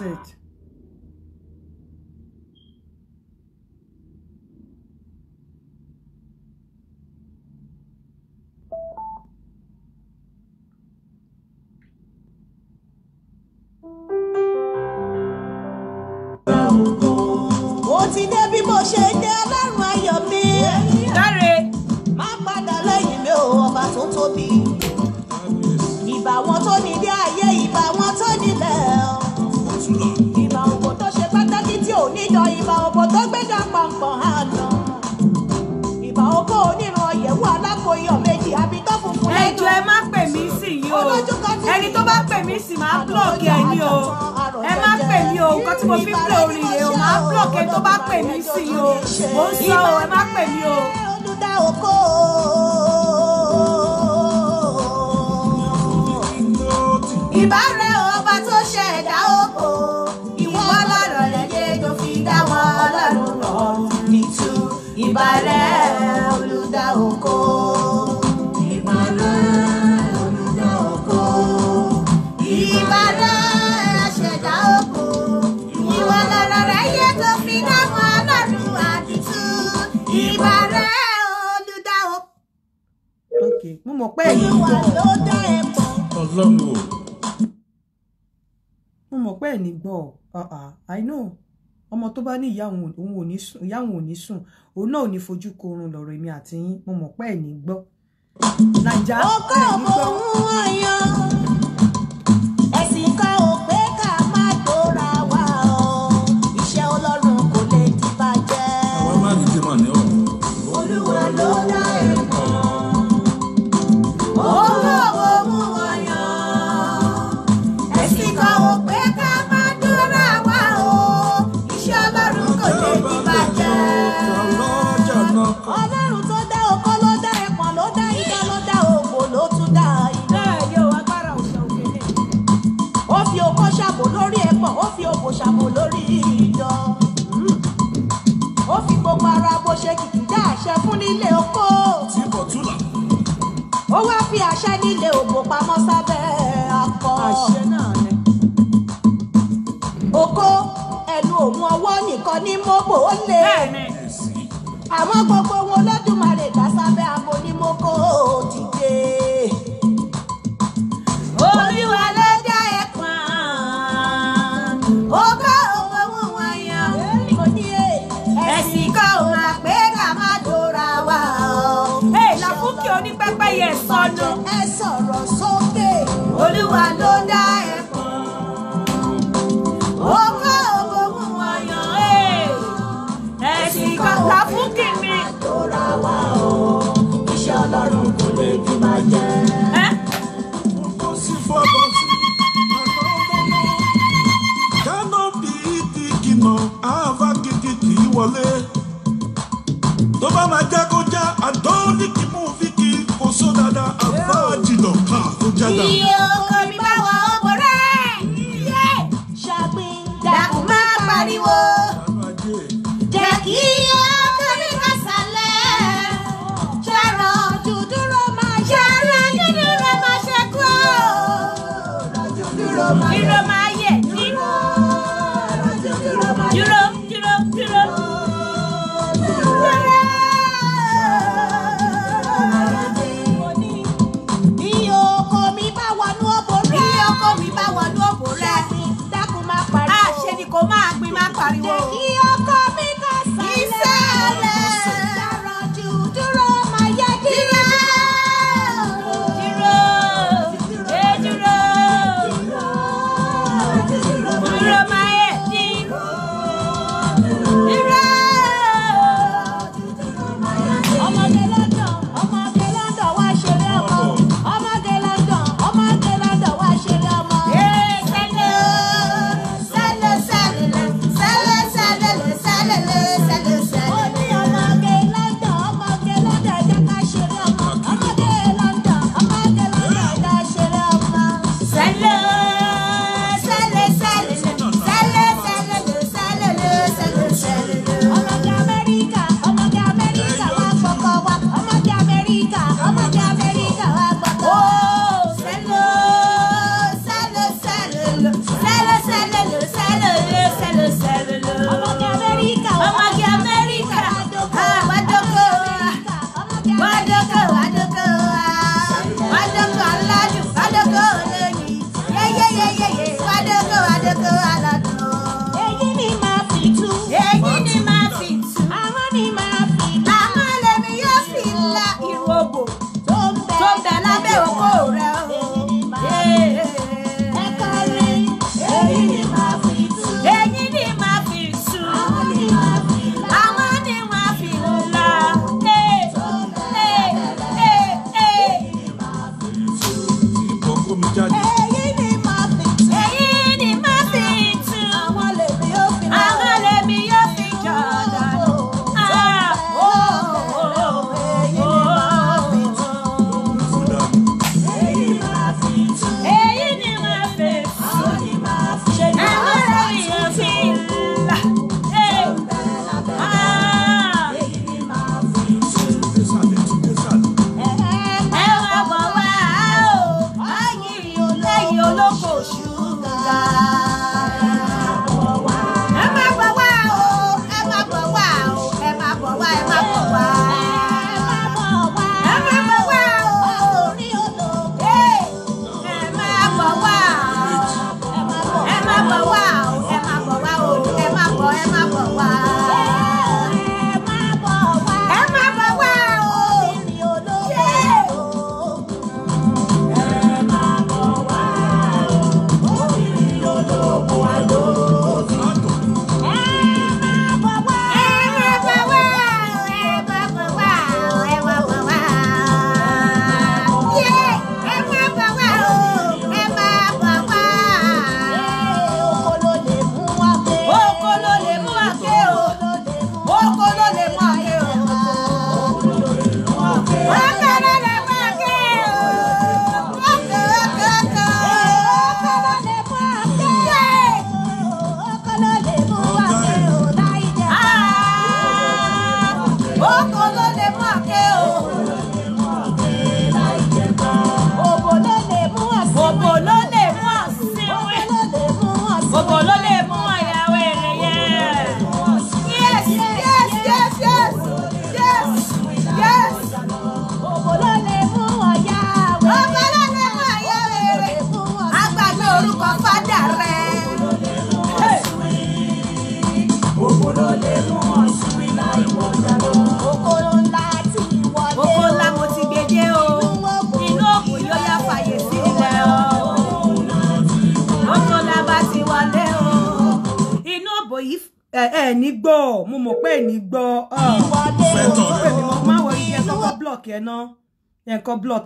12 ẹni tó bá pè mí sí o mo ń sọ o ẹ má pè mí o. pẹ́ yìí mo mọ̀ pé gbọ́ ah, ah, i know ọmọ tó bá ní ìyá òun ò ní sùn òun náà ò ní fojú korun lọ̀rọ̀ èmi àti yín mo mọ̀ àwọn gbogbo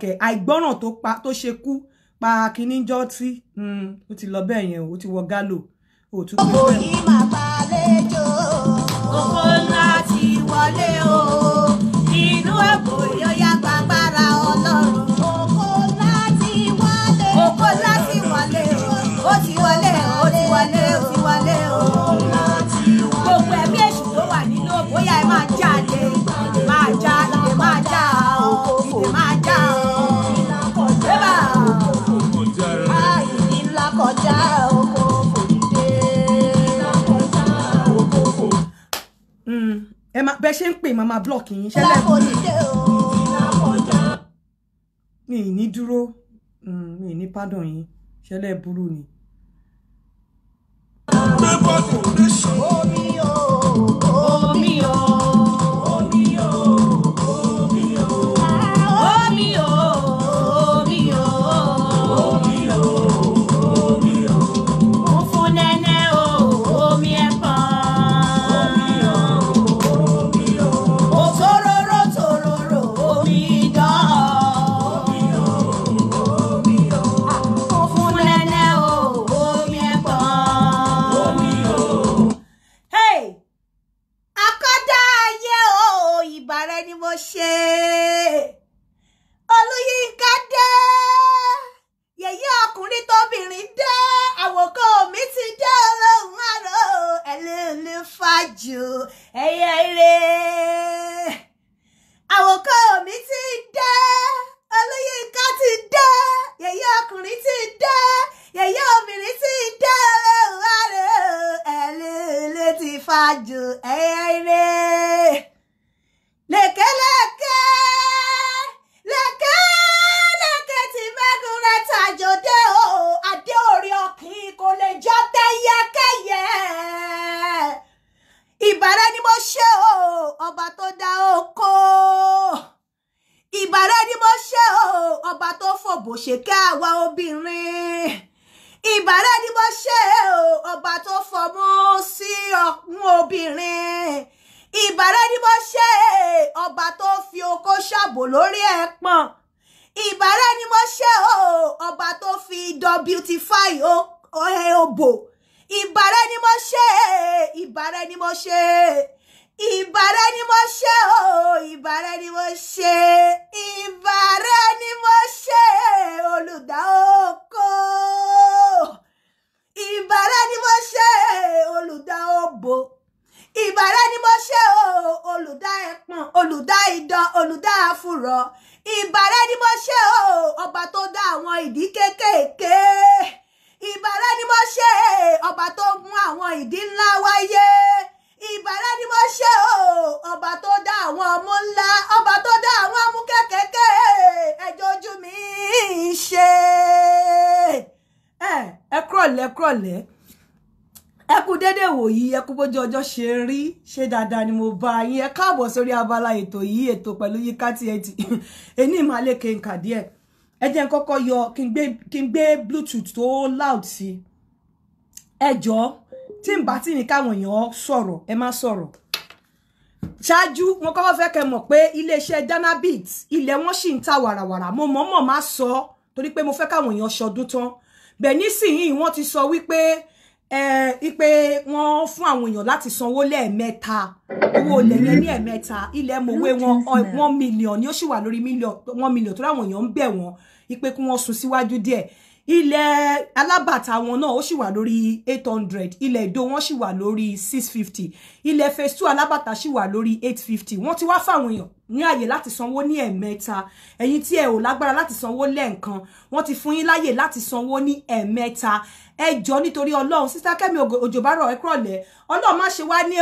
kẹ̀ àìgbọ́ràn tó pa tó ṣe kú pa kínní jọ́ tí hmm, ó ti lọ bẹ́ẹ̀ yẹn ó ti wọ gálò òtún pé bẹ́ẹ̀. yìí máa máa block yín ṣe lẹ́bùrú mi ì ní dúró mm, mi ì ní pardon yín ṣe lẹ́bùrú ni. bọ́jọ́ ṣe rí ṣé dáadáa ni mo bá yín ẹ káàbọ̀ sórí abala ètò yìí ètò pẹ̀lú Yinka TNT ẹni ìmàlẹ́ kí n kà díẹ̀ ẹ jẹ́ n kọ́kọ́ yọ kí n gbé bluetooth tó loud sí ẹ jọ tí n bá tì ní káwọn èèyàn sọ̀rọ̀ ẹ má sọ̀rọ̀ ṣáájú mo kọ́kọ́ fẹ́ kẹ́ mọ̀ pé iléeṣẹ́ danabit ilẹ̀ wọn ṣì ń ta wàràwàrà mo mọ̀ọ́mọ̀ má sọ torí pé mo fẹ́ káwọn èèyàn ṣọdún tán bẹ́ẹ̀ nísìnyí wọ́n ti sọ wípé ipe wọ́n fún àwọn èèyàn láti sanwó lẹ́ẹ̀mẹ́ta owó ilẹ̀ yẹn ní ẹ̀mẹ́ta ilẹ̀ mọ̀wé wọn one million ni ó sì wà lórí one million tó láwọn èèyàn ń bẹ̀ wọ́n ipe kí wọ́n sún síwájú díẹ̀ ilẹ̀ alábàtà wọn náà ó sì wà lórí eight hundred ilẹ̀ èdò wọn sì wà lórí six fifty ilẹ̀ phase two alábàtà sì wà lórí eight fifty wọ́n ti wá fáwọn èèyàn ní àyè láti sanwó ní ẹ̀mẹ́ta ẹ̀yin tí ẹ ò lágbára láti sanwó lẹ́ẹ̀kan wọ́n ti fún yín láyè láti sanwó ní ẹ̀mẹ́ta ẹ jọ nítorí Ọlọ́run sísá Kẹ́mi Òjòbárò ẹ kúrọ̀lẹ́ Ọlọ́run má ṣe wá ní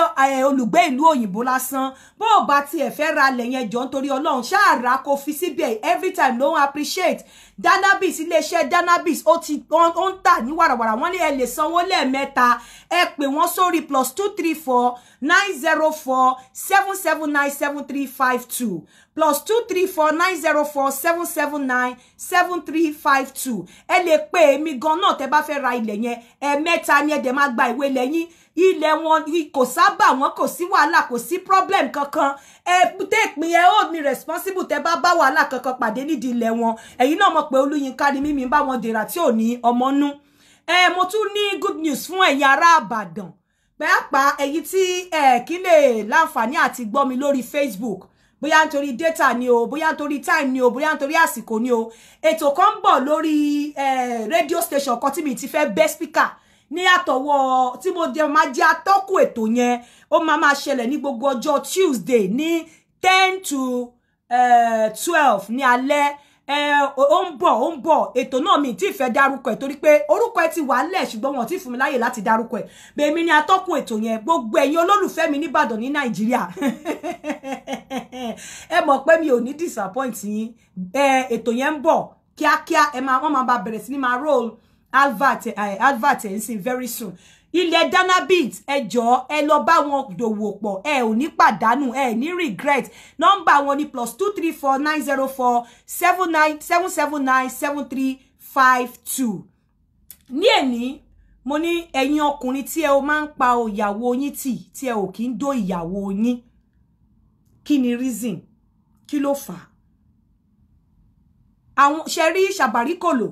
olùgbé ìlú òyìnbó lásán bó o bá tiẹ̀ fẹ́ ra lẹ̀ yẹn nítorí Ọlọ́run ṣáàrà kò fi síbẹ̀ every time ló ń appreciate danabis iléeṣẹ́ danabis ó ti ó ń tà ní wàràwàrà wọ́n ní ẹ lè sanwó lẹ́ẹ̀mẹ́ta ẹ pè wọ́n sórí plus two three four nine zero four seven seven nine seven three five two plus two three four nine zero four seven seven nine seven three five two ẹ lè pè èmi gan náà tẹ́ bá fẹ́ ra ilẹ̀ yẹn ẹ̀ẹ̀mẹ́ta ni ẹ dẹ̀ máa gba ìwé lẹ́yìn ilẹ̀ wọn kò sábà wọn kò sí wàhálà kò sí problem kankan ẹ tẹ́pin ẹ ó mi responsible tẹ́ bá bá wàhálà kankan pàdé nídìí ilẹ̀ wọn ẹ̀yin náà mọ̀ pé Olúyinká ni mímí bá wọn dèrà tí ò ní ọmọ nú ẹ mo tún ní good news fún ẹ̀yin ará Ìbàdàn pẹ́ẹ́pà ẹ̀yin tí ẹ kí lè láǹfààní àti gbọ́ mi lórí Facebook bóyá nítorí data ni o bóyá nítorí time ni o bóyá nítorí àsìkò ni o ètò kan ń bọ̀ lórí radio station kan tí mi ti fẹ́ bẹ́ speaker ní àtọwọ́ tí mo jẹ máa jẹ́ atọ́kùn ètò yẹn ó máa máa ṣẹlẹ̀ ní gbogbo ọjọ́ Tuesday ní ten to twelve ní alẹ́ ó ń bọ̀ ó ń bọ̀ ètò náà mi tí ìfẹ́ dárúkọ ẹ̀ torí pé orúkọ ẹ̀ ti wà lẹ̀ ṣùgbọ́n wọn ti fún mi láyè láti dárúkọ ẹ̀ bẹ́ẹ̀ mi ni atọ́kùn ètò yẹn gbogbo ẹ̀yin olólùfẹ́ mi nìbàdàn ní nàìjíríà ẹ mọ̀ pé mi ò ní disappoint yín ètò yẹn ń bọ̀ kíákíá ẹ máa wọ́n máa bá bẹ̀rẹ̀ sí ní máa roll advert ẹ̀ ń very soon ilẹ̀ danabit ẹ jọ̀ọ́ ẹ lọ bá wọn dòwò pọ̀ ẹ ò ní pàdánù ẹ ní regret nọ́mbà wọn ni plus two three four nine zero four seven nine seven seven nine seven three five two ní èní mo ní ẹ̀yin ọkùnrin tí ẹ o máa ń pa ìyàwó yín tì tí ẹ ò kí ń dó ìyàwó yín kí ni reason kí ló fà á àwọn ṣe rí ṣàbáríkòlò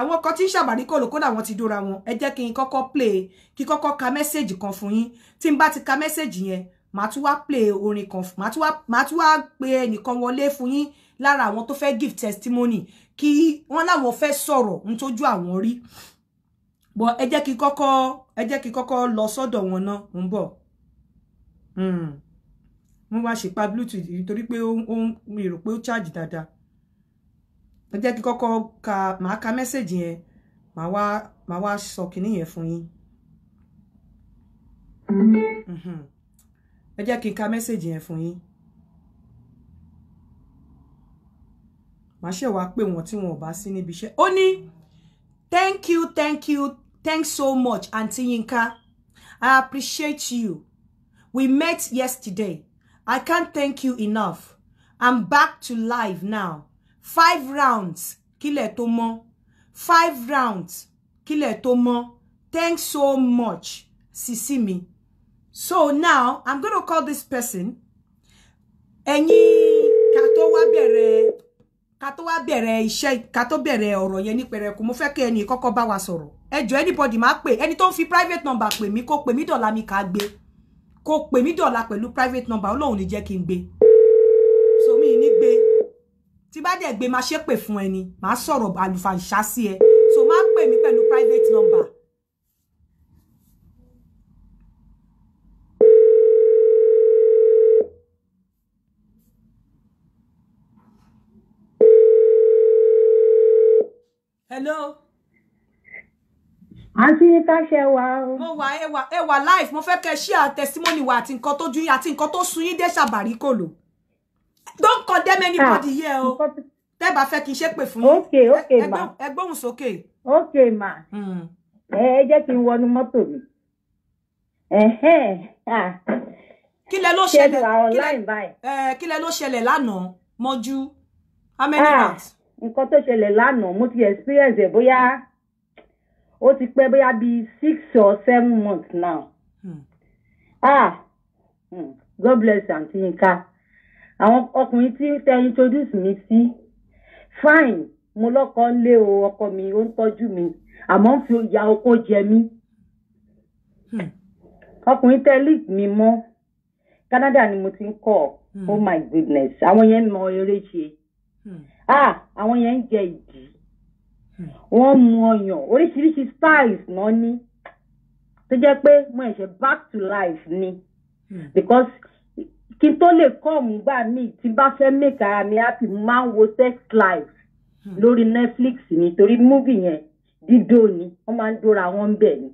àwọn kan tí ń ṣàbàrí kò lókòdà wọn ti dóra wọn ẹ jẹ́ kí n kọ́kọ́ play kí kọ́kọ́ ka mẹ́sẹ̀gì kan fún yín tí n bá ti ka mẹ́sẹ̀gì yẹn màá tún wá play orin kan màá tún wá màá tún wá pe ẹnìkan wọlé fún yín lára àwọn tó fẹ́ give testimony kí wọ́n láwọn fẹ́ sọ̀rọ̀ ń tójú àwọn rí bọ ẹ jẹ́ kí kọ́kọ́ ẹ jẹ́ kí kọ́kọ́ lọ sọ́dọ̀ wọn náà ń bọ̀ hmm. mo wá ṣèpa bluetooth nítorí pé ó ń mi rò pé ó charge dáadáa ẹ jẹ́ kí kọ́kọ́ ka màá ka mẹ́sẹ̀gì yẹn màá wá màá wá sọ kínní yẹn fún yín. Mm-hmm. ẹ jẹ́ kí n ka mẹ́sẹ̀gì yẹn fún yín. màá ṣe wá pé wọn tí wọn ò bá sí níbi iṣẹ́ ó ní thank you thank you thanks so much aunty Yinka I appreciate you we met yesterday I can't thank you enough I'm back to life now five rounds kílẹ̀ tó mọ́ five rounds kílẹ̀ tó mọ́ thanks so much sisi mi so now i'm gonna call this person ẹ̀yin ká tó wá bẹ̀rẹ̀ ká tó wá bẹ̀rẹ̀ iṣẹ́ ká tó bẹ̀rẹ̀ ọ̀rọ̀ yẹn ní pẹ̀rẹ̀kù mo fẹ́ kí ẹni kọ́kọ́ bá wa sọ̀rọ̀ ẹjọ́ anybody máa pè ẹni tó ń fi private number pè mí kó pè mí dọ̀la mi kà á gbé kó pè mí dọ̀la pẹ̀lú private number ọlọ́run ní jẹ́ kí n gbé so mi ní gbé tí bá dẹ̀ gbé máa ṣépè fún ẹni máa sọ̀rọ̀ àlùfàǹṣá sí ẹ so máa pè mí pẹ̀lú private number. hello. àǹtí táṣẹ wà o. mo wà ẹ wà ẹ live mo fẹ́ kẹ́ ṣí à testimony wa àti nǹkan tó ju yín àti nǹkan tó sun yín dé ṣàbàrí lò don't condemn anybody ah, here o oh. tẹ́ bá fẹ́ kí n ṣe pè okay okay ma ẹ gbóhùn sókè okay ma hmm. ẹ jẹ́ kí n wọnú mọ́tò mi kí lẹ ló ṣẹlẹ̀ kí lẹ ló ṣẹlẹ̀ lánàá mọ́jú how many months? Ah, nǹkan tó ṣẹlẹ̀ lánàá mo ti experience ẹ̀ bóyá ó ti pẹ́ bóyá bíi six or seven months now. Hmm. ah hmm. God bless Auntie Yinka àwọn ọkùnrin tí tẹ introduce mi sí fine mo lọ́kọ lé o ọkọ mi ó ń tọ́jú mi àmọ́ ń fi ìyà oko jẹ mí hmm. ọkùnrin tẹ lead mi mọ́ Canada ni mo ti ń kọ́ hmm. oh my goodness àwọn yẹn mọ eré ṣe hmm. ah àwọn yẹn ń jẹ ìdí wọ́n mu ọyàn oríṣiríṣi styles náà ní tó jẹ́ pé mo ẹ̀ṣẹ̀ back to life ni because. kí n tó lè kọ́ọ̀mù gbà míì tí bá fẹ́ make ara mi happy mo máa ń wo sex life hmm. lórí netflix ni torí múvì yẹn dídó ni wọ́n máa ń dóra wọn bẹ̀ ni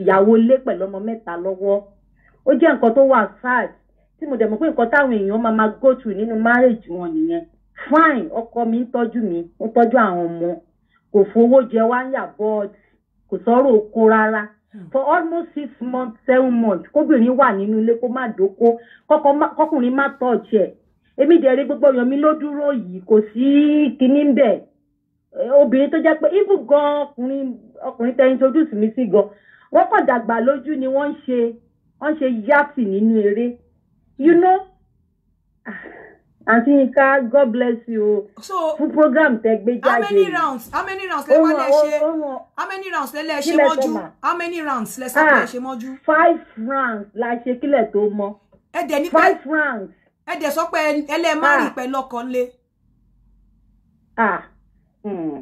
ìyàwó ilé pẹ̀lú ọmọ mẹ́ta lọ́wọ́ ó jẹ́ nǹkan tó wà sad tí mo dẹ̀ mọ̀ pé nǹkan táwọn èèyàn máa máa go through nínú marriage wọn nìyẹn fine ọkọ mi ń tọ́jú mi ó tọ́jú àwọn ọmọ kò fowó jẹ wá ń yà bọ́ọ̀dì kò sọ̀rọ̀ oko rárá Hmm. for almost six months seven months kóbìnrin wà nínú ilé kó má dóko kọkùnrin má tọ̀ọ̀tì ẹ̀ èmi dẹ̀ rí gbogbo yomi ló dúró yìí kò sí kinní ń bẹ̀ eh, obìnrin tó jẹ́ pé ibù gan ọkùnrin ọkùnrin tẹ́ introduce mi sí gan wọ́n kàn dàgbà lójú ni wọ́n ń ṣe wọ́n ń ṣe yáàtì nínú eré you know. Ah àti nǹkan god bless you so fún program tẹ gbé jáde how many rounds how many rounds lẹ wá lẹ ṣe how many rounds lẹ lẹ ṣe mọ́jú how many rounds lẹ sọ lẹ ah, ṣe mọ́jú. five rounds la ṣe kílẹ̀ tó mọ́ ẹ dẹ̀ ní five rounds ẹ dẹ̀ sọ pé ẹ lẹ má rìn ah. pẹ̀lú ọkọ ńlé. Ah, hmm.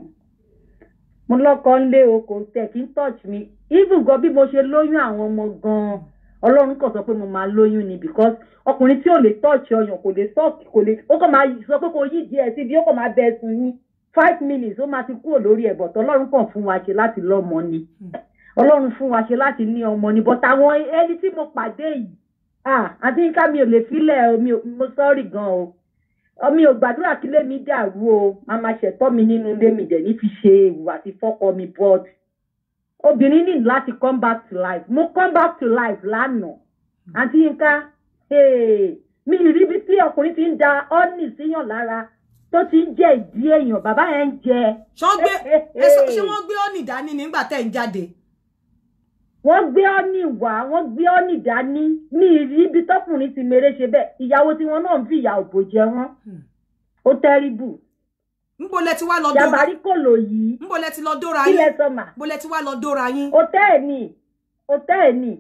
mo lọkọ ńlé o kò tẹ̀ kí n touch mi even gan bí mo ṣe lóyún àwọn ọmọ gan-an ọlọ́run kàn sọ pé mo máa lóyún ni because ọkùnrin tí ò lè tọ́ọ̀ṣì ọyàn kò lè tọ́ọ̀kì kò lè ó kàn máa sọ pé kò yí díẹ̀ sí bí ó kàn máa bẹ ẹsùn yín five minutes ó máa ti kúrò lórí ẹ̀ bọ̀tọ̀ ọlọ́run kàn fún wa ṣe láti lọ́mọ ni ọlọ́run fún wa ṣe láti ní ọmọ ni bọ́tà àwọn ẹni tí mo pàdé yìí ah àti nǹkan mi ò lè filẹ̀ mo sọ́ọ̀rì gan o mi ò gbàdúrà kílé mi dàrú o màmá ṣẹ̀tọ́ mi nínú ilé mi dẹ̀ ní fi ṣe ìwà àti fọ́kọ mi bọ́ọ̀tì obìnrin ní láti come back to life mo come back to life lánàá àǹtí Yinka mi ìrírí tí ọkùnrin ti ń da ọ́nì síyàn lára tó ti ń jẹ ìdí èèyàn bàbá yẹn ń jẹ. ṣọ́gbẹ́ ṣé wọ́n gbé ọ́nì dání nígbà tẹ́ ń jáde. wọ́n gbé ọ́nì wá wọ́n gbé ọ́nì dání ní ìrírí tọkùnrin ti mèrè ṣe bẹ́ẹ̀ ìyàwó tí náà ń fi ìyà òbò jẹ wọ́n hmm. ó tẹ́rìbù nbo lẹ ti wá lọ dóra jàbárí kòlò yìí nbo lẹ ti lọ dóra yín kílẹ̀ sọ́mà ti wá lọ dóra yín. hòtẹ́ẹ̀ ni hotel ni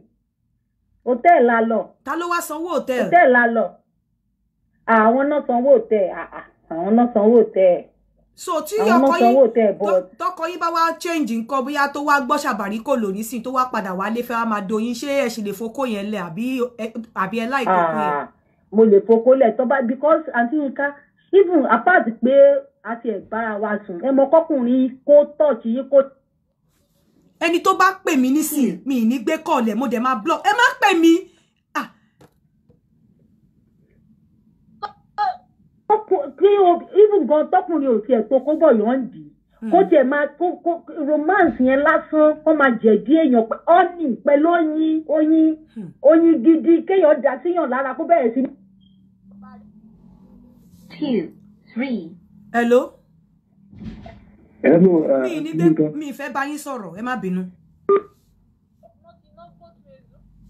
hotel la lọ. ta ló wá sanwó hòtẹ́ẹ̀. hòtẹ́ẹ̀ la lọ àwọn hotel, ah ah àwọn náà sanwó hotel, so tí ọkọ yín tọkọ yín bá wá change nǹkan bóyá tó wá gbọ́ ṣàbárí kòlò nísìn tó wá padà wálé ma wá máa doyin ṣé ẹ sì lè fokó yẹn lẹ̀ àbí ẹ láì kókó yẹn. mo lè fokó lẹ̀ tó bá because àǹtí Yinka even apart pé a ti ẹ̀ bára wa sùn ẹ mọ kọkùnrin kó tọ̀ọ̀tì yín kó. ẹni tó bá pè mí nísìn hmm. mi ì ní gbé kọ̀ọ̀lẹ̀ mo dẹ̀ máa block ẹ má pè mí. Ah. kí o even gan tọkùnrin ò tiẹ̀ tó kó bọ̀ yọ̀ ń dì í hmm. kó tiẹ̀ máa kó kó romance yẹn lásán kó máa jẹ̀dí èèyàn ọ́nì pẹ̀lú oyin oyin hmm. oyin gidi kéèyàn dá síyàn lára kó bẹ̀rẹ̀ sí ní two, three. Hello. Hello. Uh, mi ní bẹ́ mi ìfẹ́ bá yín sọ̀rọ̀ ẹ má bínú.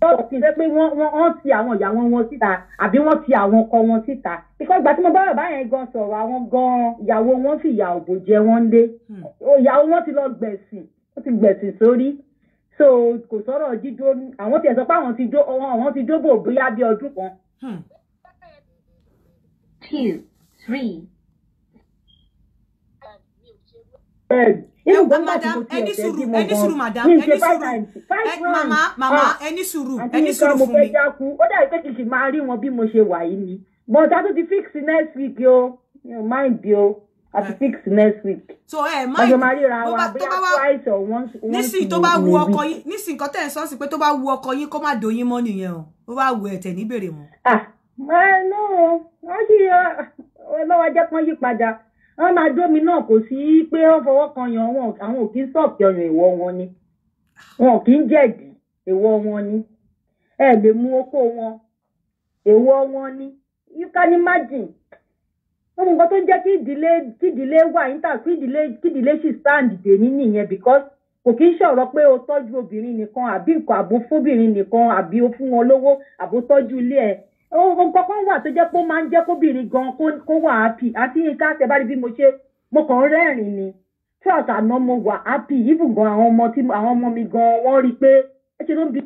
Bọ́ọ̀lù ti jẹ́ pé wọ́n wọ́n ti àwọn ìyàwó wọn síta àbí wọ́n ti àwọn ọkọ wọn síta. Ìkọ́ ìgbà tí mo bá bàbá yẹn gan sọ̀rọ̀ àwọn gan ìyàwó wọn fi ìyà òbò jẹ wọ́n ń dé. Hmm. Ìyàwó wọn ti lọ gbẹ̀sìn wọ́n ti gbẹ̀sìn sórí so kò sọ̀rọ̀ jíjó àwọn tiẹ̀ sọ pé àwọn ti jó àwọn ti jó bò bóyá bí ọdún kan. Hmm. two three. ẹ wò madam Any suru, any suru, madam ah. ẹni sùúrù mama mama ẹni sùúrù ẹni sùúrù fún mi. ó dàbí pé kìkì máa rí wọn bí mo ṣe wà yìí ni but a tún ti fix next week o mind bi o a ti fix next week. so ẹ máa ń tó bá tó bá wá nísìnyí tó bá wu ọkọ yín nísìnyí nǹkan tẹ̀ ń sọ́ọ̀sì pé tó bá wu ọkọ yín kó má dòyín mọ́ nìyẹn o bó bá wu ẹ̀tẹ̀ níbèrè mọ́. ah ẹ náà wọ́n ti yọ. lọ́wọ́ jẹ́ kán yí padà wọ́n máa dómi náà kò sí pé wọ́n fọwọ́ kan yan wọn àwọn ò kí ń sọ̀kì ọyàn ìwọ wọn ni wọn ò kí ń jẹ̀dí ìwọ wọn ni ẹ lè wọn ìwọ wọn ni you ní májìn mú nǹkan tó ń jẹ́ kí ìdílé kí ìdílé wà níta kí ìdílé kí ìdílé sì stand o tọ́jú obìnrin nìkan àbí nǹkan nìkan àbí o fún wọn lówó ohun kankan wà tó jẹ́ pé ó máa ń jẹ́ kóbìnrin gan kó wà happy àti nǹkan àtẹ̀bárí bí mo ṣe mo kàn ń rẹ́rìn ni felt àná mo wà happy even gan àwọn ọmọ tí àwọn ọmọ mi gan wọ́n rí i pé ẹ ṣe ló ń bi.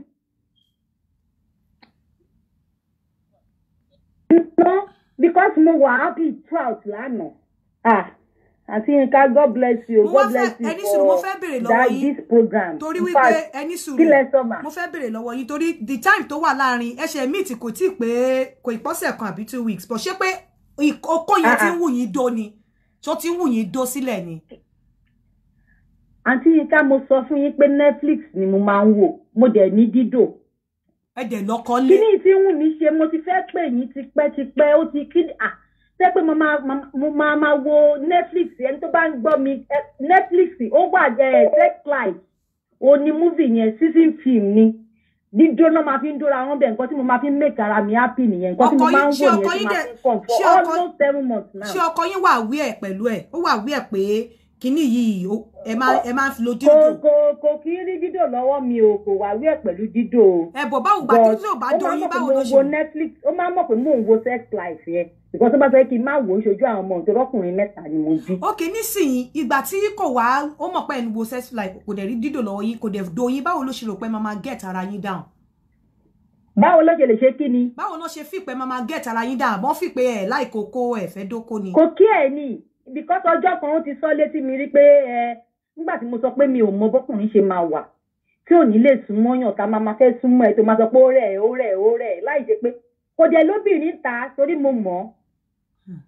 because mo wà happy throughout lánàá. Ah àti nǹkan god bless you god bless you for that this program torí wípé ẹni sùúrù kílẹ̀ sọ́mà mo fẹ́ bèrè lọ́wọ́ yín torí the time tó wà láàrin ẹsẹ̀ míìtì kò tí ì pé kò ì pọ́sẹ̀ kan àbí two weeks bọ̀ ṣé pé okó yẹn ah, ti ń ah. wù yín dó ni tó ti ń wù yín dó sílẹ̀ ni. àǹtí yín mo sọ fún yín pé netflix ni mo máa ń wò mo dẹ̀ ní dídò ẹ dẹ̀ lọ́kọ́ lé. kí ni ìtí ń wù mí ṣe mo ti fẹ́ pè yín tipẹ́tipẹ́ ó ti kí ni Ah ṣé pé mo máa máa wo netflix ẹni tó bá ń gbọ́ mi netflix ó wà techlight ó ní movie yẹn season film ni dídó náà máa fi ń dóra wọn bẹ̀ nǹkan tí mo máa fi ń make ara mi happy nìyẹn nǹkan tí mo máa ń wò yẹn tí mo máa fi ń kàn for almost seven months now. ṣé ọkọ yín wà wí ẹ pẹ̀lú ẹ ó wà wí ẹ pé kínní yìí ẹ máa ẹ máa lo dídò. kò kò kì í rí dídò lọ́wọ́ mi o kò wá wí ẹ̀ pẹ̀lú dídò. ẹ bọ̀ báwo gbà tó bá dọ̀ báwo ló ṣe. ó máa mọ̀ pé mò ń wo Netflix ó máa mọ̀ pé mò ń wo sex life yẹn nǹkan tó bá fẹ́ kí n máa wò ó ṣojú àwọn ọmọ òtòrọ́ ọkùnrin mẹ́ta ni mo jí. ok nísìnyí ìgbà tí kò wá ó mọ̀ pé ẹnu wo sex life kò dẹ̀ rí dídò lọ́wọ́ yín kò dẹ̀ dọ̀ yín báwo ló ṣe rò pé máa get ara yín down báwo ló ṣe lè ṣe kí ni. báwo ló ṣe fìpẹ́ máa get ara yín down àmọ́ fìpẹ́ ẹ̀ láì kókó ẹ̀ fẹ́ dóko ni. kò kí ẹ ní because ọjọ́ kan ó ti sọ létí mi rí pé ẹ nígbà tí mo sọ pé mi ò mọ bọ́kùnrin ṣe máa wà tí ò ní lè súnmọ́ yàn tá máa máa fẹ́ súnmọ́ ẹ tó máa sọ pé ó rẹ̀ ó rẹ̀ ó rẹ̀ láì jẹ́ pé kò dẹ̀ lóbìnrin ta torí mo mọ̀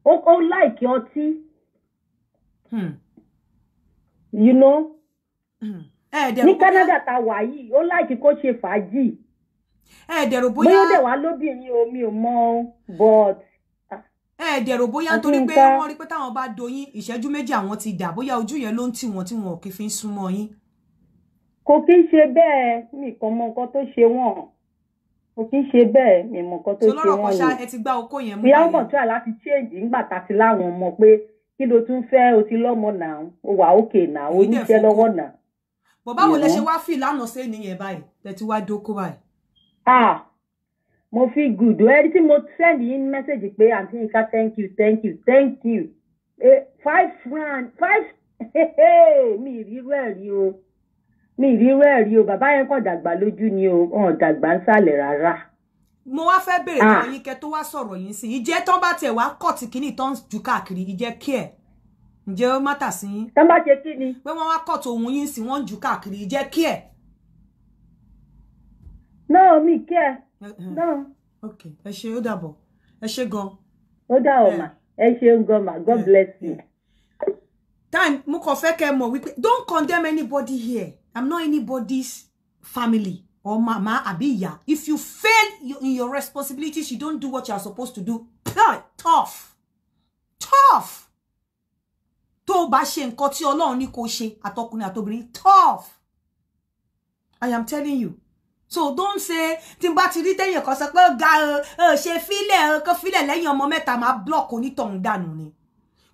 ọ́ ó láìkí ọtí. Hmm. you know hmm. ní Canada ta wà yìí ó láìkí kó ṣe fàájì. ẹ dẹ̀rù bóyá bóyá ó dẹ̀ wá lóbìnrin o mi ò mọ̀ but ẹ dẹ̀rò bóyá nítorí pé wọ́n rí pé táwọn bá doyin ìṣẹ́jú méjì àwọn ti dà bóyá ojú yẹn ló ń tì wọ́n tí wọn kì í fi ń súnmọ́ yín. kò kí ń ṣe bẹ́ẹ̀ nìkan mọ nǹkan tó ṣe wọ́n kò kí ń ṣe bẹ́ẹ̀ mi mọ nǹkan tó ṣe wọ́n yìí. ẹ ti gbá okó yẹn mú báyìí. ìyá ọkàn tí a láti change ńgbà tá a ti láwọn ọmọ pé kí ló tún fẹ́ o ti lọ́mọ náà o wà òkè náà o níṣẹ́ lọ́wọ́ náà. bọ̀ báwo lẹ ṣe wá fìlànà sí ènìyàn báyìí tẹ ti wá dókó báyìí. Ah, mo fi gùdù ẹni tí mo send yín mẹ́sẹ̀gì pé àǹtí Yinka thank you thank you thank you eh, five rand five hey, hey, mi ìrírú ẹ̀ rí o mi ìrírú ẹ̀ rí o bàbá yẹn kàn dàgbà lójú ni o ọ̀n dàgbà ń sàlẹ̀ rárá mo wá fẹ́ bèrè ah. lọ́wọ́ yín kẹ́ tó wá sọ̀rọ̀ yín sí ìjẹ́ tán bá tiẹ̀ wá kọ̀ tí kínní tán jù káàkiri ìjẹ́ kí ẹ̀ ǹjẹ́ ó má tà sí yín. tán bá ṣe kí ni. pé wọ́n wá kọ̀ tó ohun yín sí wọ́n jù káàkiri ìjẹ́ kí ẹ̀. náà mi kí ẹ dáhùn. ok ẹ ṣe ó dàbọ̀ ẹ ṣe gan. ó dà ọ̀ mà ẹ ṣe ń gan mà god bless you. time mo kàn fẹ́ kẹ́ mọ̀ wípé don't condemn anybody here i'm not anybody's family or mama àbí ìyá if you fail in your responsibilities you don't do what you are supposed to do tough tough tó bá ṣe nǹkan tí Ọlọ́run ní kó ṣe àtọkùnrin àtobìnrin tough i am telling you so don't say tí n bá ti rí tẹ́yìn kan sọ pé ga ẹ ṣe fílẹ̀ kó fílẹ̀ lẹ́yìn ọmọ mẹ́ta máa block onítọ̀hún dànù ni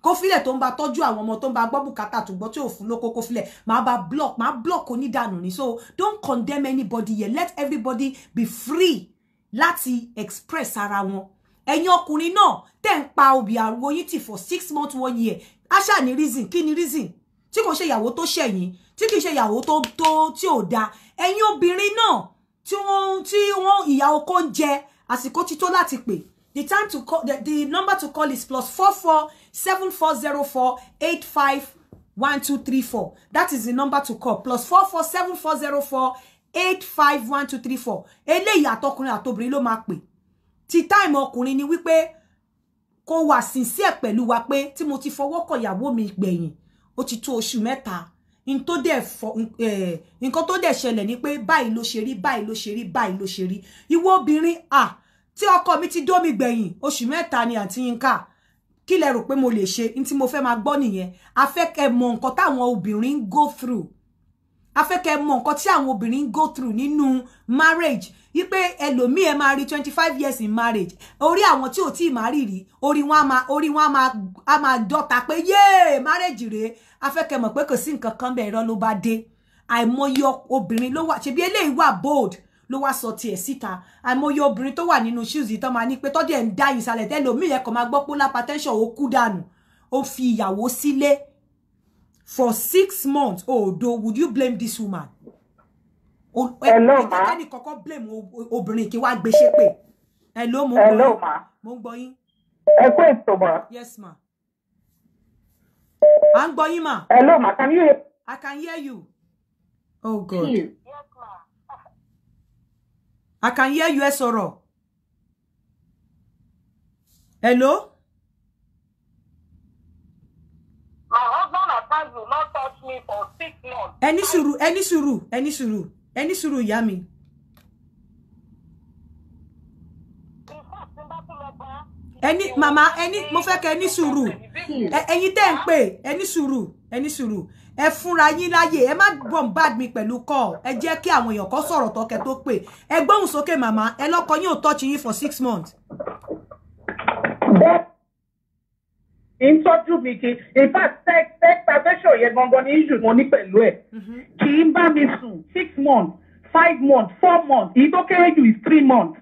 kó fílẹ̀ tó ń bá tọ́jú àwọn ọmọ tó ń bá gbọ́ bùkátà tó gbọ́ tí ò fún lóko kó fílẹ̀ máa bá block máa block onídànù ni so don't condemn anybody yet let everybody be free láti express ara wọn ẹ̀yin ọkùnrin náà tẹ̀ ń pa obì àrùn oyin tì for six months one year aṣáà ní reason kí ni reason tí kò ṣe ìyàwó tó ṣẹ̀yìn tí kì í ṣe ìyàwó tó tó tí ò dáa ẹ̀yin obìnrin náà tí wọ́n tí wọ́n ìyá oko ń jẹ àsìkò ti tó láti pè the time to call the, the number to call is plus four four seven four zero four eight five one two three four that is the number to call plus four four seven four zero four eight five one two three four eléyìí àtọkùnrin àtobìnrin ló máa pè ti táìmù ọkùnrin ni wípé kó wà sínsí ẹ pẹ̀lú wa pé tí mo ti fọwọ́ kọ̀yàwó mi gbẹ̀yìn ó ti tó oṣù mẹ́ta nǹkan tó dẹ̀ ṣẹlẹ̀ ni pé báyìí ló ṣe rí báyìí ló ṣe rí báyìí ló ṣe rí ìwọ obìnrin à tí ọkọ mi ti dó mi gbẹ̀yìn oṣù mẹ́ta ni àti Yinka kí lẹ rò pé mo lè ṣe ní tí mo fẹ́ máa gbọ́ nìyẹn afẹ́kẹ́ mọ nǹkan táwọn obìnrin ń go through afẹ́kẹ́ mọ nǹkan tí àwọn obìnrin ń go through nínú marriage wípé ẹlòmíì ẹ máa rí twenty five years in marriage orí àwọn tí ò tí ì má rí rí orí wọn á máa orí wọn á máa dọ́ta pé marriage rèé afẹ́kẹ́ mọ̀ pé kò sí nǹkan kan bẹ́ẹ̀ irọ́ ló bá dé àìmọye obìnrin ló wà ṣebí eléyìí wà bold ló wá sọ tiẹ̀ síta àìmọye obìnrin tó wà nínú shoes yìí tán máa ní pé tọ́jú ẹ̀ ń dá ìsàlẹ̀ tẹ́lẹ̀ omi yẹn kò máa gbọ́ pé lápàtẹ́ṣọ̀ ó kú dànù ó fi ìyàwó sílé for six months odo oh, would you blame this woman hello ma ẹni kọ́kọ́ blame obìnrin kí wá gbé ṣépè hello mo ń gbọ́ yín ẹ kó ètò mọ́ yes ma à ń gbọ́ hello ma can you hear. i can hear you. oh god. i can hear you Soro. hello. my husband advised you not touch me for six months. Any sùúrù Any sùúrù Any sùúrù Any sùúrù Yami. mi. ẹni màmá ẹni mo fẹ́ kẹ́ ní sùúrù ẹ̀yin tẹ́ ń pè ẹni sùúrù ẹni sùúrù ẹ fúnra yín láyè ẹ má bombard mi pẹ̀lú call ẹ jẹ́ kí àwọn èèyàn kan sọ̀rọ̀ tọkẹ tó pè ẹ gbóhùn sókè màmá ẹ lọ́kọ yín ò tọ́jú yín for six months. bẹ́ẹ̀ ni ń tọ́jú mi kí in fact tech tech profession yẹn gangan ní issue mo ní pẹ̀lú ẹ̀ mm-hmm. kì í bá mi sùn six months five months four months èyí tó kéré jù is three months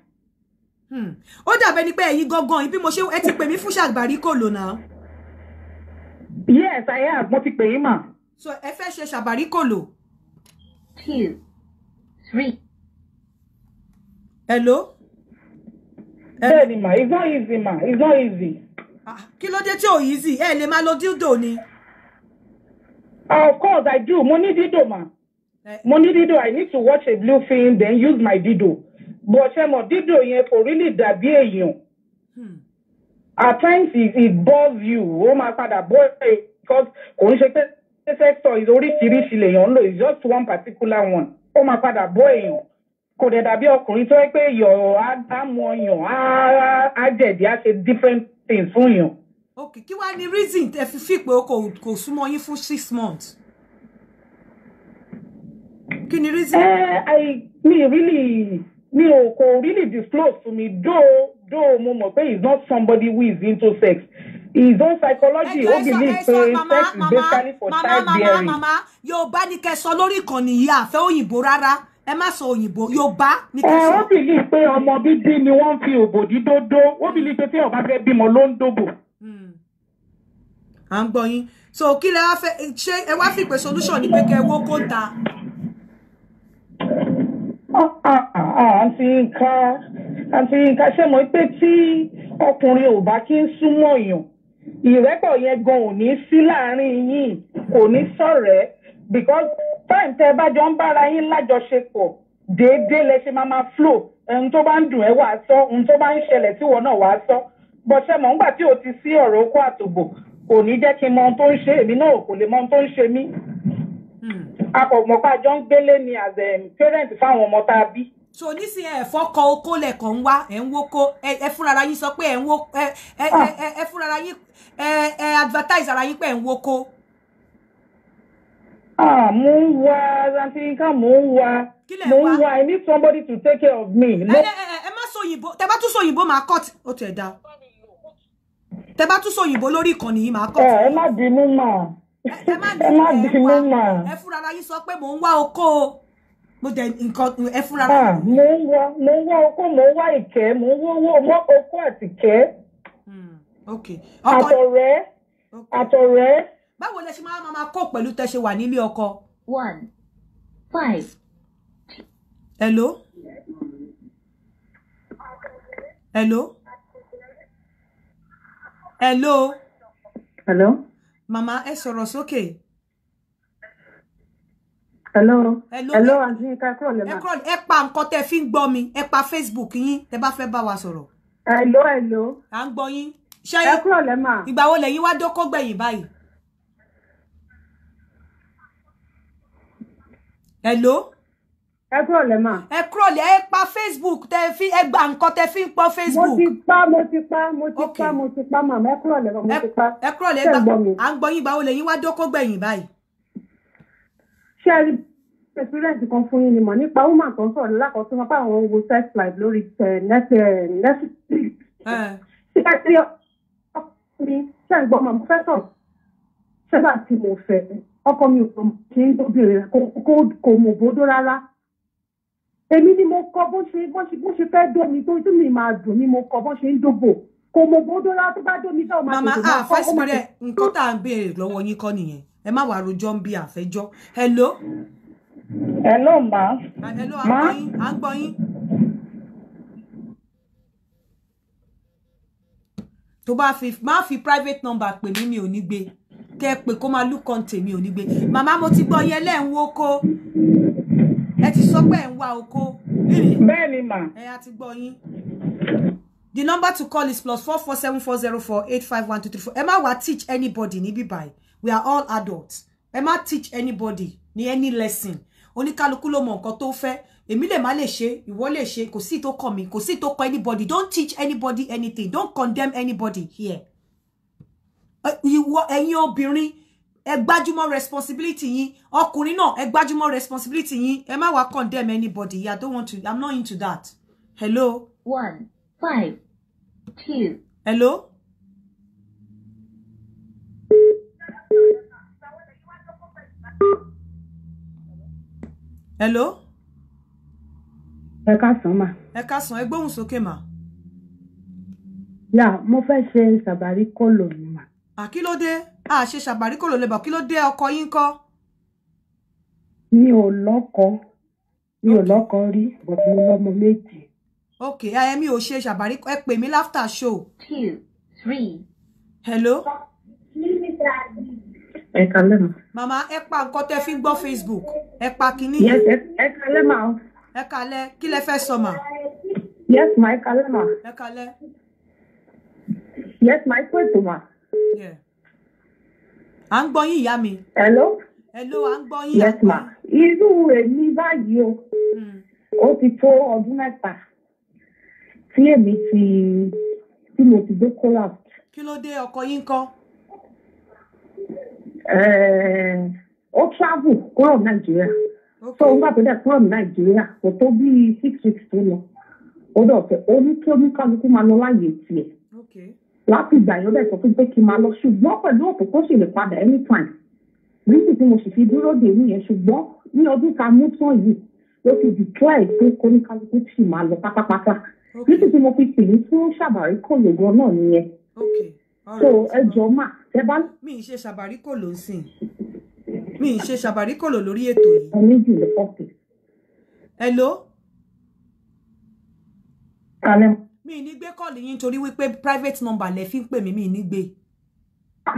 Hmm. ó dàbẹ́ ni pé ẹ̀yin gangan yìí mo ṣe ẹ ti pè mí fún ṣàgbárí kò lò yes i have mo ti pè yín mà. so ẹ fẹ́ ṣe ṣàgbárí kò lò. two three. hello. bẹ́ẹ̀ni ma it's not easy ma it's not easy. Ah, kí ló dé tí ò easy ẹ lè máa lo dildo ni. of course i do mo ní dildo ma mo ní dildo i need to watch a blue film then use my dildo but ṣe mọ̀ dídò yẹn kò rí lè dàbí èèyàn hmm. at times it, it bores you ó máa padà bore you because kò ń ṣe pé sector is oríṣiríṣi lèèyàn lò it's just one particular one ó máa padà bọ́ èèyàn kò dẹ̀ dàbí ọkùnrin tó yẹ pé yọ̀ á mú ọyàn á jẹ̀dí á ṣe different things fún yàn. ok kí wàá ní reason tẹ fi fi pé kò kò súnmọ́ yín fún six months kí ni reason. ẹ eh, ẹ mi really mi ò kò really disclose to me though though mo mọ̀ pé he is not somebody who is into sex his on psychology ó believe pé sex is basically for child bearing. yorùbá ni kẹsọ lórí ìkànnì yìí àfẹ òyìnbó rárá ẹ má sọ òyìnbó yorùbá ní kẹsọ. Eh, ẹ ó bìlí pé ọmọ bíbí ni wọ́n fi òbòdì dódó ó bìlí pé tí ọba fẹ́ bímọ ló ń dòbò. Hmm. à ń gbọ́ yín so kí lẹ wá fẹ́ ṣé ẹ wá fi solution ni pé kẹ wó kó ta. Ah, ah àǹtí nǹkan àǹtí nǹkan ṣe mọ̀ pé tí ọkùnrin ò bá kí ń súnmọ́ èèyàn ìrẹ́pọ̀ yẹn gan ò ní sí láàrin yín kò ní sọ̀rẹ́ because time tẹ́ bá jọ ń bára yín lájọṣepọ̀ déédéé lẹ ṣe máa máa flow ohun tó bá ń dùn ẹ́ wà á sọ ohun tó bá ń ṣẹlẹ̀ tí wọ́n náà wà á sọ bọ́sẹ̀ mọ̀ nígbà tí o ti sí ọ̀rọ̀ okó àtòbò kò ní jẹ́ kí n mọ ohun tó ń ṣe èmi náà kò lè mọ ohun tó ń ṣe mí. Hmm. akọ̀mọ̀pá jọ ń gbélé ni as parent fáwọn ọmọ tá a bí so nísìnyí ẹ fọkọ oko lẹkọ ń wá ẹ ń woko ẹ fúnra yín sọ pé ẹ ń wo ẹ ẹ ẹ fúnra yín ẹ ẹ advertise ara yín pé ẹ ń woko. ah mo ń wá rantinka mo ń wá mo ń wá I need somebody to take care of me. ẹ ẹ ẹ má sọyìnbó tẹ bá tún sọyìnbó máa cut ó tẹ dá tẹ bá tún sọyìnbó lórí ìkànnì yìí máa cut. ẹ má bínú mà ẹ má bínú mà ẹ fúnra yín sọ pé mò ń wá oko o mo dẹ̀ nǹkan ẹ fúnra. Ah, mo ń wá mo ń wá okó mo ń wá ìkẹ́ mo ń wọ́wọ́ mọ́ okó àti ìkẹ́. Hmm, àtọ̀rẹ́ àtọ̀rẹ́. báwo lẹ ṣe máa máa kó pẹ̀lú tẹ wà nílé ọkọ. one five. hello. hello. hello. hello. màmá ẹ sọ̀rọ̀ sókè. Okay hello hello àti ẹ ká kúrò lẹ́nu. ẹ kúrò ẹ pa nǹkan tẹ fi ń gbọ́ mi ẹ pa facebook yín tẹ bá fẹ́ bá wa sọ̀rọ̀. hello hello. à ń gbọ́ yín. ẹ kúrò lẹ́nu. ìgbà wo lẹ́yìn wá dókó gbẹ̀yìn báyìí. hello. ẹ kúrò lẹ́nu. ẹ kúrò lẹ́ ẹ pa facebook tẹ fi ẹ gba nǹkan tẹ fi ń pọ facebook. mo ti pa mo ti pa mo ti pa mo ti pa màmá ẹ kúrò lẹ́nu mo ti pa. ẹ kúrò lẹ́nu à ń gbọ́ yín ìgbà wo lẹ́yìn wá dókó gbẹ̀yìn báyìí ṣé ẹ rí experience kan fún yín ni mọ̀ nípa woman kan sọ̀rọ̀ lákọ̀ọ́sọ́ wọn pa àwọn wo sex life lórí Netflix ṣé ẹ rí ọkùnrin ṣé ẹ gbọ́ ọmọ mo fẹ́ sọ̀rọ̀ ṣé bá ti mo fẹ́ ọkọ mi ò kí ń gbóbìnrin kò mọ̀ bódó rárá èmi ni mo kọ bó ṣe bó ṣe bó ṣe fẹ́ dùn mi tó tún mi máa dùn mi mo kọ bó ṣe ń dòbò kò mọ̀ bódó rárá tó bá dùn mi tó máa dùn mi. màmá àfẹsùn ah, nǹkan tá à ń béèrè lọ́wọ́ yín kọ́ nìyẹn ẹ má wàá rojọ́ ń bi àfẹ́jọ́ hello. hello ma. Ah, hello à ń gbọ́ yín. tó bá fi má fi private number pè mí mi ò ní gbé kẹ pé kó máa lùkọ́ tèmi ò ní gbé màmá mo ti gbọ́ yẹn lẹ́ ń wó kó ẹ ti sọ pé ẹ̀ ń wá oko. bẹ́ẹ̀ ni mà. ẹ a ti gbọ́ yín the number to call is plus four four seven four zero four eight five one two three four Emma, má teach anybody níbí báyìí we are all adults Emma, teach anybody ní any lesson oníkálukú ló mọ nǹkan fe. fẹ́ le lè má lè ṣe ìwọ lè ṣe kò anybody don't teach anybody anything don't condemn anybody here ìwọ ẹ̀yin obìnrin ẹ gbájúmọ́ responsibility yín ọkùnrin náà ẹ responsibility yín ẹ má condemn anybody yeah I don't want to I'm not into that hello one five two. hello. hello. ẹ káàsán mà. ẹ káàsán ẹ gbóhùn sókè mà. yà mo fẹ́ ṣe ṣàbárí kọ́lò ni mà. àkílódé a ṣe ṣàbárí kọ́lò lẹ́bàá kí ló dé ọkọ yín kọ́. mi ò lọ́kọ mi ò lọ́kọ rí but mo lọ́mọ méjì. Okay, ayẹmi ò ṣe ṣàbárí ẹ pè mí láftà show. two three. hello. ẹ kalẹ́ mọ́. màmá ẹ pa nǹkan tẹ fi ń facebook ẹ pa kínní. yes ẹ kalẹ́ mà. ẹ kalẹ́ kí lẹ fẹ́ sọ mà. yes ma ẹ kalẹ́ mà. ẹ kalẹ́. yes ma ẹ kú ètò mà. à ń gbọ́ yín mi. hello. hello à ń gbọ́ yes ma irú èmi báyìí o hmm. ó ti tó ọdún mẹ́ta tí èmi ti tí mo ti gbé collapse. kí ló dé ọkọ yín kọ. ó travel kúrò nàìjíríà tó ń gbà tó dẹ̀ kúrò nàìjíríà kò tó bíi six weeks tó lọ ó dọ̀ tẹ̀ ó ní kí oníkálukú máa lọ láàyè tiẹ̀ láti ìgbà yóò dẹ̀ sọ fún pé kí n máa lọ ṣùgbọ́n pẹ̀lú òkú kó sì lè padà anytime nígbà tí mo sì fi dúró dè nìyẹn ṣùgbọ́n ní ọdún ta mú tán yìí ló ti declare pé kóníkálukú sì máa lọ pátápátá níbi tí mo fi pè ní fún ṣàbárí kòlò gan náà nìyẹn so ẹ jọ mà ẹ bá. mi ì ṣe ṣàbárí kòlò ń sìn mi ì ṣe ṣàbárí kòlò lórí ètò yìí. ẹ méjì lè pọ́kì. hello. alẹ́. mi ì ní gbé kọ́ọ̀lù yín torí wípé private number lẹ fi ń pè mí mi ì ní gbé. Ah.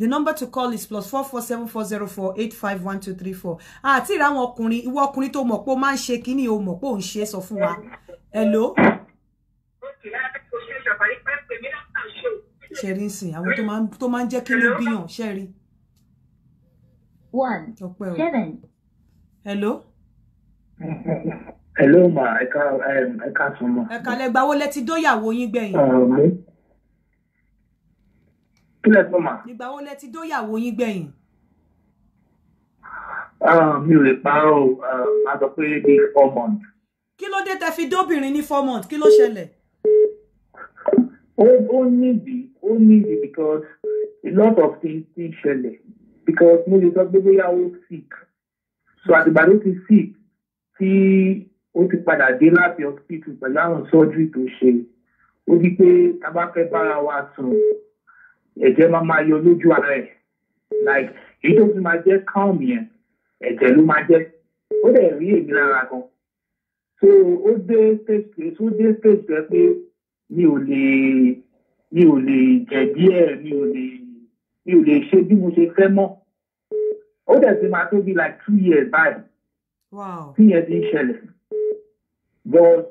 the number to call is plus four four seven four zero four eight five one two three four Ah, àti ìràwọn ọkùnrin ìwọ ọkùnrin tó to pé ó máa ń ṣe kínní o mọ̀ pé ó ń ṣe sọ fún wa hello. ṣẹ́rí ń sìn to tó to ń jẹ́ kínní bíyàn Sherry. one seven. hello. hello ma ẹ̀ka ẹ̀ka sùn mọ́. ẹ̀ka lẹ́gbàá wo lẹ ti dóyàwó yín gbẹ̀yìn kílẹ̀ tó mà. ìgbà wo lẹ ti dóyàwó yín gbẹ̀yìn. Ah, mi ò lè parọ́ o máa ah, sọ pé bí four months. kí ló dé tẹ fi dóbìnrin ní four months kí ló ṣẹlẹ̀. ó níbi ó níbi because a lot of things ti ṣẹlẹ̀ because mo lè sọ pé bóyá ó sick so àtìgbà tó ti sick tí ó ti padà dé láti hospital pẹ̀lú àwọn surgery tó ṣe ó di pé tá a bá fẹ́ bára wa sùn ẹ̀jẹ̀ máa máa yọ lójú ara ẹ̀ like èyí tó fi máa jẹ́ calm yẹn ẹ̀jẹ̀ ló máa jẹ́ ó dẹ̀ rí èmi lára gan so ó dé stage tó dé stage rẹ pé mi ò lè mi ò lè jẹ̀bi ẹ̀ mi ò lè mi ò lè ṣe bí mo ṣe fẹ́ mọ́ ó dẹ̀ ti máa tó bí like two years báyìí wow. two years ń ṣẹlẹ̀ but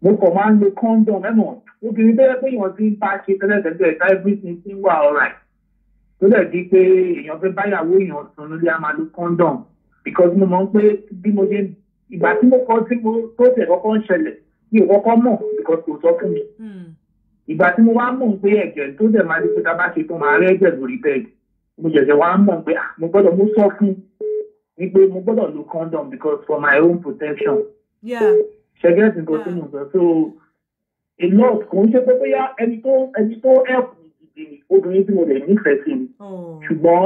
mo kàn máa ń lo condom ẹ̀mọ̀ obìnrin tó yẹ pé èèyàn ti ń bá ṣe tẹ́lẹ̀tẹ́lẹ̀ ẹ̀ka everything ti ń wà alright tó dẹ̀ di pé èèyàn fẹ́ báyàwó èèyàn sùn nílé a máa lo condom because mo mọ̀ pé bí mo ṣe ìgbà tí mo kọ́ tí mo tó tẹ̀ kọ́kọ́ ń ṣẹlẹ̀ mi ò kọ́kọ́ mọ̀ because kò sọ fún mi hmm. ìgbà tí mo wá mọ̀ pé ẹ̀jẹ̀ tó dẹ̀ máa di pé tá a bá ṣe tó máa rẹ́ ẹ̀jẹ̀ lórí bẹ́ẹ̀dì mo ṣẹ̀ṣẹ̀ wá mọ̀ pé ah, mo gbọ́dọ̀ mo sọ fún wípé mo gbọ́dọ̀ lo condom because for my own protection. Yeah ṣẹgẹ́tì nǹkan tí mo sọ ah. so èmi ò kò ń ṣe pé bóyá ẹni tó ẹni tó help mi gidi ni obìnrin tí mo lè nífẹ̀ẹ́ sí ni oh. ṣùgbọ́n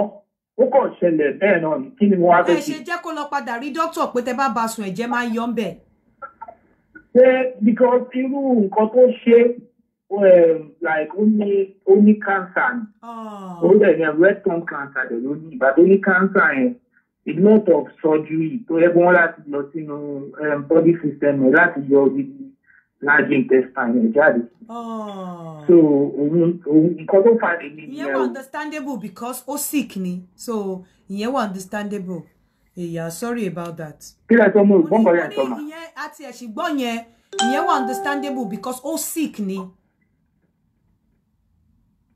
ó kàn ṣẹlẹ̀ bẹ́ẹ̀ náà ni kí ni mo wá fẹ́ ṣe. ẹ ṣe jẹ́ kó lọ padà rí dókítà pé tẹ bá ba sùn ẹ̀jẹ̀ máa ń yọ ń bẹ̀. ṣé because irú nǹkan tó ṣe um, like ó ní ó ní cancer ni ah. ó dẹ̀ ní rectum cancer dẹ̀ ló ní ìbàdàn ó ní cancer yẹn ignorant of surgery tó yẹ kó wọn láti lọ sínú body system rẹ láti yọ ibi large intestine rẹ jáde. Oh. so òun òun nǹkan tó fà lè ní. ìyẹn wà understandable because ó sick ni so ìyẹn wà understandable èyà sorry about that. kí lè sọ mo ìgbọ́n yẹn sọ ma. ìyẹn àti ẹ̀sìn gbọ́ yẹn ìyẹn wà understandable because ó sick ni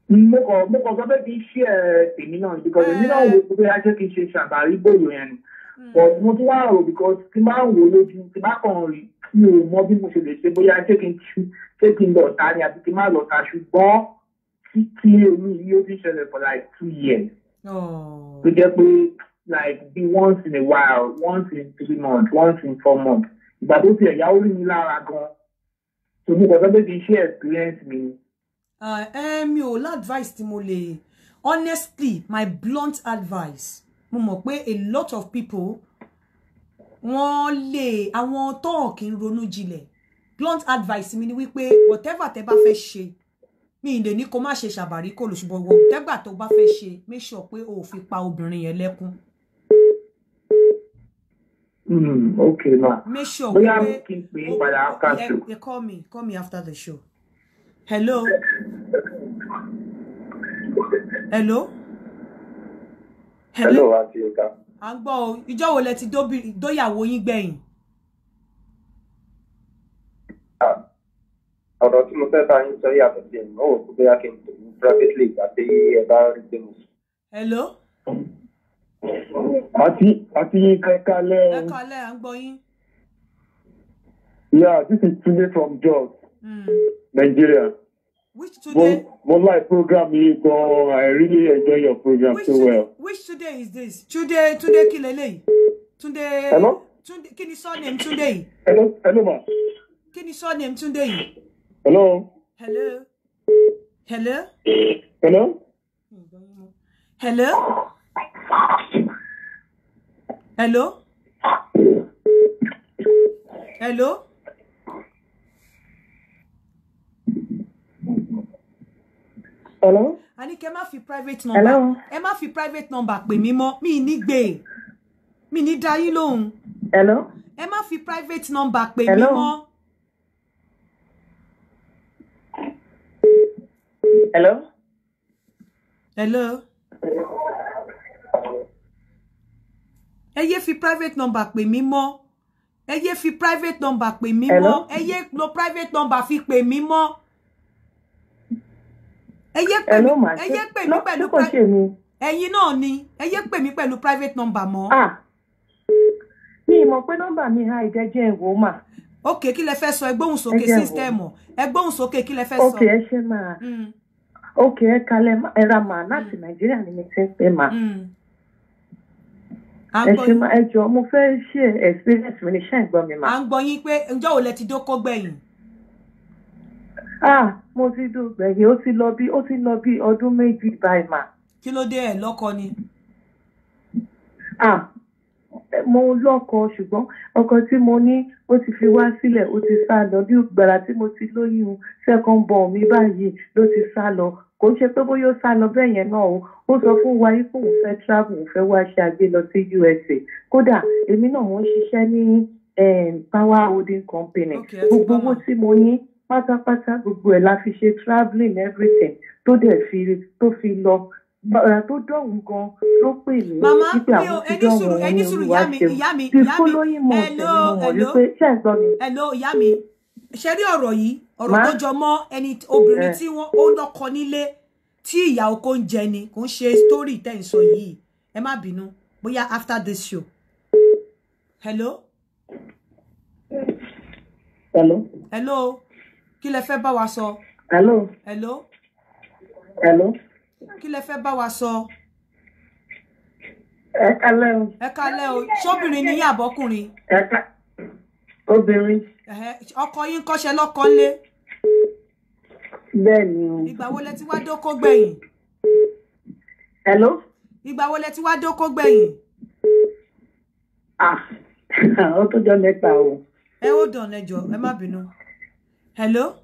mo kọ mo kọ gbọ́dọ̀ kì ẹ tèmi náà because èmi náà wo pé ajé kì í ṣe ṣàbárí gbòòrò yẹn ni hmm. but mo tún wá rò because tí máa ń wò lójú tí máa kàn rí mi ò mọ bí mo ṣe lè ṣe bóyá ṣé kí n ṣu ṣé kí n lọ ta ni àbí kí n má lọ ta ṣùgbọ́n tí tí èmi yìí ó ti ṣẹlẹ̀ for like two years oh. tó jẹ́ pé like be once in a while once in three months once in four months ìgbà tó ti ẹ̀yáwó rí mi lára gan-an tòun kò sọ pé kì í experience mi ẹ eh, eh, mi ò ládvice tí mo lè honestly my blunt advice mo mọ̀ pé a lot of people wọ́n lè àwọn tọ́hàn kì í ronú jinlẹ̀ blunt advice mi ni wípé whatever tẹ ba fẹ́ ṣe mi ì lè ní kó má ṣe ṣàbàrí kò lò ṣùgbọ́n whatever tó bá fẹ́ ṣe make sure pé o ò fi pa obìnrin yẹn lẹ́kún. Mm, okay ma. Make sure we are. kí n pè call me call me after the show hello hello hello àti ìka. à ń gbọ́ o ìjọ́ wo lẹ ti dóyàwó yín gbẹ̀yìn. ọ̀rọ̀ tí mo fẹ́ bá yín sọ yàtọ̀ sí ẹ̀yìn ó kú bóyá kí n tò ní privately àti ẹ bá rí pé mo sùn. hello. àti àti yín kẹ́kálẹ́ o. ẹ̀kálẹ́ à ń gbọ́ yín. yeah this is Tunde from Jos. Mm. Nigeria. Which today? More, more program you go. I really enjoy your program which so well. Which today is this? Today, today, Kilele. Today. Hello? Tunde, kí ni surname Tunde Hello, hello ma. Kí ni surname Tunde yìí? Hello. Hello. Hello. Hello. Hello. Hello. Hello. Hello. a ní kẹ́ má fi private number ẹ má fi private number pè mí mọ́ mi ní gbé mi ní dá lóhùn. Hello. ẹ má fi private number pè mí mọ́. Hello. Hello. ẹ yé fi private number pè mí mọ́ ẹ yé fi private number pè mí mọ́ ẹ yé lo private number fi pè mí mọ́ ẹ yé pè mí ẹ yé pè mí pẹ̀lú ẹ̀yin náà ni ẹ yé pè mí pẹ̀lú private number mọ́. Ah, mi mọ̀ pé nọ́mbà mi ha ìdẹ́jẹ́ ẹ̀wò mà. ok kí lẹ fẹ́ sọ ẹ gbóhùn sókè sísítẹ́ẹ̀mù ẹ gbóhùn sókè kí lẹ fẹ́ sọ. ok ẹ ṣe máa mm. ok ẹ kalẹ ẹ ra màá láti mm. nàìjíríà ni mi ti ń pè màá mm. ẹ ṣe máa ẹ jọ mo fẹ́ ṣe experience mi ní ṣáà ìgbọ́ mi mà. à ń gbọ́ yín pé ǹjọ́ ò lẹ ti dókó gbẹ̀yìn ah mo ti dùn gbẹ̀yìn ó ti lọ bí ó ti lọ bí ọdún méjì báyìí mà. kí ló dé ẹ̀ lọ́kọ ni. ah mo lọ́kọ ṣùgbọ́n ọkọ tí mo ní ó ti fi wá sílẹ̀ ó ti sá lọ bí gbàrà tí mo ti lóyún second born mi báyìí ló ti sá lọ kò ṣe pé bóyá ó sá lọ bẹ́ẹ̀ yẹn náà o ó sọ fún wa yìí pé òun fẹ́ travel òun fẹ́ wá ṣe àgbé lọ sí USA kódà èmi náà mo ń ṣiṣẹ́ ní eh, power holding company gbogbo owó tí mo ní pátápátá gbogbo ẹ̀ la fi ṣe travelling everything tó dẹ̀ fi tó fi lọ tó dọ̀hún gan ló pè mí wípé àwọn ti dọ̀hún ẹni olùwà ṣeun ti following month ni mo mọ̀ wípé ṣe ń gbọ́ mi. hello ìyá mi ṣe rí ọ̀rọ̀ yìí ọ̀rọ̀ tó jọ mọ́ ẹni obìnrin eh. tí wọ́n ó lọ́kọ nílé tí ìyá oko ń jẹ ni kò ń ṣe story tẹ́ ń sọ yìí ẹ má bínú bóyá after this show. hello. hello. hello. Qui le fait bá wa sọ. hello. hello. hello. Qui le fait bá wa sọ. ẹ kalẹ́ o. ẹ kalẹ́ o ṣóbìnrin ni yín àbọ́kùnrin. ẹ ká obìnrin. ọkọ yín kọ́ṣẹ́ lọ́kọ lé. bẹ́ẹ̀ ni o. ìgbà wo lẹ ti wá dóko gbẹ̀yìn. hello. ìgbà wo lẹ ti wá dóko gbẹ̀yìn. ah ó tó jọ mẹ́ta o. ẹ ó dàn ẹjọ ẹ má bínú hello.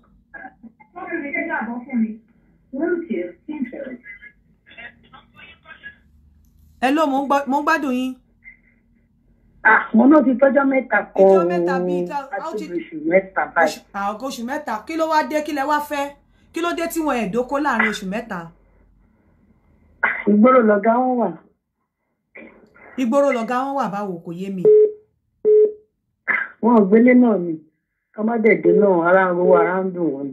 hello mo ń gbádùn yín. Àwọn ah, náà ti tọ́jọ́ mẹ́ta kọ́ ọ́ láti oṣù mẹ́ta báyìí. Àwọn ah, oṣù mẹ́ta kí ló wá dé kí lẹ wá fẹ́? Kí ló dé tí wọ́n ẹ̀dókó láàrin oṣù mẹ́ta? Ah, ìgboro lọ̀gá wọn wà. Ìgboro lọ̀gá wọn wà báwo kò yé mi. Wọ́n ò gbélé náà ni kọ́mọ́dẹ̀dẹ náà ara ń ro ara ń dùn wọn.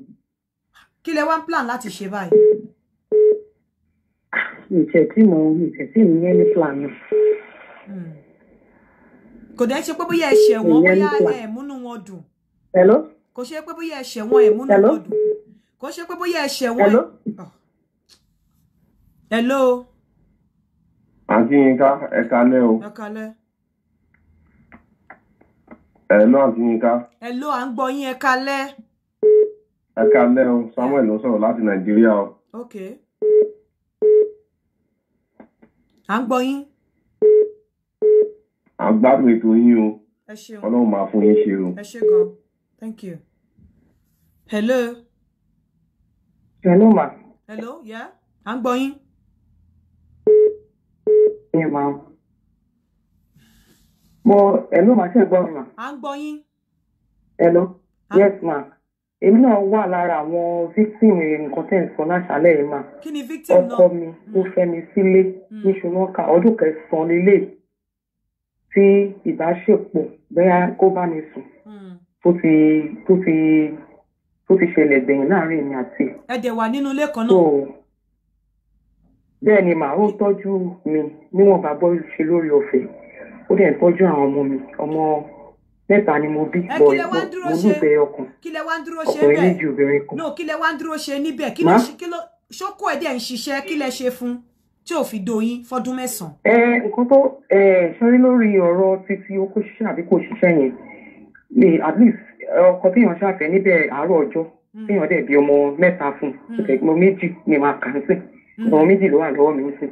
kí lẹ wá ń plan láti ṣe báyìí. ìṣẹ̀ tí mo ìṣẹ̀ tí mi yẹn ní plan náà. Hmm. kò dẹ́ ṣe pé bóyá ẹ ṣẹ̀ wọ́n bóyá ẹ múnú wọn dùn. hello. kò ṣe pé bóyá ẹ ṣẹ̀ ẹ múnú wọn dùn. kò ṣe pé bóyá ẹ ṣẹ̀ ẹ. hello. Oh. hello. àǹtí Yinka ẹ̀ka lẹ́ o. ẹ̀ka lẹ́ Hello àǹtí Yinka. Hello à ń gbọ́ yín ẹ kalẹ́. ẹ kalẹ́ o Samuel ló sọ̀rọ̀ láti Nàìjíríà o. ok à ń gbọ́ yín. à ń gbádùn ètò yín o. ẹ ṣeun Ọlọ́run máa fún yín ṣe o. ẹ ṣe gan thank you. hello. hello ma. hello yeah à ń gbọ́ yín. ẹ máa mo ẹ̀lú màá ṣe ń gbọ́ mi mà. à ń gbọ́ yín. ẹ̀lú yes ma èmi náà wà lára àwọn victim eh, nǹkan tẹ́ ń sọ láṣálẹ̀ yìí mà. kí ni victim náà ọkọ mi mm. ó fẹ́ mi sílé mm. níṣúná ká ọdún kẹsàn-án lélẹ̀ tí ìbáṣepọ̀ bẹ́ẹ̀ kó bá mi sùn mm. tó ti tó ti tó ti ṣẹlẹ̀ gbẹ̀yìn láàrin èmi àti. ẹ dẹ̀ wà nínú ilé kan náà. bẹ́ẹ̀ ni màá ó tọ́jú mi níwọ̀n bá bọ́ ṣe lórí ọ̀fẹ́ ó dẹ̀ tọ́jú àwọn ọmọ mi ọmọ mẹ́ta ni mo bí bọ̀ ìbò mo lùgbẹ́ ọkàn ọkùnrin méjì obìnrin kan. no kí lẹ wá ń dúró ṣe níbẹ̀ kí ló kí ló ṣókó ẹ̀ dẹ̀ ń ṣiṣẹ́ kí lẹ ṣe fún tí ò fi doyin fọdún mẹ́sàn-án. ẹ nǹkan tó ẹ sọrí lórí ọ̀rọ̀ títí ó ṣiṣẹ́ àbí kò ṣiṣẹ́ yẹn ni at least ọkọ téèyàn ṣàfẹ́ níbẹ̀ àárọ̀ ọjọ́ hmm. téèyàn dẹ̀ bí ọmọ mẹ́ta fún hmm. ọmọ méjì ni màá kà ń sìn hmm. ọmọ méjì ló wà lọ́wọ́ mi ń sìn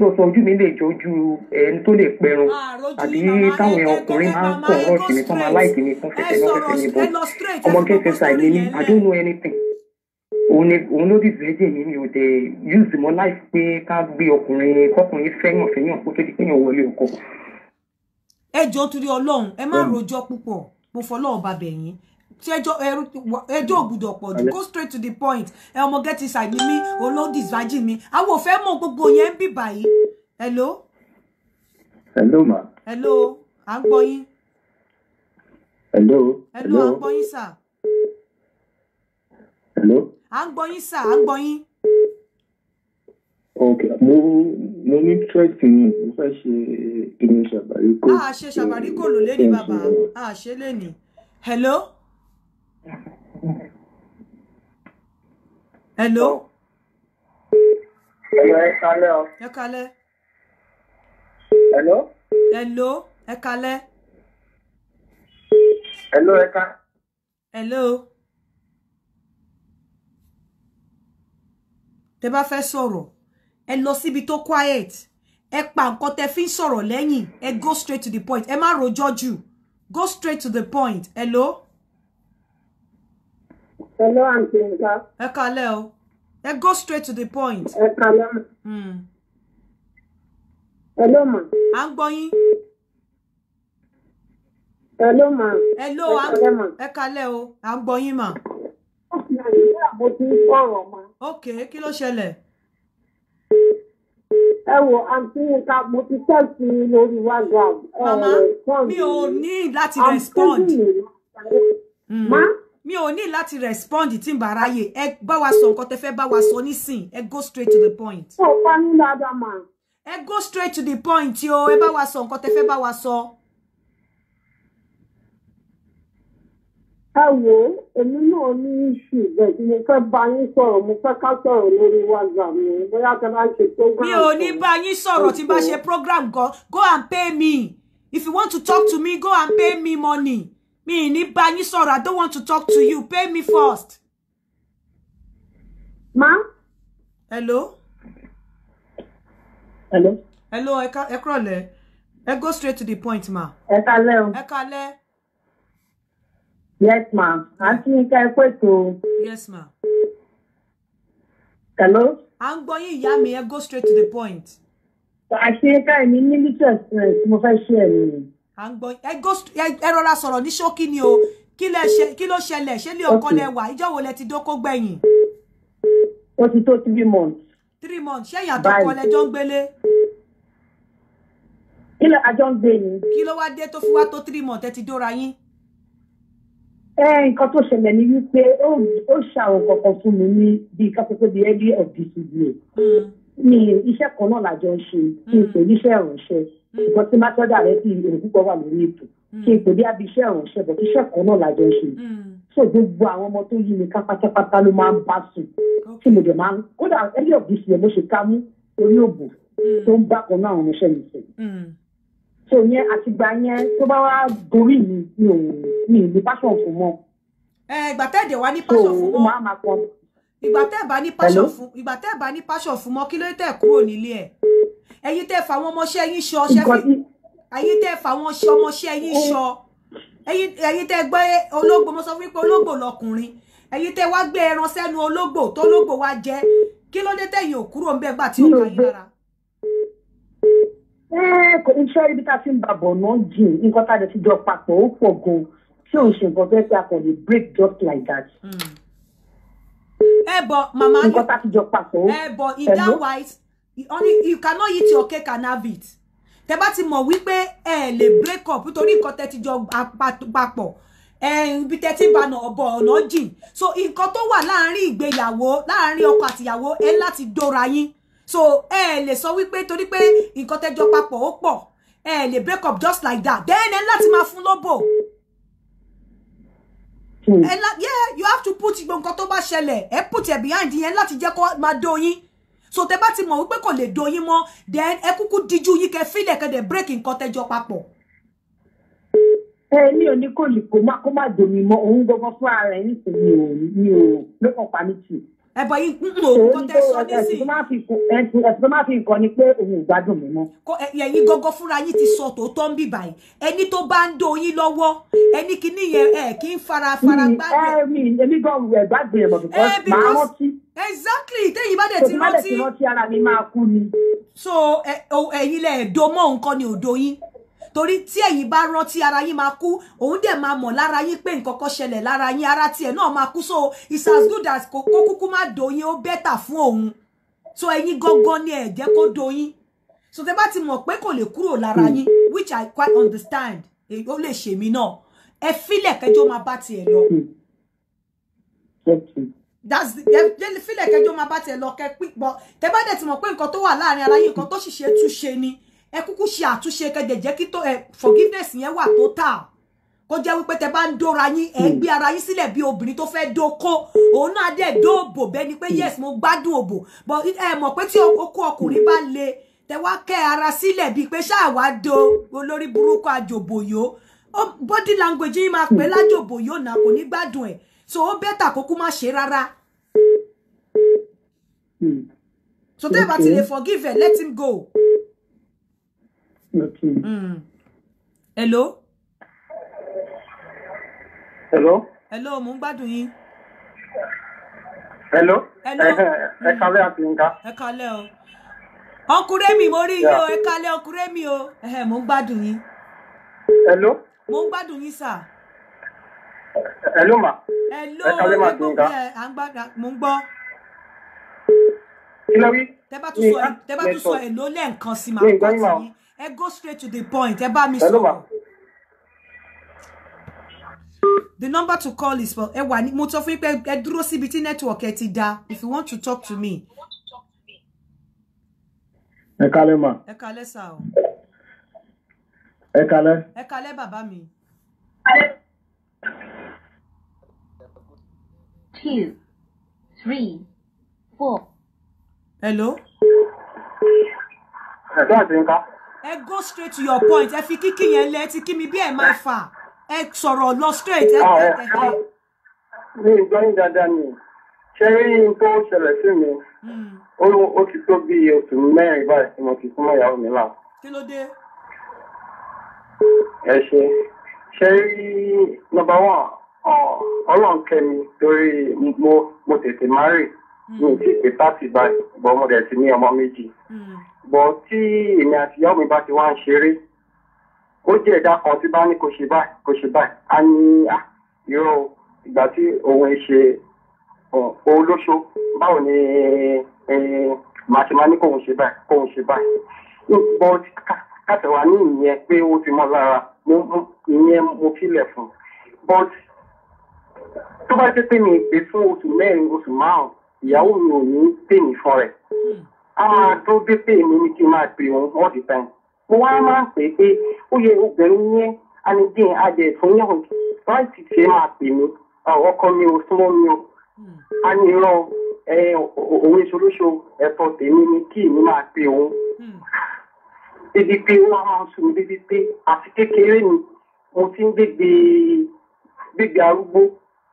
ló sọ ojú mi lè jojú ẹni tó lè pẹrun ah, àbí táwọn ọkùnrin máa ń kọ ọ̀rọ̀ sí mi tó máa mi fún fẹsẹ̀ náà fẹsẹ̀ mi ọmọ gẹ́gẹ́ sáì mi ní i don't know anything òun ló dìbò ẹ̀jẹ̀ mi mi ò dẹ̀ use mọ́ life pé ká gbé ọkùnrin kọkùnrin fẹ́yàn fẹ́yàn kó tó di kéèyàn wọlé ọkọ. ẹ jọ̀ọ́ torí Ọlọ́run ẹ má rojọ́ púpọ̀ mo fọlọ́ọ̀ bàbẹ̀ yín ẹjọ́ ẹjọ́ ògbùdọ̀ pọ̀ jù go straight to the point ẹ ọmọ get inside ni mí olódì virgin mi àwọn ò fẹ́ mọ gbogbo yẹn ń bì báyìí hello. hello ma. hello à ń gbọ́ yín. hello. hello à ń gbọ́ yín sà. hello. à ń gbọ́ yín sà à ń gbọ́ yín. ok mo mo ní threat mi mo fẹ́ ṣe kí ni ṣàbàríkò. a ah, ṣe ṣàbàríkò lò lé ní bàbá a ah, ṣe lé ní. hello hello. hello ẹ kalẹ́ o. ẹ kalẹ́. hello. hello ẹ kalẹ́. hello ẹ kalẹ́. hello. tẹ́ bá fẹ́ sọ̀rọ̀ ẹ lọ síbi tó quiet ẹ pa nǹkan tẹ́ fi ń sọ̀rọ̀ lẹ́yìn ẹ go straight to the point ẹ má rojọ́ jù go straight to the point hello. Hello, Auntie Nka. Ẹ go straight to the point. Ẹ kalẹ́ o. Hmm. Hello, ma. À ń gbọ́ yín. Hello, ma. Hello, ẹ kalẹ́ ma. Ẹ kalẹ́ o. À ń gbọ́ yín, ma. Mo ti ń sọ̀rọ̀ ma. Ok, kí ló ṣẹlẹ̀? ẹ wo àǹtí nǹka mo ti tẹ́sí lórí whatsapp. mama mi ò ní láti respond. Hmm. ma. Mm mi ò ní láti respond tí n bá ráyè ẹ bá wa sọ nǹkan tẹ fẹ́ bá wa sọ nísìn ẹ go straight to the point. ó pa ní dáadáa mà. ẹ go straight to the point Yo, ẹ bá wa sọ nǹkan tẹ fẹ́ bá wa sọ. ẹ wo èmi náà ní iṣu bẹ́ẹ̀ mo fẹ́ bá yín sọ̀rọ̀ mo fẹ́ ká sọ̀rọ̀ lórí whatsapp mi bóyá tẹ bá ṣe program. mi ò ní bá yín sọ̀rọ̀ tí bá ṣe program go go and pay me if you want to talk to me go and pay me money. Me ní bá yín I don't want to talk to you pay me first. ma. hello. hello. hello ẹ kúrọ̀lẹ́ ẹ go straight to the point ma. ẹ le. o. le. yes ma àti ike ẹ pé tó. yes ma. hello. à ń gbọ́ yín ìyá go straight to the point. àṣeyíká ẹ̀mí ní little stress mo fẹ́ ṣe ẹ̀mí à ń gbọ́ ẹ rọra sọ̀rọ̀ ní ṣókí ni o kí ló ṣẹlẹ̀ ṣé ilé ọkọ lẹ wà ìjọ́ wo lẹ ti dókó gbẹ̀yìn. ó ti tó three months. three months ṣé ìyàtọ̀ ọkọ lẹ jọ ń gbélé. kí ló àjọ ń gbé ni. kí ló wá dé tó fi wá tó three months ẹ ti dóra yín. ẹ nǹkan tó ṣẹlẹ̀ ni wípé ó ṣàwọn kankan fún mi ní bíi kápẹ́pẹ́ bíi early of this year. Hmm. iṣẹ́ kan náà làjọ ń ṣe kí n pè níṣẹ́ ìrànṣẹ́ nǹkan mm. tí mátọ́dà rẹ bí òun púpọ̀ wà lórí ètò mm. kí n kò bí abiṣẹ́ ìrànṣẹ́ bọ̀ kí iṣẹ́ kan náà lájọ ṣe mm. so gbogbo àwọn ọmọ tó yí mi ká pátápátá ló máa ń bá sùn tí mo dẹ̀ máa ń kódà ẹni ọ̀gbìn sílẹ̀ mo ṣe ká mú orí òbò tó ń bá kan náà àwọn ọmọọṣẹ́ mi sùn so yẹn àtìgbà yẹn tó bá wá gorí mi mi ò mi ní passion fún mọ́. ẹ ìgbà tẹ́ẹ̀dẹ̀ wá ní passion fún mọ́ ìgbà tẹ́ẹ̀ bá ní passion fún mọ́ kí ló tẹ̀ kúrò nílé ẹ̀ ẹ̀yin tẹ́ fà àwọn ọmọọṣẹ́ yín ṣọ ṣẹ́ fi ẹ̀yin tẹ́ fà àwọn ọmọọṣẹ́ yín ṣọ ẹ̀yin tẹ́ gbé ológbò mo sọ fún pé ológbò lọkùnrin ẹ̀yin tẹ́ wá gbé ẹran sẹ́nu ológbò tó ológbò wá jẹ kí ló dé tẹ̀yin ò kúrò ń bẹ́ẹ̀ gbà tí ó kà yín lára. kò ní sọ ibi tá a ti ń ba bọ̀ náà jìn nǹkan tá hmm. a ti jọ papọ̀ ó pọ̀ gan tí òun ṣe nǹkan bẹ́ẹ̀ tí a kò lè break just like that. ẹ bọ màmá yìí ẹ bọ ìdáwàá you only you cannot eat your cake and have it tẹ bá ti mọ̀ wípé ẹ lè break up nítorí nǹkan tẹ ti jọ papọ̀ ibi tẹ ti bànà ọ̀bọ̀ ọ̀nà jìn so nǹkan tó wà láàárín ìgbéyàwó láàárín ọkọ àtìyàwó ẹ láti dóra yín so ẹ lè sọ wípé torí pé nǹkan tẹ jọ papọ̀ ó pọ̀ ẹ lè break up just like that then ẹ láti máa fún lóbò And hmm. la yeah you have to put gbogbo nǹkan tó bá ṣẹlẹ̀ ẹ put ẹ behind yẹn láti jẹ́ kó máa dó yín so tẹ bá ti mọ̀ wípé kò lè doyin mọ́ then e kuku diju yín kẹ fílẹ̀ kẹ dẹ̀ break nǹkan tẹjọ papọ̀. ẹ ní ko kó má kó má domi mọ òun gbọgbọ fún ara ẹ nísìnyí ò ní ò ló kàn pa mí tì ẹbọ yìí ń mọ òkú tẹ sọ nísìnyí. ẹ̀sìn tó máa fi nǹkan ni pé òun ò gbádùn mi mọ́. ẹ̀yin gọ́gọ́ fúnra yín ti sọ tòótọ́ ń bì báyìí ẹni tó bá ń do yín lọ́wọ́ ẹni kìíní yẹn ẹ kì í fara fara gbádùn. ẹ mi èmi gan ẹ gbàgbé ẹ̀mọ̀ because màá rántí. exactly téyìn bá dẹ̀ ti rántí. òtún bá dẹ̀ ti rántí ara mi máa kú ni. so ẹ̀yin lẹ̀ ẹ̀dọ́ mọ́ nǹkan ni òdo torí tí ẹ̀yin bá rántí ara yín máa kú òun dẹ̀ máa mọ̀ lára yín pé nǹkan kan ṣẹlẹ̀ lára yín ara tiẹ̀ náà máa kú so it's as good as kó kúkú má dòyìn ó bẹ́tà fún òun so ẹ̀yin gangan ni ẹ jẹ́ kó dòyìn so tẹ́ bá ti mọ̀ pé kò lè kúrò lára yín which I quite understand èyí ó lè ṣèmi náà ẹ fílẹ̀ kẹjọ máa bá tiẹ̀ lọ that's the fílẹ̀ kẹjọ máa bá tiẹ̀ lọ kẹ pípọ̀ tẹ́ bá dẹ̀ ti mọ̀ pé nǹkan tó wà láàrin ara yín nǹkan tó ṣìṣe túṣe ni ẹ kúkú ṣe àtúnṣe kẹjẹ jẹ́ kí tó forgiveness yẹn wà total kó jẹ́ wípé tẹ bá ń dóra yín ẹ hmm. gbé ara yín sílẹ̀ bí obìnrin tó fẹ́ dóko òun náà dẹ̀ dóòbò bẹ́ni pé hmm. yes mo gbádùn òbò but e mo pé tí okó ọkùnrin bá le tẹ wá kẹ́ ara sílẹ̀ bíi pé ṣáà wá do olórí burúkú àjòbòyò body language yín máa pè hmm. lájòbòyò náà kò ní gbádùn ẹ̀ so ó bẹ́tà kókó má ṣe rárá. so tẹ́ ẹ bá ti lè forgive ẹ let him go. Okay. Hmm. Hello? Hello? Hello, mo ń gbádùn yín. Hello? Hello? Ẹ kálẹ́ àti nǹkan. Ẹ kálẹ́ o. Ọkùnrin mi mo rí yín o, ẹ kálẹ́ ọkùnrin mi o. Ẹ̀hẹ̀, mo ń gbádùn yín. Hello? Mo ń gbádùn yín sà. Hello ma. Hello, ẹ kálẹ́ màá ti nǹkan. À ń gbádùn, mo ń gbọ́. Kí ló wí? Tẹ́ bá tún sọ ẹ̀ ló lẹ́ẹ̀kan sí màá pọ̀ sí yín ẹ go straight to the point ẹ bá mi sọ̀rọ̀. the number to call is for Ewa ni ní mo sọ fún yín pé ẹ dúró síbi network ẹ ti da if you want to talk to me. ẹ kalẹ́ ma. ẹ kalẹ́ sà o. ẹ kalẹ́. ẹ kalẹ́ bàbá mi. two three four. hello. ẹ̀dọ́ àti nǹkan ẹ go straight to your point ẹ fi kíkì yẹn lẹ ti kí mi bí ẹ máa fà ẹ sọ̀rọ̀ lọ straight ẹ ah, ẹ ẹ. mi ò gbọ́ ní dáadáa ni ṣe rí n tó ṣẹlẹ̀ sí mi hmm. ó ti tó bí oṣù mẹ́rin báyìí tí mo ti fún ìyàwó mi là. kí ló dé. ẹ ṣe ṣe rí nọ́mbà wọn Ọlọ́run mi torí mo tètè má rè mi ò tí ì pé táàtì báyìí bọ́ mo dẹ̀ ti ní ọmọ méjì hmm. bọ́ tí èmi àti ìyá mi bá ti wá ń ṣeré ó jẹ́ ẹ̀dá kan tí bá ní kò ṣe báyìí kò ṣe báyìí á ní irọ́ ìgbà tí òun ṣe olóṣó báwo ni màá ṣe máa ní kóun ṣe báyìí kóun ṣe báyìí bọ́ kàtẹ́wà ní ìyẹn pé ó ti mọ́ lára ìyẹn mo filẹ̀ fún but tó bá jẹ́ pé mi ìpè fún oṣù mẹ́rin oṣù márùn-ún ìyàwó mi ò ní pè mí fún rẹ̀ hmm. a máa tó dé pé èmi ni kí n máa pè òun all the time mo wá hmm. máa ń pè é pé ó yẹ obìnrin yẹn anidin adẹ fún yẹn láti tiẹ̀ máa pè mí ọkọ mi ò súnmọ́ mi o hmm. a ní irọ́ òwe ṣolóṣo ẹ̀tọ́ tèmi ni kí èmi máa pè òun débi pé ó wá máa ń sùn débi pé àti kékeré ni mo ti ń gbégbé gbégbé arúgbó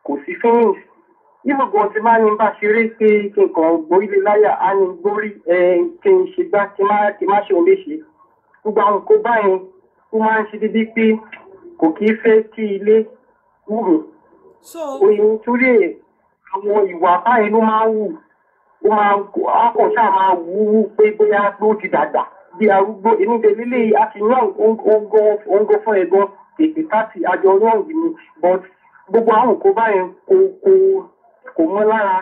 kò sí feelings ìlúgbọ̀n ti máa ní bá ṣeré pé kí n kàn gbórílé láyà á ní gbórí kí n ṣe gbá kí má kí má ṣe òun léṣe gbogbo àwọn nǹkan báyìí ó máa ń ṣe dédé pé kò kí í fẹ́ kí ilé wù mí òyìn torí àwọn ìwà báyìí ló máa ń wù ó máa ń kó àkọ́ sáà máa wù ú pé bóyá ló ti dàgbà bí arúgbó èmi dé lílé àti náà òǹgọ fún ẹ̀gọ́ ètè káàtì àjọ náà yìí but gbogbo àwọn nǹkan báyìí kò kò kò mọ́ lára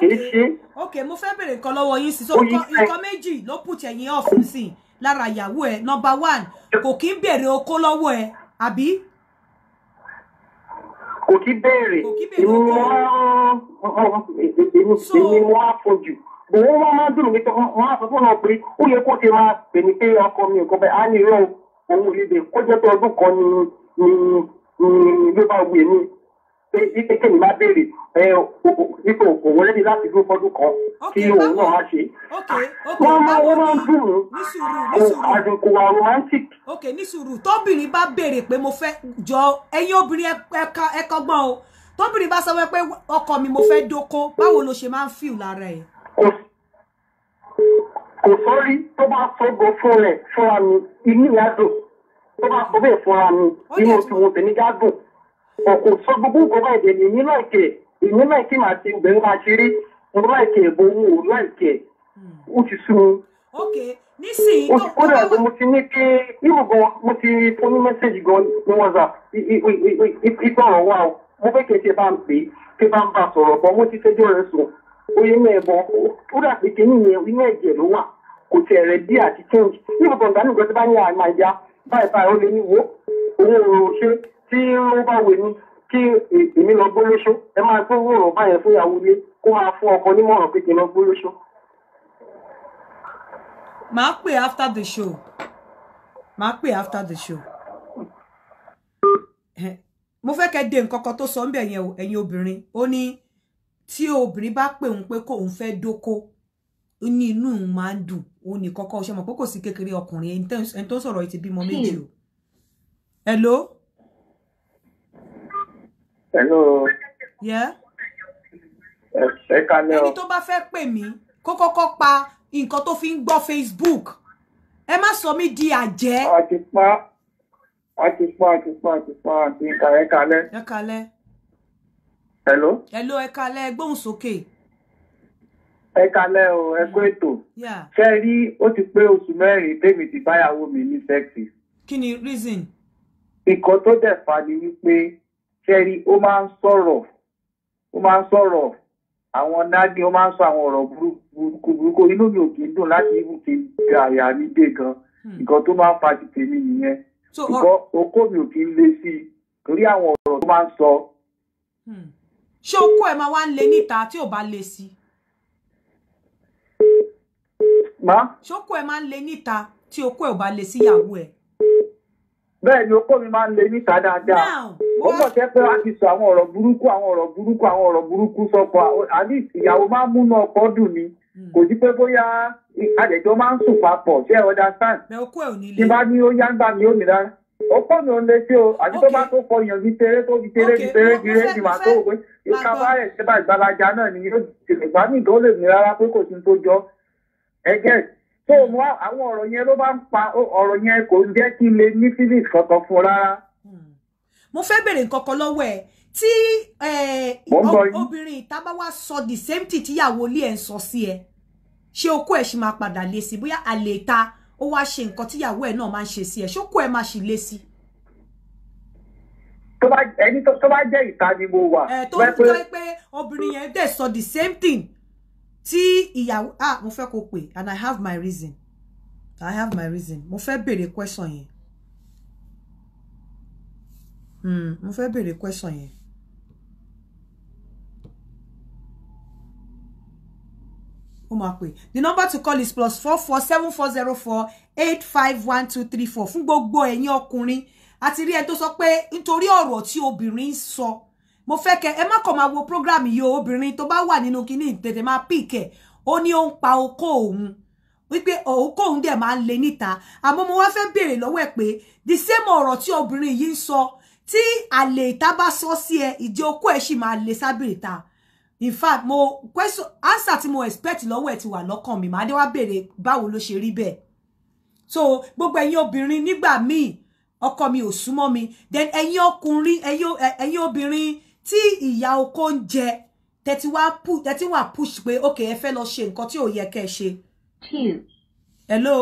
kìí ṣe. ok mo fẹ́ bèrè nǹkan lọ́wọ́ yín sí so nǹkan méjì ló put ẹ̀yìn ọ̀fun sí lára ìyàwó ẹ̀ nọmba one kò kí ń bèrè okó lọ́wọ́ ẹ̀ àbí. kò kí béèrè èmi wọ́n á fojú òun máa máa dùn mí tọ́ wọ́n á sọ fún ọ pé ó yẹ kó ti máa pè ní pé ọkọ mi nǹkan bẹ́ẹ̀ á ní irọ́ òun lè dè kó jẹ́ pé ọdún kan ni ló bá wù mí wípé kéèmí má béèrè wípé òwò lẹ́ni láti dúró fọ́dún kan kí òun náà á ṣe. wọ́n máa wọ́n máa ń dùn ún àdùnkù wa ok ní sùúrù bá béèrè pé mo fẹ́ jọ ẹ̀yin obìnrin ẹ kọ́gbọ́n o tóbìnrin bá sọ pé ọkọ mi mo fẹ́ dóko báwo lo ṣe máa ń feel lára ẹ̀. kò sórí tó bá sọ́gbọ́n fún rẹ̀ fúnra mi inú ìyá dùn tó bá sọ bẹ́ẹ̀ fúnra mi inú oṣù wọn tèmi já dùn ọ̀kùnso gbogbo nǹkan báyìí dẹ̀ ní láìkẹ̀ èmi láìkẹ̀ máa ti bẹ̀rẹ̀ máa ṣe rí mo láìkẹ̀ ìbò owó láìkẹ̀ hmm. ó ti sún mi. ok nísìnyí tó kọ́ kódà mo ti ní pé irú gan mo ti fún ní mẹ́sẹ̀gì gan ní whatsapp ipa ọ̀rọ̀ wa o mo fẹ́ kẹ́ ṣe bá ń pè é kí bá ń bá sọ̀rọ̀ bọ́ mo ti tẹ́jọ́ rẹ̀ sùn oyè mẹ́ẹ̀bọ̀ ó dà pé kínní yẹn inú ẹ̀jẹ̀ ló wà kò tẹ̀ rẹ̀ bí àti change irú gan gani gan ti bá ní àmàyà báyìí báyìí ó lè ní wo òun ò ṣe tí ó bá wè ní kí èmi lọ gbólóṣó ẹ máa gbé owó ìrọ̀bá yẹn fún ìyàwó ilé kó máa fún ọkọ nímọ̀ràn pé kí n lọ gbólóṣó. màá pè after the show màá pè after the show mo fẹ́ kẹ́ de nǹkan kan tó sọ ńbẹ̀ yẹn o ẹ̀yin obìnrin ó ní tí obìnrin bá pè òun pé kó òun fẹ́ dóko ní inú òun máa ń dùn òun ní kọ́kọ́ ṣe mọ̀ pé kò sí kékeré ọkùnrin ẹni tó ń sọ̀rọ̀ yìí méjì o. Hmm. hello hello. yeah. ẹ kalẹ́ o. ẹni tó bá fẹ́ pè mí kó kọ́kọ́ pa nǹkan tó fi ń gbọ́ Facebook ẹ má sọ mí di àjẹ́. a ti pa a ti pa a ti pa a ti pa àti nǹkan ẹ kalẹ́. ẹ kalẹ́. hello. hello ẹ kalẹ́ ẹ gbóhùn sókè. ẹ kalẹ́ o ẹ kó mm. ètò. ṣé rí ó ti pé oṣù mẹ́rin tèmi ti báyàwó mi ní sẹ́ẹ̀sì. kí ni reason. nǹkan tó dẹ̀ fà ni wípé kẹ́rí ó máa ń sọ̀rọ̀ ó máa ń sọ̀rọ̀ àwọn nádì ó máa ń sọ àwọn ọ̀rọ̀ burúkú burúkú inú mi ò kì í dùn láti ibù ga àyà mi dé gan hmm. nǹkan tó máa ń fa ti tèmi nìyẹn ṣùgbọ́n okó mi ò kì í le sí i torí àwọn ọ̀rọ̀ tó máa ń sọ. Hmm. ṣé okó ẹ máa le níta tí ò bá le sí i. ṣé okó ẹ máa ń le níta tí okó ẹ ò bá le sí ìyàwó ẹ. bẹ́ẹ̀ ni okó mi máa ń le níta dáadáa ó pọ̀ tẹ́ pé láti sọ àwọn ọ̀rọ̀ burúkú àwọn ọ̀rọ̀ burúkú àwọn ọ̀rọ̀ burúkú sọ́kọ alice ìyàwó máa ń múnú ọkọ dùn ni hmm. kò sí pé bóyá àjẹjọ máa ń sùn ṣé ẹ tí bá ní ó yá ń gbà mí mi ò lè ṣe o àti tó bá tó yàn tẹrẹ ni tó ìka ìgbàlajà ni yóò ṣèlè tó mú àwọn ọ̀rọ̀ yẹn ló bá ń pa ọ̀rọ̀ yẹn kò ń jẹ́ kí n lè ní feelings kankan fún rárá. Hmm. mo fẹ́ bèrè nǹkan kan lọ́wọ́ ẹ̀ tí obìnrin ìta bá wá sọ the same thing tíyàwó ilé ẹ̀ ń sọ sí ẹ ṣé okó ẹ̀ ṣì máa padà lé sí bóyá àlè ta ó wá ṣe nǹkan tíyàwó ẹ̀ náà máa ń ṣe sí ẹ ṣókó ẹ̀ máa ṣì lé sí. tó bá jẹ́ ìta ni mo wà. tó ń tọ́ pé obìnrin yẹn dẹ̀ sọ the same thing tí ìyàwó ah mo fẹ́ kó pè and i have my reason i have my reason mo fẹ́ béèrè question yẹn hmm mo fẹ́ béèrè question yẹn. ó máa pè the number to call is plus four four seven four zero four eight five one two three four fún gbogbo ẹ̀yin ọkùnrin àti rí ẹ tó sọ pé nítorí ọ̀rọ̀ tí obìnrin ń sọ mo fẹ́ kẹ ẹ má kàn máa wo program yìí o obìnrin tó bá wà nínú kinní tètè máa pìkẹ̀ ó ní ó ń pa okó òun wípé okó òun dẹ̀ máa ń le níta àmọ́ mo wá fẹ́ béèrè lọ́wọ́ ẹ̀ pé the same ọ̀rọ̀ tí obìnrin yìí ń sọ tí àlè ìta bá sọ sí ẹ ìdí okó ẹ̀ sì máa le sábẹ́ ìta in fact mo question answer tí mo expect lọ́wọ́ ẹ̀ ti wà lọ́kàn mi màá dé wá béèrè báwo ló ṣe rí bẹ́ẹ̀ so gbogbo ẹ̀yin obìnrin nígbà míì ọkọ mi ò súnmọ́ mi then ẹ̀yin ọkùnrin ẹ̀yin obìnrin tí ìyá oko ń jẹ tẹ́tí wá push tẹ́tí wá push pé ok ẹ fẹ́ lọ ṣe nǹkan tí ò yẹ kẹ́ ẹ hello.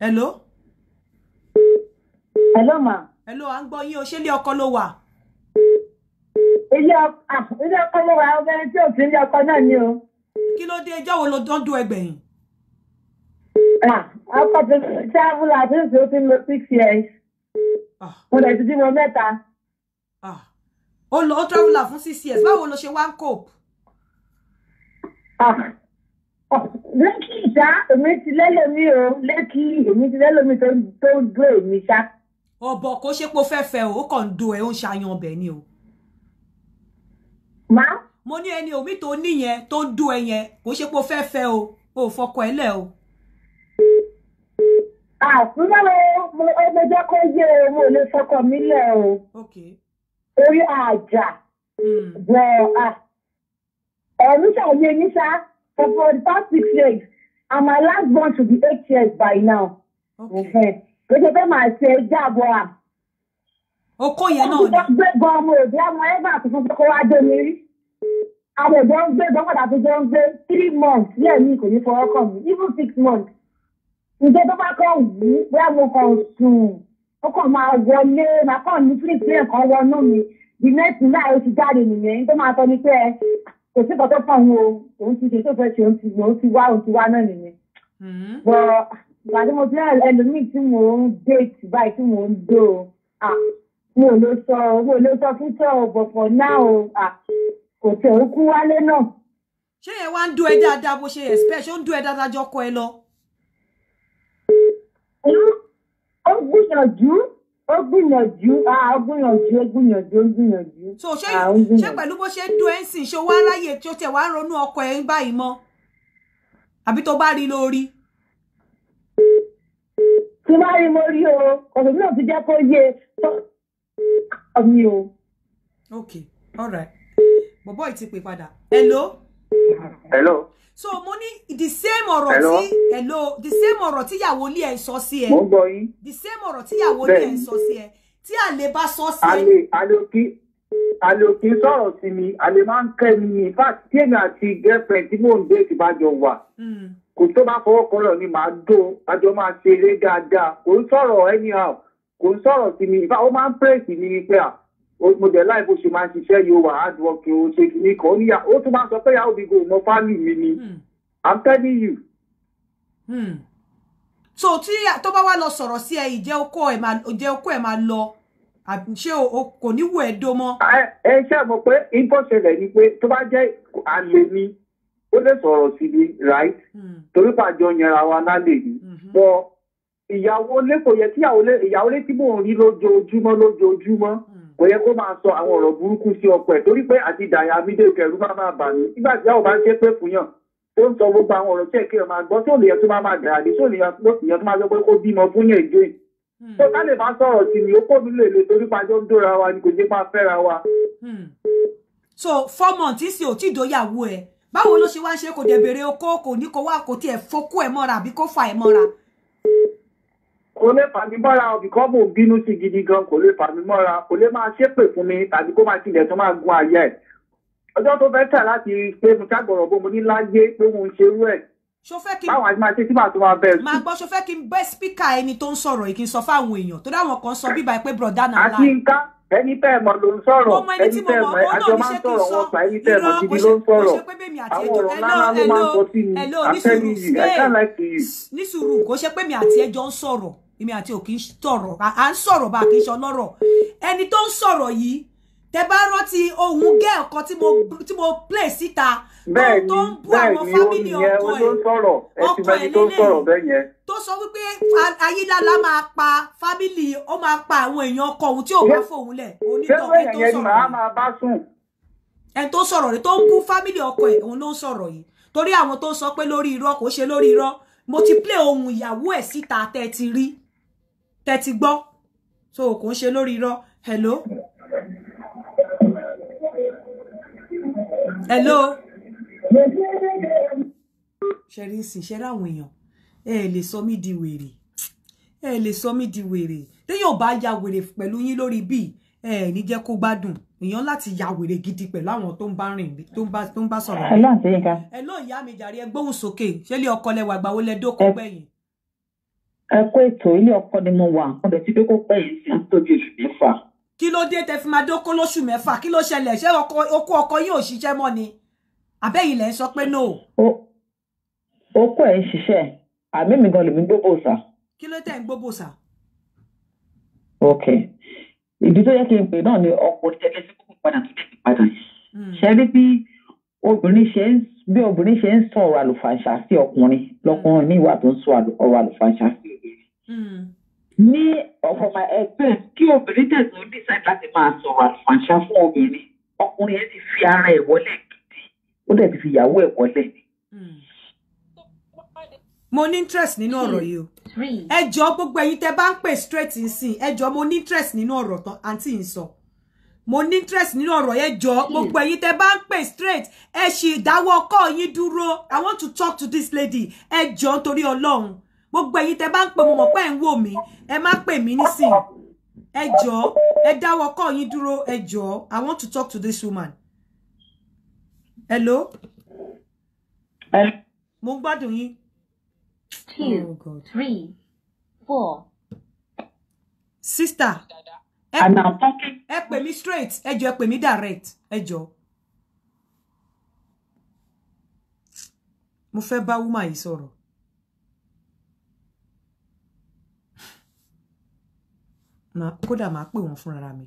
hello. hello ma. hello à ń gbọ́ yín o ṣé ilé ọkọ ló wà. ilé ọkọ ló wà obìnrin tí ò sí ilé ọkọ náà ni o. kí ló dé ẹjọ́ wo ló dán dún ẹgbẹ̀yìn. ọkọ̀ tó travel àti ìṣòro ti lo six years. Ah. mo lè ti bímọ mẹ́ta. Ah. ó lọ ó traveler fún six years báwo lo ṣe wá ń cope. Ah. lẹ́kì ìta èmi ti lẹ́lòmí o lẹ́kì èmi ti lẹ́lòmí tó ń dó èmi ṣá. ọ̀bọ̀ kò ṣe pé fẹ́ fẹ́ o ó kàn ń do ẹ̀ ó ń ṣàyàn ọbẹ̀ ni o. má. mo ní ẹni omi tó níyẹn tó ń dó ẹ yẹn kò ṣe pé fẹ́ fẹ́ o ò fọkọ ẹ lẹ̀ o àfúnmọ́ mo ọmọ jẹ́ kó yé o mo lè fọkọ mi lẹ̀ o orí àjà hmm. bọ̀ à ẹ̀mí ṣàyè mi ṣá for for the past six years and my last born to be eight years by now gbèsè pé màá ṣe jáàbọ̀ à. okó yẹn náà ni. wọ́n ti gbé gan ọmọ òbí ọmọ ẹ̀gbọ́n àti fún kókó wá dé mi rí àwọn ìjọ gbé gbọ́kọ̀dà tó jọ gbé three months lẹ́ẹ̀mí kò ní fọwọ́ kàn mí even six months ǹjẹ́ tó bá kọ́ wù ú bóyá mo kàn sùn ó kàn máa wọlé màá kàn ní fílípì ẹ̀kan wọnú mi di mẹ́tì láì ti jáde nìyẹn ní tó máa sọ ni pé kò sí nǹkan tó pọ̀ òun o òun ti ṣe tó fẹ́ ṣe òun ti wá òun ti wá náà nìyẹn. Hmm? bọ̀ ìgbà tí mo fi hàn ẹlòmíì tí mò ń déètì báyìí tí mò ń dò ó mi ò lè sọ mi ò lè sọ fún tọ́ ọ bọ̀pọ̀ náà o kò tẹ̀ ó kú wálé náà. ṣé yẹn wá ń dún ẹ dáadáa bó ṣe expect ṣé ó ń dún ẹ dáadáa jọkọ ẹ lọ ó gbìyànjú ó gbìyànjú ó gbìyànjú ó gbìyànjú ó gbìyànjú. so ṣé ṣé pẹ̀lú bó ṣe ń dún ẹ́ ń sìn ṣé wá láyè tí ó tẹ̀ wá ronú ọkọ ẹ̀ ń báyìí mọ́ àbí tó bá rí lórí. tí wàá rí mo rí o ọ̀sẹ̀ náà ti jẹ́ kó yé mi o. ok all right bọ̀bọ̀ ì ti pè padà hello hello. so mo ní the same ọ̀rọ̀ tí hello the same ọ̀rọ̀ tí ìyàwó ilé ẹ̀ ń sọ sí ẹ. mo ń gbọ́ yín. the same ọ̀rọ̀ tí ìyàwó ilé ẹ̀ ń sọ sí ẹ tí àlè bá sọ sí ẹ. àlè àlè òkè àlè òkè sọ̀rọ̀ sí mi àlè máa ń kẹ́ mi ní fact tí èmi àti girlfriend tí mò ń dé ti bá jọ wà hmm. kò tó bá fọwọ́ kan lọ ni màá dó àjọ máa ṣe eré dáadáa kò ń sọ̀rọ̀ anyhow kò ń sọ̀rọ̀ sí mi ìfà ó máa ń pèsè mi ni pé à mo dẹ̀ ṣe máa ń ṣiṣẹ́ yìí ó wà hard work ó ṣe kìíní kan níyà ó tún sọ pé yàrá òbí gòmọ fámì mi ni hmm. i'm telling you. Hmm. so tí tó bá wá lọ sọ̀rọ̀ sí ẹ ìjẹ́ okó ẹ̀ máa ìjẹ́ okó ẹ̀ máa lọ ṣé o kò ní wù ẹ́ dó mọ́. ẹ ṣe pé ni pé tó bá jẹ́ àlè ni ó lè sọ̀rọ̀ sí mi right hmm. torí pàjọ wa lálẹ́ yìí bọ́ ìyàwó yẹ kí ìyàwó kò yẹ kó máa sọ àwọn ọ̀rọ̀ burúkú sí ọkọ ẹ̀ torí pé àti dàyà amídèkè ẹ̀rú máa máa bà mí nígbà tí àwọn bá ń ṣe pé fún yàn tó ń sọ gbogbo àwọn ọ̀rọ̀ tí ẹ̀ kí ẹ̀ máa gbọ́ tó lè yẹ tó máa máa dà àdé tó lè yẹ tó máa sọ pé kó bímọ fún yàn ìjọ yìí hmm. tó ká lè máa sọ̀rọ̀ sí mi ó kó mi lèlè torí pàjọ́ ń dóra wa ni kò jẹ́ máa fẹ́ra wa. Hmm. so four months ìsìn ò tí ì dóyàwó ẹ báwo ló ṣe wá ṣe kò dẹ̀ bèrè okó kò ní kó wá kò tiẹ̀ fokú ẹ̀ mọ́ra àbí kó fa ẹ̀ mọ́ra kò lè fà mí mọ́ra o bìkọ́ mò ń bínú sí gidi gan kò lè fà mí mọ́ra kò lè máa ṣépè fún mi tàbí kó máa tilẹ̀ tó máa gun àyà ẹ̀ ọjọ́ tó fẹ́ tà láti pé mo ṣàgbọ̀rọ̀ bó mo ní láyé pé mo ń ṣerú ẹ̀ báwo àti máa ṣe tí màá tó máa bẹ̀rù. máa gbọ́ ṣọfẹ́ kí n bẹ́ spíkà ẹni tó ń sọ̀rọ̀ yìí kí n sọ fáwọn èèyàn tó dáwọn kan sọ bíbá pé broda náà láì. àti ẹni tẹ́ ẹ̀ mọ̀ ló ń sọ̀rọ̀ ẹni tẹ́ ẹ̀ mọ̀ àjọ máa ń sọ̀rọ̀ wọn pa ẹni tẹ́ ẹ̀ mọ̀ gidi ló ń sọ̀rọ̀ àwọn ọ̀rọ̀ ńláńlá ló máa ń sọ sí mi àtẹ́lù yìí I can't lie to kò ṣe pé mi àti ẹjọ́ ń sọ̀rọ̀ èmi àti ò kì í sọ̀rọ̀ à ń sọ̀rọ̀ bá kì í ṣe ọlọ́rọ̀ ẹni tó ń sọ̀rọ̀ yìí tẹ bá rántí ohun gẹ́ẹ̀ kan tí mo tí mo play síta tó ń bú àwọn fámìlì ọkọ ẹ̀ ọkọ ẹ̀ lélẹ̀ tó sọ wípé ayílála máa pa fámìlì ó máa pa àwọn èèyàn ọkọ òun tí ò bá fòun lẹ̀ onítọ̀ tó sọ̀rọ̀ ẹni tó sọ̀rọ̀ rẹ̀ tó ń bú fámìlì ọkọ ẹ̀ òun ló ń sọ̀rọ̀ yìí torí àwọn tó sọ pé lórí irọ́ kò ṣe lórí irọ́ mo ti play ohun ìyàwó ẹ̀ síta tẹ́ ti rí tẹ́tí gbọ́ so kò ń ṣe lórí irọ́ hello. hello. ṣẹ̀rí ìsìn ṣẹ́rí àwọn èèyàn ẹ lè sọ mí di wèrè ẹ lè sọ mí di wèrè téèyàn bá ya wèrè pẹ̀lú yín lórí bíi ẹ ní jẹ́ kó gbádùn èèyàn láti ya wèrè gidi pẹ̀lú àwọn tó ń bá rìn tó ń bá tó ń bá sọ̀rọ̀. ẹ lọ́ọ̀ ìyá mi jàre ẹ gbóhùn sókè ṣé ilé ọkọ lẹwà gbàwó dókòó gbẹ̀yìn ẹ kó ètò ilé ọkọ ni mo wà mo dẹ̀ ti dókó pẹ́ yìí sí ń tóbi oṣù mẹ́fà. kí ló dé tẹ fi máa dókó lóṣù mẹ́fà kí ló ṣẹlẹ̀ ṣé okó ọkọ yìí ò ṣiṣẹ́ mọ́ ni àbẹ́yìn lẹ̀ ń sọ pé no. okó ẹ̀ ń ṣiṣẹ́ àmì mi gan lèmi gbóbò sà. kí ló tẹ̀ ń gbóbò sà. ok ìdí tó yẹ kí n pè náà ni ọkùnrin tẹ́lẹ̀ sí kókò padà tó tẹ̀sí padà hmm. ṣe é rí bí obìnrin ṣe ń bí obìnrin ṣe ń sọ ọ̀rọ̀ àlùfàǹṣà sí ọkùnrin lọ́kùnrin ní ìwà tó ń sọ ọ̀rọ̀ àlùfàǹṣà sí Hmm. ní ọ̀pọ̀pọ̀ ẹgbẹ́ kí obìnrin tẹ̀sán decide láti máa sọ̀rọ̀ àfàǹṣá fún obìnrin ọkùnrin ẹ ti fi ara ẹ̀ wọlé gidi ó dẹ̀ ti fi ìyàwó ẹ̀ wọlé ni. Hmm. mo ní interest nínú ọ̀rọ̀ yìí o ẹ jọ gbogbo ẹ̀yin tẹ́ bá ń pè straight nsìn ẹ jọ mo ní interest nínú ọ̀rọ̀ tán àǹtí ń sọ mo ní interest nínú ọ̀rọ̀ yẹn jọ gbogbo ẹ̀yin tẹ́ bá ń pè straight ẹ ṣì dáwọ́ ọkọ yín dúró i want to talk to this lady ẹ jọ nítorí ọlọ́run gbogbo ẹ̀yin tẹ́ bá ń pè mo mọ̀ pé ẹ̀ ń wò mí ẹ má pè mí nísìn ẹ jọ̀ọ́ ẹ dáwọ́ kọ́ yín dúró ẹ jọ̀ọ́ i want to talk to this woman hello mo ń gbádùn yín. two oh, three four. sister ẹ pè mí straight ẹ jọ̀ọ́ ẹ pè mí direct ẹ jọ̀ọ́. mo fẹ́ bá woman yìí sọ̀rọ̀. kódà máa pè wọ́n fúnra mi.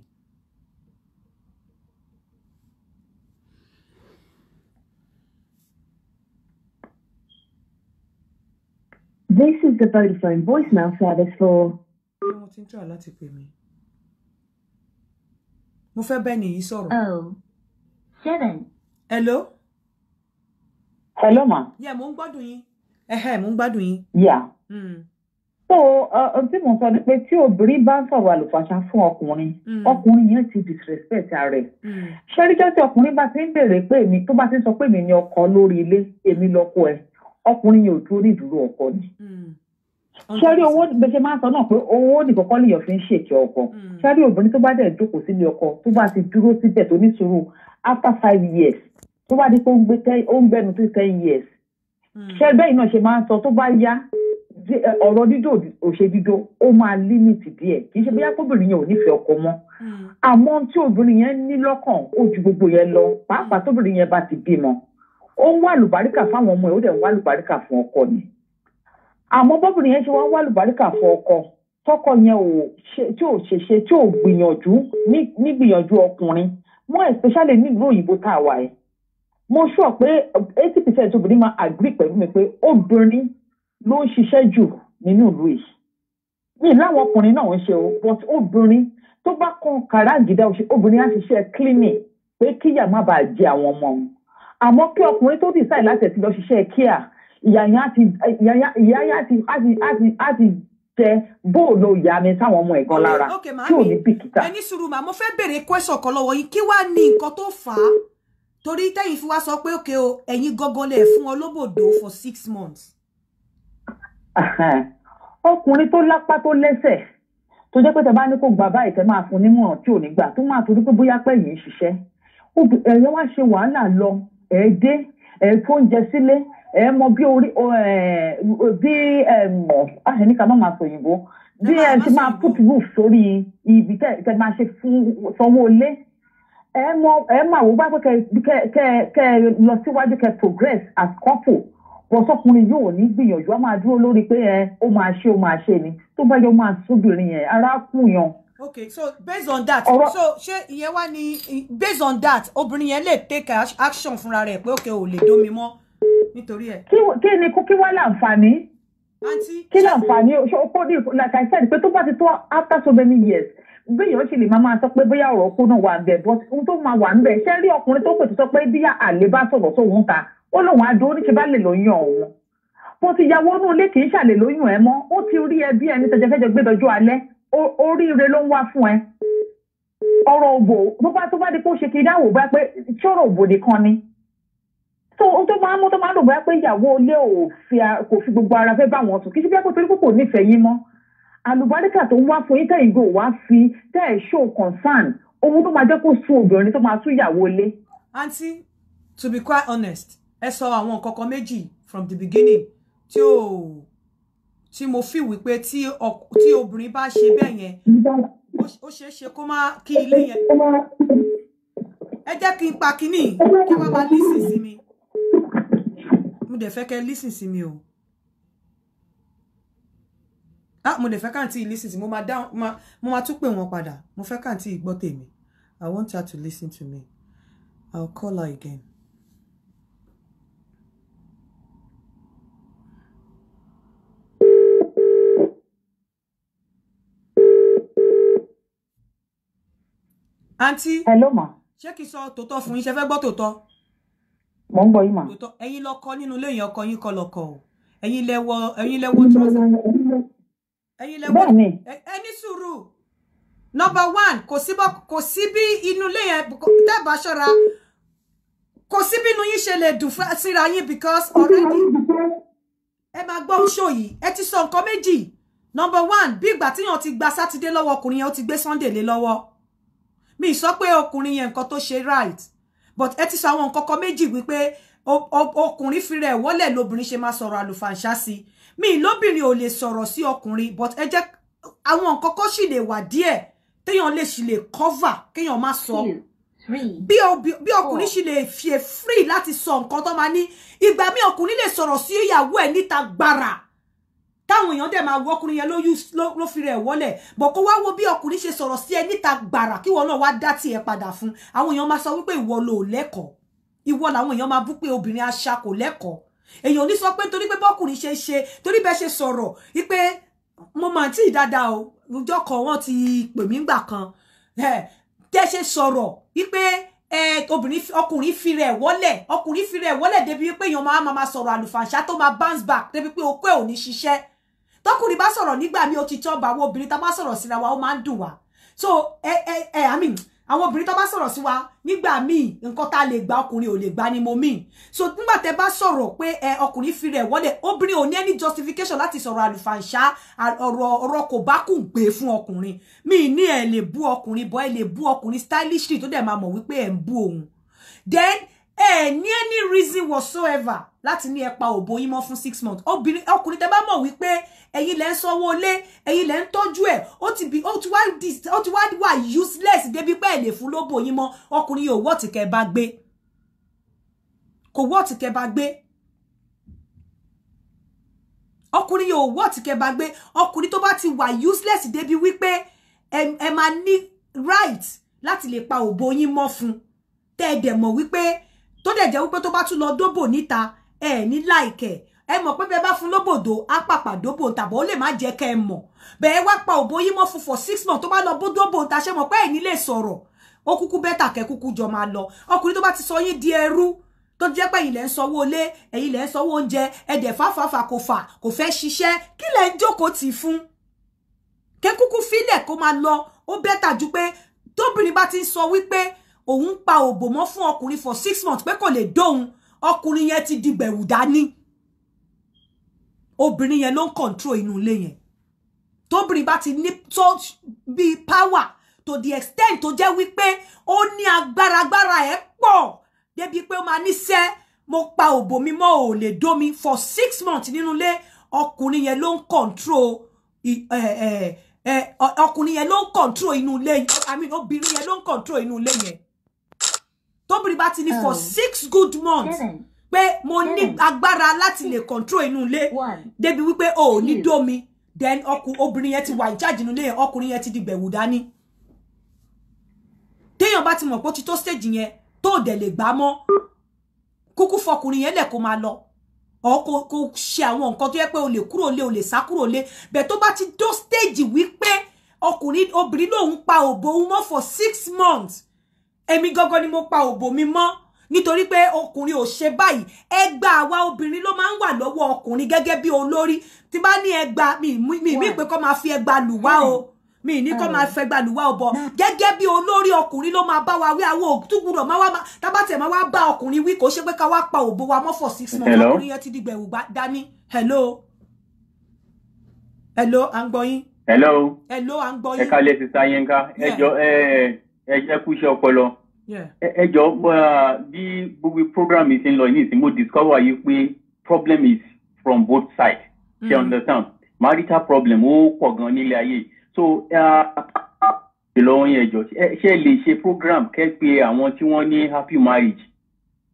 This is the Vodafone voicemail service for. Bí wọ́n ti ń tọ́ láti pè mí. Mo fẹ́ bẹ́ẹ̀ nìyí sọ̀rọ̀. Oh, seven. Hello. Hello ma. Yẹ, mo ń gbádùn yín. Ẹ̀hẹ̀, mo ń gbádùn yín. Yeah. Hmm so uh, ohun tí mò ń sọ ni pé tí obìnrin bá ń sọ̀rọ̀ àlùfàṣà fún ọkùnrin hmm. ọkùnrin yẹn ti disrespect ara ẹ̀ hmm. ṣẹ́ríjọ́ tí ọkùnrin bá ti ń béèrè pé èmi tó bá ti ń sọ pé èmi ni ọkọ lórí ilé èmi lọ́kọ ẹ̀ ọkùnrin yẹn ò dúró ní ìdúró ọkọ ni hmm. ṣẹ́rí owó bẹ́ẹ̀ ṣe máa ń sọ náà pé owó nìkọ́kọ́ lèèyàn fi ń ṣèkì ọkọ ṣẹ́rí obìnrin tó bá dẹ̀ jókòó sílé ọkọ tó bá ti dúró síbẹ̀ tó ní sùúrù after five years tó bá di pé ó ń gbẹnu tó ten years ṣẹ́rí bẹ́ẹ̀ náà ṣe máa ń sọ tó bá yá ọ̀rọ̀ dídò òṣè dídò ó máa límìtì díẹ̀ kì í ṣe bóyá kóbìnrin yẹn ò nífẹ̀ẹ́ ọkọ mọ́ hmm. àmọ́ tí obìnrin yẹn ní lọ́kàn ó ju gbogbo yẹn lọ hmm. pàápàá tóbìnrin yẹn bá ti bímọ ó ń wá àlùbáríkà fáwọn ọmọ ẹ̀ ó dẹ̀ ń wá àlùbáríkà fún ọkọ ni àmọ́ bọ́bìnrin yẹn ṣe wá ń wá àlùbáríkà fún ọkọ tọkọ yẹn ò ṣe tí ò ṣe ṣe tí ò gbìyànjú ní ọkùnrin mọ́ especially nílùú òyìnbó tá a wà yìí mo sọ pé eighty percent obìnrin máa agree pẹ̀lú mi pé obìnrin ló ń ṣiṣẹ́ jù nínú ìlú yìí mi láwọn ọkùnrin náà ń ṣe o but obìnrin tó bá kan kàràǹgídá obìnrin á ṣiṣẹ́ cleaning pé kíyà má bàa jẹ àwọn ọmọ òun àmọ́ kí ọkùnrin tó decide láti ẹ̀sìn lọ ṣiṣẹ́ kíà ìyá yẹn á ti jẹ bóòlù ìyá mi táwọn ọmọ ẹ̀gbọ́n lára tí ò ní bìkítà. ẹni sùúrù màá mo fẹ́ béèrè kwẹ́sọ̀ kan lọ́wọ́ yín kí wàá ní nǹkan tó fà á torí tẹ́yìn fi wá sọ pé òkè o ẹ̀yin gangan lè fún ọ for six months ọkùnrin tó lápá tó lẹ́sẹ̀ tó jẹ́ pé tẹ bá ní kó gbà báyìí tẹ máa fún nímọ̀ràn tí ò ní gbà tó máa torí pé bóyá pẹ́ yìí ń ṣiṣẹ́ ẹ̀yẹ́ wá ṣe wàhálà lọ ẹ̀ dé ẹ̀ tó ń jẹ sílé ẹ̀ mọ bí orí bí àṣẹ ní ká má máa sọ òyìnbó bí ẹ ti máa put roof sórí ibi tẹ máa ṣe fún sanwó ilé ẹ mọ ẹ máa wò bá pé kẹ kẹ kẹ lọ síwájú kẹ progress as couple bọ́sọ́kùnrin yóò ní gbìyànjú á máa dúró lórí pé ẹ ó máa ṣe ó máa ṣe ni tó bá yọ máa sóbìnrin yẹn ara kù yan. okay so based on that Or so ṣé ìyẹn wá ní based on that obìnrin yẹn lè take action fúnra rẹ̀ pé òkè ò lè dómi mọ́ nítorí ẹ̀. kí ni kí wá láǹfààní kí láǹfààní ọkọ ní like I said pé tó bá ti tó after so many years gbéyàwó ṣe lè máa máa sọ pé bóyá ọ̀rọ̀ kó náà wà ń bẹ̀ but ohun tó máa wà ń bẹ̀ ṣé rí ọkùnrin tó pè tó sọ pé bí àlè bá sọ̀rọ̀ sóhun ta ó lóun adó ní lè lóyún ọ̀hún mo ti yàwó inú ilé kì í ṣàlè lóyún ẹ mọ́ ó ti rí ẹbí ẹni tẹjẹfẹjẹ gbẹdọjọ alẹ́ oríire ló ń wá fún ẹ ọ̀rọ̀ òbò tó bá tó bá di pé ó ṣe kí dáwò bá pé ṣọ̀rọ̀ òbò nìkan ni tó máa ń mú tó máa ń lò bá pé ìyàwó ilé kò fi gbogbo ara fẹ́ bá wọn sùn kì í ṣe bí ẹ torí kò nífẹ̀ẹ́ yín mọ́ àlùbáríkà tó ń wá fún yín tẹ̀yìn gò wá fi tẹ́ ẹ̀ show concern owó tó máa jẹ́ kó sún obìnrin tó máa sún ìyàwó ilé. aunty to be quite honest ẹ sọ àwọn kọ̀ọ̀kan méjì from the beginning tí ó tí mo fi wípé tí tí obìnrin bá ṣe bẹ́ẹ̀ yẹn ó ṣeé ṣe kó má kí ilé yẹn ẹ jẹ́ kí n pa kínní kí wọ́n máa lísìn sí mi mo dẹ̀ fẹ́ kẹ́ lísìn sí mi o ah mo dẹ̀ fẹ́ kàǹtì lísìn sí mo máa dáhùn mo máa tún pè wọ́n padà mo fẹ́ kàǹtì gbọ́ tèmi I want her to listen to me I'll call her again. àǹtí hello ma ṣé kìí sọ tòótọ́ fún yín ṣe fẹ́ gbọ́ tòótọ́. mo ń gbọ́ yín ma. tòótọ́ ẹ̀yin lọkọ nínú ilé yẹn ọkọ yín kọ lọkọ o ẹ̀yin lẹwọ ẹ̀yin lẹwọ trọsà ẹ̀yin lẹwọ ẹni sùúrù number one kò sí bọ́ kò sí bí inú ilé yẹn tẹ́ẹ̀bà ṣọ́ra kò sí bí inú yín ṣe lè dùn síra yín because already ẹ máa gbọ́ ṣó yìí ẹ ti sọ nǹkan méjì number one bí ìgbà tíyàn ti gba sátidé lọ́wọ́ ọkùnrin yẹn ó ti gbé sunday lé lọ́wọ́ mi sọ pé ọkùnrin yẹn nǹkan tó ṣe right but ẹ ti sọ àwọn nǹkan kan méjì wípé ọkùnrin fi rẹ̀ wọ́lẹ̀ lóbìnrin ṣe máa sọ̀rọ̀ àlùfàǹṣá sí mi lóbìnrin o le sọ̀rọ̀ sí ọkùnrin but ẹ jẹ́ àwọn nǹkan kan sì lè wà díẹ̀ téèyàn lè sì lè cover kéèyàn má bi bí ọkùnrin sì le fie free láti sọ nǹkan tó máa ní ìgbà míì le lè sọ̀rọ̀ sí ìyàwó ẹ̀ níta gbàrà táwọn èèyàn dẹ̀ máa wọ ọkùnrin yẹn ló fi rẹ̀ wọlẹ̀ bọ̀ kó wá wo bí ọkùnrin ṣe sọ̀rọ̀ sí ẹ níta gbàrà kí wọn náà wá dá tiẹ̀ padà fún àwọn èèyàn máa sọ wípé ìwọ ló lẹ́kọ̀ọ́ ìwọ làwọn èèyàn máa bú pé obìnrin aṣa kò lẹ́kọ̀ọ́ èèyàn ní sọ pé torí pé bọ́kùnrin ṣe ṣe torí bẹ́ẹ̀ ṣe sọ̀rọ̀ wípé mo máa tí ì dáadáa o ọjọ́ kan wọ́n ti pè mí gbà kan tẹ́ ṣe sọ̀rọ̀ wípé obìnrin ọkùnrin fi rẹ̀ wọ́lẹ̀ ọkùnrin fi rẹ̀ wọ́lẹ̀ débi pé èèyàn máa máa sọ̀rọ̀ àlùfàǹṣá tó máa bounce back débi pé okó ẹ̀ ò ní ṣiṣẹ́ tọkùnrin bá sọ̀rọ̀ nígbà mi ó ti tọ́ bá àwọn obìnrin tá bá sọ̀rọ̀ síra wa ó máa ń dùn wá so ẹ ẹ ẹ i mean àwọn obìnrin tó bá sọ̀rọ̀ sí wa nígbà míì nǹkan tá a lè gba ọkùnrin ò lè gba ni mo míì so nígbà tẹ bá sọ̀rọ̀ pé ẹ ọkùnrin fi rẹ̀ wọlé obìnrin ò ní any justification láti sọ̀rọ̀ àlùfàǹṣá ọ̀rọ̀ ọ̀rọ̀ kò bá kùn gbé fún ọkùnrin mi ní ẹ lè bú ọkùnrin bọ́ ẹ lè bú ọkùnrin stylishly tó dẹ̀ máa mọ̀ wípé ẹ̀ ń bú òun then ẹ ní any reason whatsoever láti ní ẹpa òbò yín mọ́ fún six months obìnrin ọkùnrin tẹ bá mọ̀ wípé ẹ̀yin lẹ ń sanwó lé ẹ̀yin lẹ ń tọ́jú ẹ̀ ó ti bí ó ti wá ti wá wà useless débi pé ẹ lè fún lóbò yín mọ́ ọkùnrin yóò wọ́ọ̀tì kẹ bá gbé kò wọ́ọ̀tì kẹ bá gbé ọkùnrin yóò wọ́ọ̀tì kẹ bá gbé ọkùnrin tó bá ti wà useless débi wípé ẹ máa ní right láti lè pa òbò yín mọ́ fún tẹ́ ẹ dẹ̀ mọ̀ wípé tó dẹ̀ jẹ́ wípé tó bá tún lọ dóbò níta ẹ ní láìkẹ̀ ẹ mọ̀ pé bẹ́ẹ̀ bá fún lóbòdò á pàpà dóbò ń tàbọ̀ ó lè má jẹ́ kẹ́ ẹ mọ̀ bẹ́ẹ̀ wá pa òbó yín mọ́ fún for six months tó bá lọ bó dóbò ń taṣẹ́ mọ̀ pé ẹ̀ ní lè sọ̀rọ̀ ó kúkú bẹ́tà kẹ́ kúkú jọ máa lọ ọkùnrin tó bá ti sọ yín di ẹrú tó jẹ́ pé ẹ̀yin lẹ ń sanwó ilé ẹ̀yin lẹ ń sanwó oúnjẹ ẹ̀dẹ̀ fáfáfá kò fà kò fẹ́ ṣiṣẹ́ kí lẹ ń jókòó tì fún kẹ́ kúkú fílẹ̀ kó máa lọ ó bẹ́tà ju pé tóbìnrin bá ti ń sọ wípé òun pa òbò mọ́ fún ọkùnrin for six months pé kò lè dóhun ọkùnrin yẹn ti di gbẹ̀wù dání obìnrin yẹn ló ń control inú ilé yẹn tóbìnrin bá ti ní tó bí power to the extent tó jẹ́ wípé ó ní agbára agbára ẹ̀ pọ̀ débi pé ó máa níṣẹ́ mo pa òbò mi mọ́ ò lè dó for six months nínú ilé ọkùnrin yẹn ló ń control ọkùnrin yẹn ló ń control inú ilé yẹn obìnrin yẹn ló ń control inú ilé yẹn tóbìnrin bá ti ní for hmm. six good months pé mo ní agbára láti lè control inú ilé débi wípé o ò ní dómi then obìnrin yẹn ti wà in charge inú ilé yẹn ọkùnrin yẹn ti di gbẹ̀wò dání téèyàn bá ti mọ̀ pé ó ti tó stage yẹn tó dẹ̀ lè gbá mọ́ kúkú fọkùnrin yẹn lẹ̀ kó máa lọ ọ kò kò ṣe àwọn nǹkan tó yẹ pé o lè kúrò lé o lè sá kúrò lé bẹ́ẹ̀ tó bá ti tó stage wípé ọkùnrin obìnrin lòun pa òbò òun mọ́ for six months èmi gọ́gọ́ ni mo pa òbò mi mọ́ nítorí pé ọkùnrin ò ṣe báyìí ẹgbà àwa obìnrin ló máa ń wà lọ́wọ́ ọkùnrin gẹ́gẹ́ bí olórí tí bá ní ẹgbà mi mi pé kó máa fi ẹgbà lù o mi ní kó máa fẹgbà lù wá o bọ̀ gẹ́gẹ́ bí olórí ọkùnrin ló máa bá wa wí àwọn òtúgbùrọ̀ máa wá tábà tẹ̀ máa wá bá ọkùnrin wí kò ṣe pé ká wá pa òbò wa mọ́ for six months ọkùnrin yẹn ti di gbẹ̀wò gbá dání hello hello à ń gbọ́ hello hello à ń gbọ́ yín. ẹ ká lè ti sáyẹn ká ẹ ẹ kú iṣẹ́ ọpọlọ ẹ jọ bí gbogbo program yìí ti ń lọ yìí tí mo discover yìí pé problem is from both sides ṣe mm. understand marital problem ó pọ̀ gan nílé ayé so ìlọrin ẹjọ ṣe lè ṣe program kẹ́ pé àwọn tí wọ́n ní happy marriage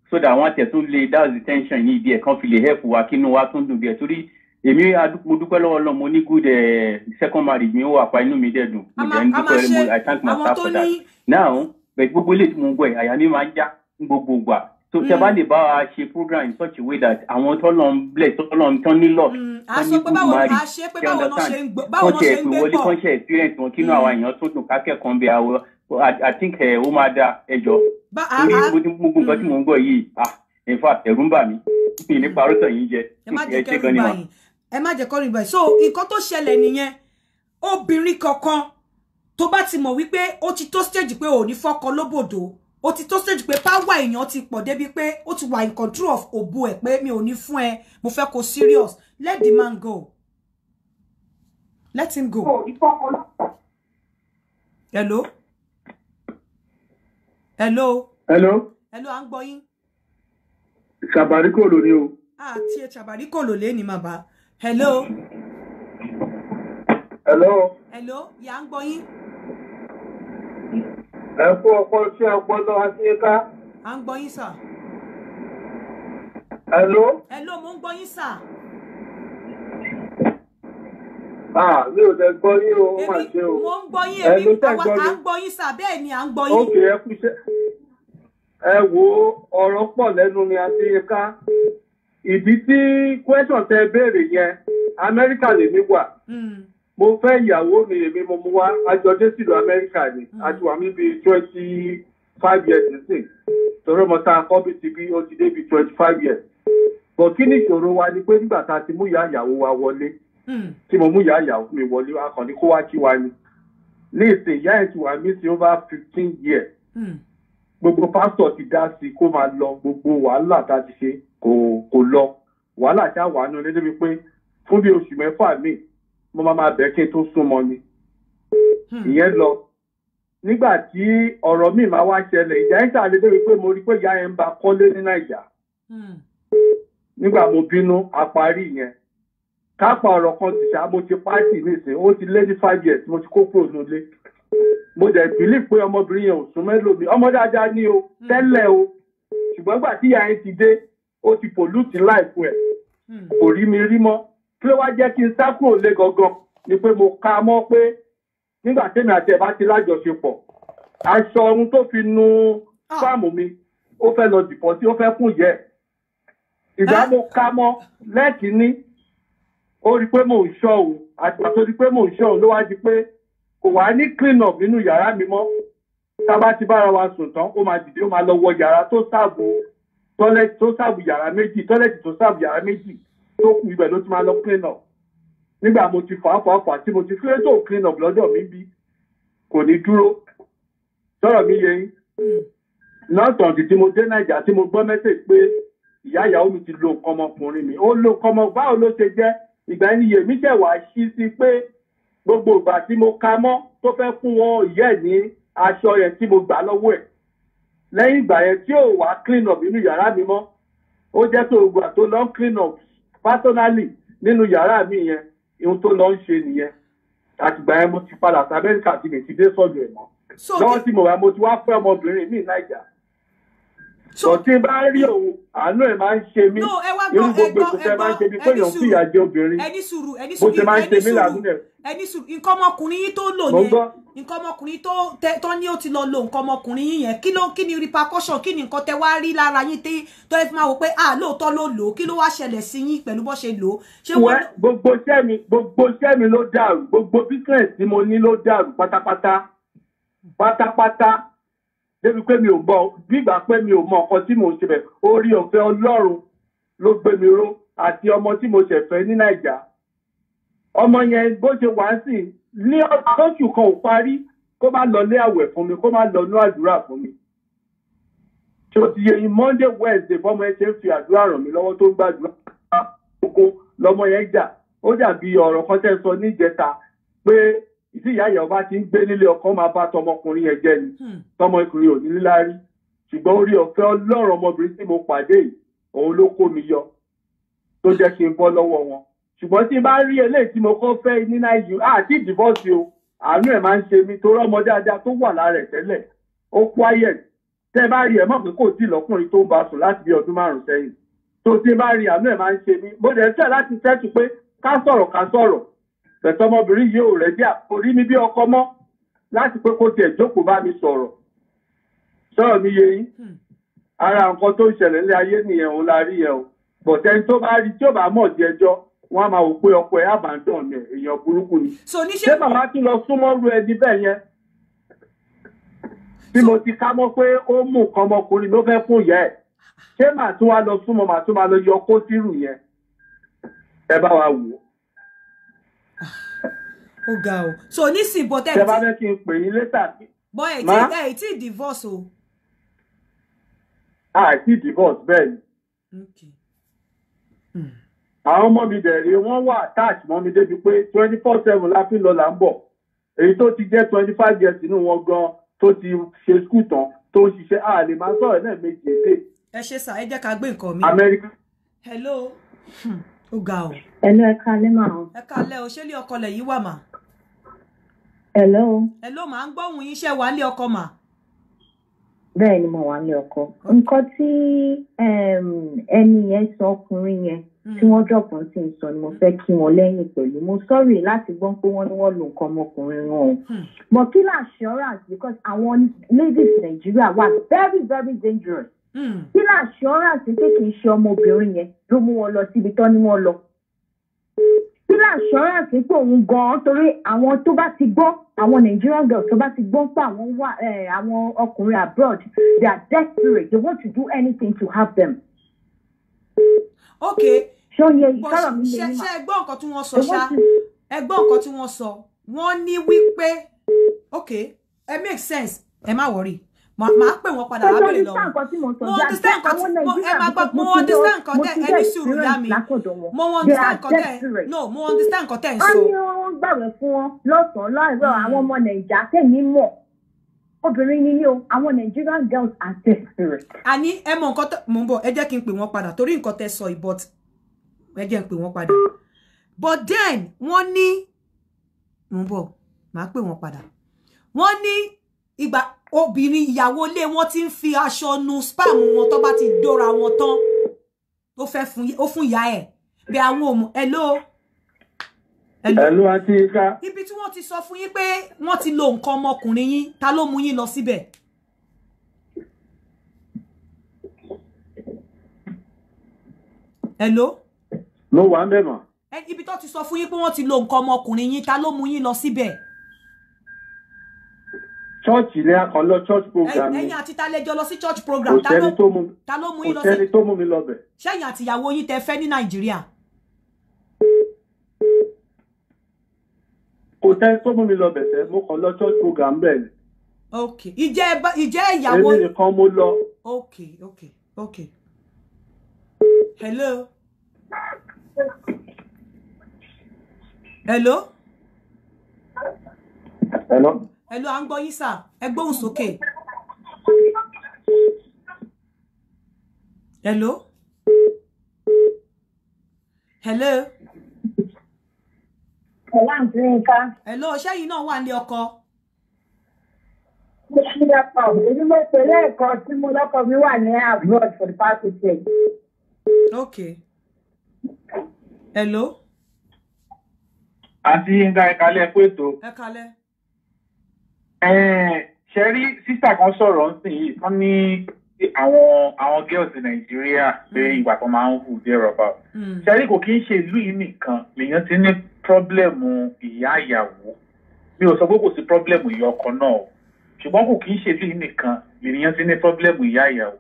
so that àwọn àtẹ̀tún lè that's the tension yìí bí ẹ̀ kan fi lè help wa kínú wa tún dùn bí ẹ̀ torí èmi mo dúpẹ́ lọ́wọ́ náà mo ní good eh, second marriage mi ó wà pa inú mi dẹ̀ dùn mo jẹ́ ń dúpẹ́ mo i thank my staff for that now bẹ̀ẹ́ gbogbo ilé tí mo ń gbọ́ ẹ̀ àyà mi máa ń já gbogbo ìgbà so tẹ bá mm. lè bá wa ṣe program in such a way that àwọn tọ́lọ̀ ń blẹ̀ tọ́lọ̀ ń tán ní lọ. Mm. a sọ pé báwo ni a ṣe pé báwo náà ṣe ń gbé pọ̀. wọ́n tẹ̀ pé wọlé kán ṣe experience wọn kínú àwọn èèyàn tó dùn kákẹ́kọ̀ọ́ bí awọ i think ẹ eh, ó máa da ẹjọ́ orí gbogbo nǹkan tí mò mm. ń gbọ́ yìí ah, in fact ẹ̀rù ń bà mí mi ní yìí jẹ ẹ ṣe gan ni mà ẹ má jẹ́ kọ́ rí so nǹkan tó ṣẹlẹ̀ nìyẹn obìnrin kankan tó bá ti mọ̀ wípé ó ti tó stage pé ò ní fọ́kọ lóbòdò ó ti tó stage pé power èèyàn ti pọ̀ débi pé ó ti wà in control of òbò ẹ̀ pé mi ò ní fún ẹ mo fẹ́ kó serious let the man go let him go. hello hello hello hello à ń gbọ́ yín. ṣàbàrí kò lò ní o. a ah, ẹ̀ ṣàbàrí kò lò lé ní màbá hello. hello. hello yà ń gbọ́ yín. ẹ kú ọkọ sí ọpọlọ akíyíká. à ń gbọ́ yín sà. hello. hello mo ń gbọ́ yín sà. Ah, mi ò tẹ gbọ́ yín o, ó mà ṣe o. Mo ń gbọ́ yín, èmi à ń gbọ́ yín sà, bẹ́ẹ̀ ni à ń gbọ́ yín. Ókè ẹ kú iṣẹ́. Ẹ wo ọ̀rọ̀ pọ̀ lẹ́nu mi àti Yinka ìdí tí question tẹ béèrè yẹn amẹ́ríkà lèmi wà hmm. mo fẹ́ ìyàwó mi èmi mo mú wá àjọdé sílùú amẹ́ríkà ni àti hmm. wà mí twenty five years nísìn torí ọmọ tá a kọ́ ti bí ó ti dé bíi twenty five years bọ̀ kí ni ìṣòro wa ni pé nígbà tá a ti mú ìyá ìyàwó wa wọlé hmm. tí mo mú ìyá ìyàwó mi wọlé akànnì kó wá kí wa ni ní ìsìn ìyá ẹ̀ ti wà mí sí over fifteen years gbogbo pásítọ̀ ti dá sí kó máa lọ gbogbo wàhálà tá a ti ṣe kò kò lọ wàhálà ṣá wà nù lédè mi pé fún bí oṣù mẹ́fà mi mo máa máa bẹ̀ kí n tó súnmọ́ ni hmm. ìyẹn lọ nígbà tí ọ̀rọ̀ mi máa wá ṣẹlẹ̀ ìjà yẹn tà lédè mi pé mo rí pé ìyá yẹn ń ba kọ́lé ní nàìjà hmm. nígbà mo bínú àparí yẹn kápá ọ̀rọ̀ kan ti ṣá mo ti pàṣẹ nísìn ó ti lé ní five years mo ti kó kúrò nílé mo dẹ̀ bílíì pé ọmọbìnrin yẹn ò sún mẹ́lòmí ọmọ dáadáa ní o hmm. tẹ́lẹ̀ o ṣùgbọ́n gbà tí ìyá yẹn ti dé ó ti pollute láìpẹ́ ẹ̀ hmm. kò rí mi rí mọ́ kí ló wá jẹ́ kí n sá kúrò lé gangan ni pé mo ka mọ́ pé nígbà tẹ́mi àti ẹ̀ bá ti lájọṣepọ̀ aṣọ ohun tó fi nu ah. fáàmù mi ó fẹ́ lọ dìpọ̀ tí ó fẹ́ kún yẹ ìgbà ah. mo ka mọ́ lẹ́ẹ̀kínní ó rí pé mò ń ṣọ́ òun àtìgbà tó di pé mò ń ṣọ́ òun ló wá di pé kò wá ní clean up nínú yàrá mi mọ́ tá a bá ti bára wa sùn tán ó máa dìde ó máa lọ wọ yàrá tó sáàbù tọ́lẹ́tì tó sáàbù yàrá méjì tọ́lẹ́tì tó sáàbù yàrá méjì tó kù ibẹ̀ ló ti máa lọ clean up nígbà mo ti fà á fà á fà á tí mo ti fẹ́ tó clean up lọ́dọ̀ mi bí kò ní dúró sọ̀rọ̀ mi yẹ yín lọ́tàn tí mo dé nàìjà tí mo gbọ́ mẹ́sẹ̀ pé ìyá ìyàwó mi ti lo nǹkan ọmọkùnrin mi ó lo nǹkan ọmọ báwo ló ṣe jẹ́ ìgbà yẹn iye mi ṣẹ̀ wá sí sí pé gbogbo ìgbà tí mo ka mọ́ tó fẹ́ fún wọn ìyá ẹ̀ ní aṣọ yẹn tí mo gbà lọ́wọ́ ẹ̀ lẹ́yìn ìgbà yẹn tí ò wá clean up nínú yàrá mi mọ́ ó jẹ́ tó ogun àtó lọ clean up personally nínú yàrá mi yẹn ihun tó lọ ń ṣe nìyẹn àtìgbà yẹn mo ti padà sí Amẹ́ríkà ti lè ti dé sọ́dọ̀ ẹ̀ mọ́ lọ́wọ́ tí mo wà mo ti wá fẹ́ ọmọbìnrin mi Naija sọ tí bá rí òun àánú ẹ máa ń ṣe mí irú gbogbo ètò tẹ máa ń ṣe mí pé èèyàn fìyà jẹ obìnrin bó ṣe máa ń ṣe mí làánú ẹ. ẹni sùúrù nǹkan ọmọkùnrin yìí tó lò yẹn nǹkan ọmọkùnrin tó ní ó ti lọ lo nǹkan ọmọkùnrin yìí yẹn kí ló kí ni repercussion kí ni nǹkan tẹ wá rí lára yín tí tó ẹ fi máa wò pé à ah, lóòótọ́ ló lò ó kí ló wá ṣẹlẹ̀ sí yín pẹ̀lú bó ṣe lò ó. gbogbo iṣẹ́ mi ló dàrú gbogbo business tí mo ní ló dàrú pátápátá pátápátá débi pé mi ò gbọ́ gbígbà pé mi ò mọ ọkàn tí mò ń ṣe bẹ̀ orí ọ̀fẹ́ ọlọ́run ló gbé mi ró àti ọmọ tí mo ṣẹ̀fẹ́ ní nàìjà ọmọ yẹn bó ṣe wá sí ní oṣù kan ò parí kó má lọ lé àwẹ̀ fún mi kó má lọ ní àdúrà fún mi tó ti monday wednesday bọ́mọ yẹn ṣe ń fi àdúrà ràn mí lọ́wọ́ tó ń gbàdúrà kókó yẹn jà ó dàbí ọ̀rọ̀ kan tẹ́ sọ níjẹta pé tí ìyá ìyàwó bá ti ń gbé nílé ọkọ máa bá tọmọkùnrin yẹn jẹ ni hmm. tọmọkùnrin ò ní lárí ṣùgbọ́n orí ọ̀fẹ́ ọlọ́rọ̀ ọmọbìnrin tí mo pàdé yìí òun ló kó mi yọ tó jẹ́ kí n bọ́ lọ́wọ́ wọn ṣùgbọ́n tí n bá rí eléyìí tí mo kọ́ fẹ́ ní nàìjíríà àti ìdìbọ́sì o àánú ẹ̀ máa ń ṣe mi torí ọmọ dáadáa tó wà lára ẹ̀ tẹ́lẹ̀ ó quiet tẹ́ bá rí ẹ̀ mọ̀ pé kò tí lọ́kùnrin tó ń bá sùn láti bí ọdún márùn-ún sẹ́yìn tó tí n bá rí àánú ẹ̀ máa ń ṣe mi mo dẹ̀ fẹ́ láti tẹ́tù pé ká sọ̀rọ̀ ká sọ̀rọ̀ pẹ̀tọ́ ọmọbìnrin yìí ò rẹ̀ bí àkórí mi bí ọkọ mọ́ láti pé kó tiẹ̀ jókòó bá mi sọ̀rọ̀ sọ̀rọ̀ mi yé yín hmm. ara nǹkan tó ń ṣẹlẹ̀ ní ayé nìyẹn òun la rí o bọ̀tẹ́ni tó bá rí tí ò bá mọ̀ di ẹjọ́ wọn a máa wò pé ọkọ ẹ ni èèyàn burúkú ni ṣé màmá lọ súnmọ́ ru ẹni bẹ́ẹ̀ yẹn bí mo ti ká mọ́ pé ó mú nǹkan ọmọkùnrin ló fẹ́ fún ìyá ẹ̀ ṣé màá lọ súnmọ́ màá tún máa lọ yọ kó sírù yẹn ẹ bá wa wò ó ga o so nísìnyí bọ́ tẹ́lẹ̀ tí. ṣé bá fẹ́ kí n pè divorce o. a ti divorce bẹ́ẹ̀ ni. àwọn ọmọ mi dẹ̀rẹ̀ wọ́n wà attached mọ́ mi débi pé twenty four seven la fi lọ là ń bọ̀ èyí tó ti jẹ́ twenty five years inú wọn gan tó ti ṣe skul tán tó ń ṣiṣẹ́ a lè máa sọ̀rọ̀ náà méjì èdè. ẹ ṣe sà ẹ jẹ́ ká gbé nǹkan mi. America. hello. Hmm ó ga o. ẹ̀lọ́ ẹ kalẹ́ màá. ẹ kalẹ́ o ṣé ilé ọkọ lẹ̀ yìí wà mà. ẹ̀lọ́ o. ẹ̀lọ́ màá ń gbóhùn yín ṣe wà á lé ọkọ mà. bẹ́ẹ̀ ni mo wà á lé ọkọ. nǹkan tí ẹni yẹn sọ ọkùnrin yẹn hmm. tí wọ́n jọ̀gbọ́n sí ń sọ ni mo fẹ́ kí wọn lẹ́yìn pẹ̀lú mo sọ́rí láti gbọ́ pé wọ́n ní wọ́n lo nǹkan ọmọkùnrin wọn o hmm. but kí ni assurance because àwọn ladies Nigeria wà very very dangerous Hmm. kí ni assurance pé kì í ṣe ọmọbìnrin yẹn ló mú wọn lọ síbi tán ni wọ́n lọ kí ni assurance pé òun gan-an torí àwọn tó bá ti gbọ́ àwọn Nigerian girls tó bá ti gbọ́ pé àwọn wà àwọn ọkùnrin abroad they are desperate they want to do anything to have them. ok ṣe ẹ gbọ́ nǹkan tí wọ́n sọ ṣá ẹ gbọ́ nǹkan tí wọ́n sọ wọ́n ní wípé ok ẹ make sense ẹ má wọrí máa pè wọ́n padà wá bèrè lọ́wọ́ mo understand nǹkan tí mo ẹ máa gbọ́ mo understand nǹkan tẹ ẹni sùúrù yá mi mo understand nǹkan tẹ no mo understand nǹkan tẹ ń sọ. wọ́n ní wọ́n gbàgbẹ́ fún wọn lọ́sàn-án láìrọ̀ hmm. àwọn ọmọ nàìjíríà tẹ̀mí mọ̀ obìnrin ni ní o àwọn Nigerian girls are desperate. àní ẹ mọ nǹkan tó mò ń bọ̀ ẹ jẹ́ kí n pè wọ́n padà torí nǹkan tẹ sọ ìbọt ẹ jẹ́ n pè wọ́n padà but then wọ́n ní mò ń bọ̀ màá pè wọ́n padà wọ́n ní ìgbà obìnrin ìyàwó ilé wọn ti ń fi aṣọ nu spam wọn tó bá ti dóra wọn tán ó fẹ́ fún ó fún ìyá ẹ̀ bí àwọn òmù hello hello àti ika ibi tí wọ́n ti sọ fún yín pé wọ́n ti lo nǹkan ọmọkùnrin yín ta ló mú yín lọ síbẹ̀ hello mo wà ń bẹ̀ mọ́ ibi tó ti sọ fún yín pé wọ́n ti lo nǹkan ọmọkùnrin yín ta ló mú yín lọ síbẹ̀ Church lẹ́yà kan church program ni. ẹ̀yin àti talẹjọ lọ sí church program ta ló ta ló mú yín lọ sí. kò sẹ́ni tó mú mi lọ bẹ̀. ṣẹ́yìn àtìyàwó yín tẹ fẹ́ ní nàìjíríà. kò sẹ́ni tó mú mi lọ bẹ̀ mo kàn lọ church program bẹ́ẹ̀ ni. ok ìjẹ́ ìjẹ́ ìyàwó. èmi nìkan mo lọ. ok ok ok. hello. hello. hello ẹ lọ à ń gbọ́ yín sà ẹ gbóhùn sókè. hello hello. hello àǹtí Yinka. hello ṣé yìí náà wà ní ọkọ. mo ṣí ọkọ èmi mo pèlè ẹkọ tí mo lọkọ mi wà ní abroad for the past six years. okay. hello. àǹtí Yinka ẹ kalẹ̀ pé tó. ẹ kalẹ̀ ṣe rí sísà kan sọ̀rọ̀ nsìn yìí wọ́n ní àwọn àwọn girls nàìjíríà mm. pé ìgbà kan máa ń hù díẹ̀ rọ̀bà mm. ṣe rí kò kí ń ṣe ìlú yìí nìkan lèèyàn ti ní pírọ́blẹ̀mù ìyá ìyàwó mi ò sọ pé kò sí pírọ́blẹ̀mù ìyá ọkọ náà o ṣùgbọ́n kò kí ń ṣe ìlú yìí nìkan lèèyàn ti ní pírọ́blẹ̀mù ìyá ìyàwó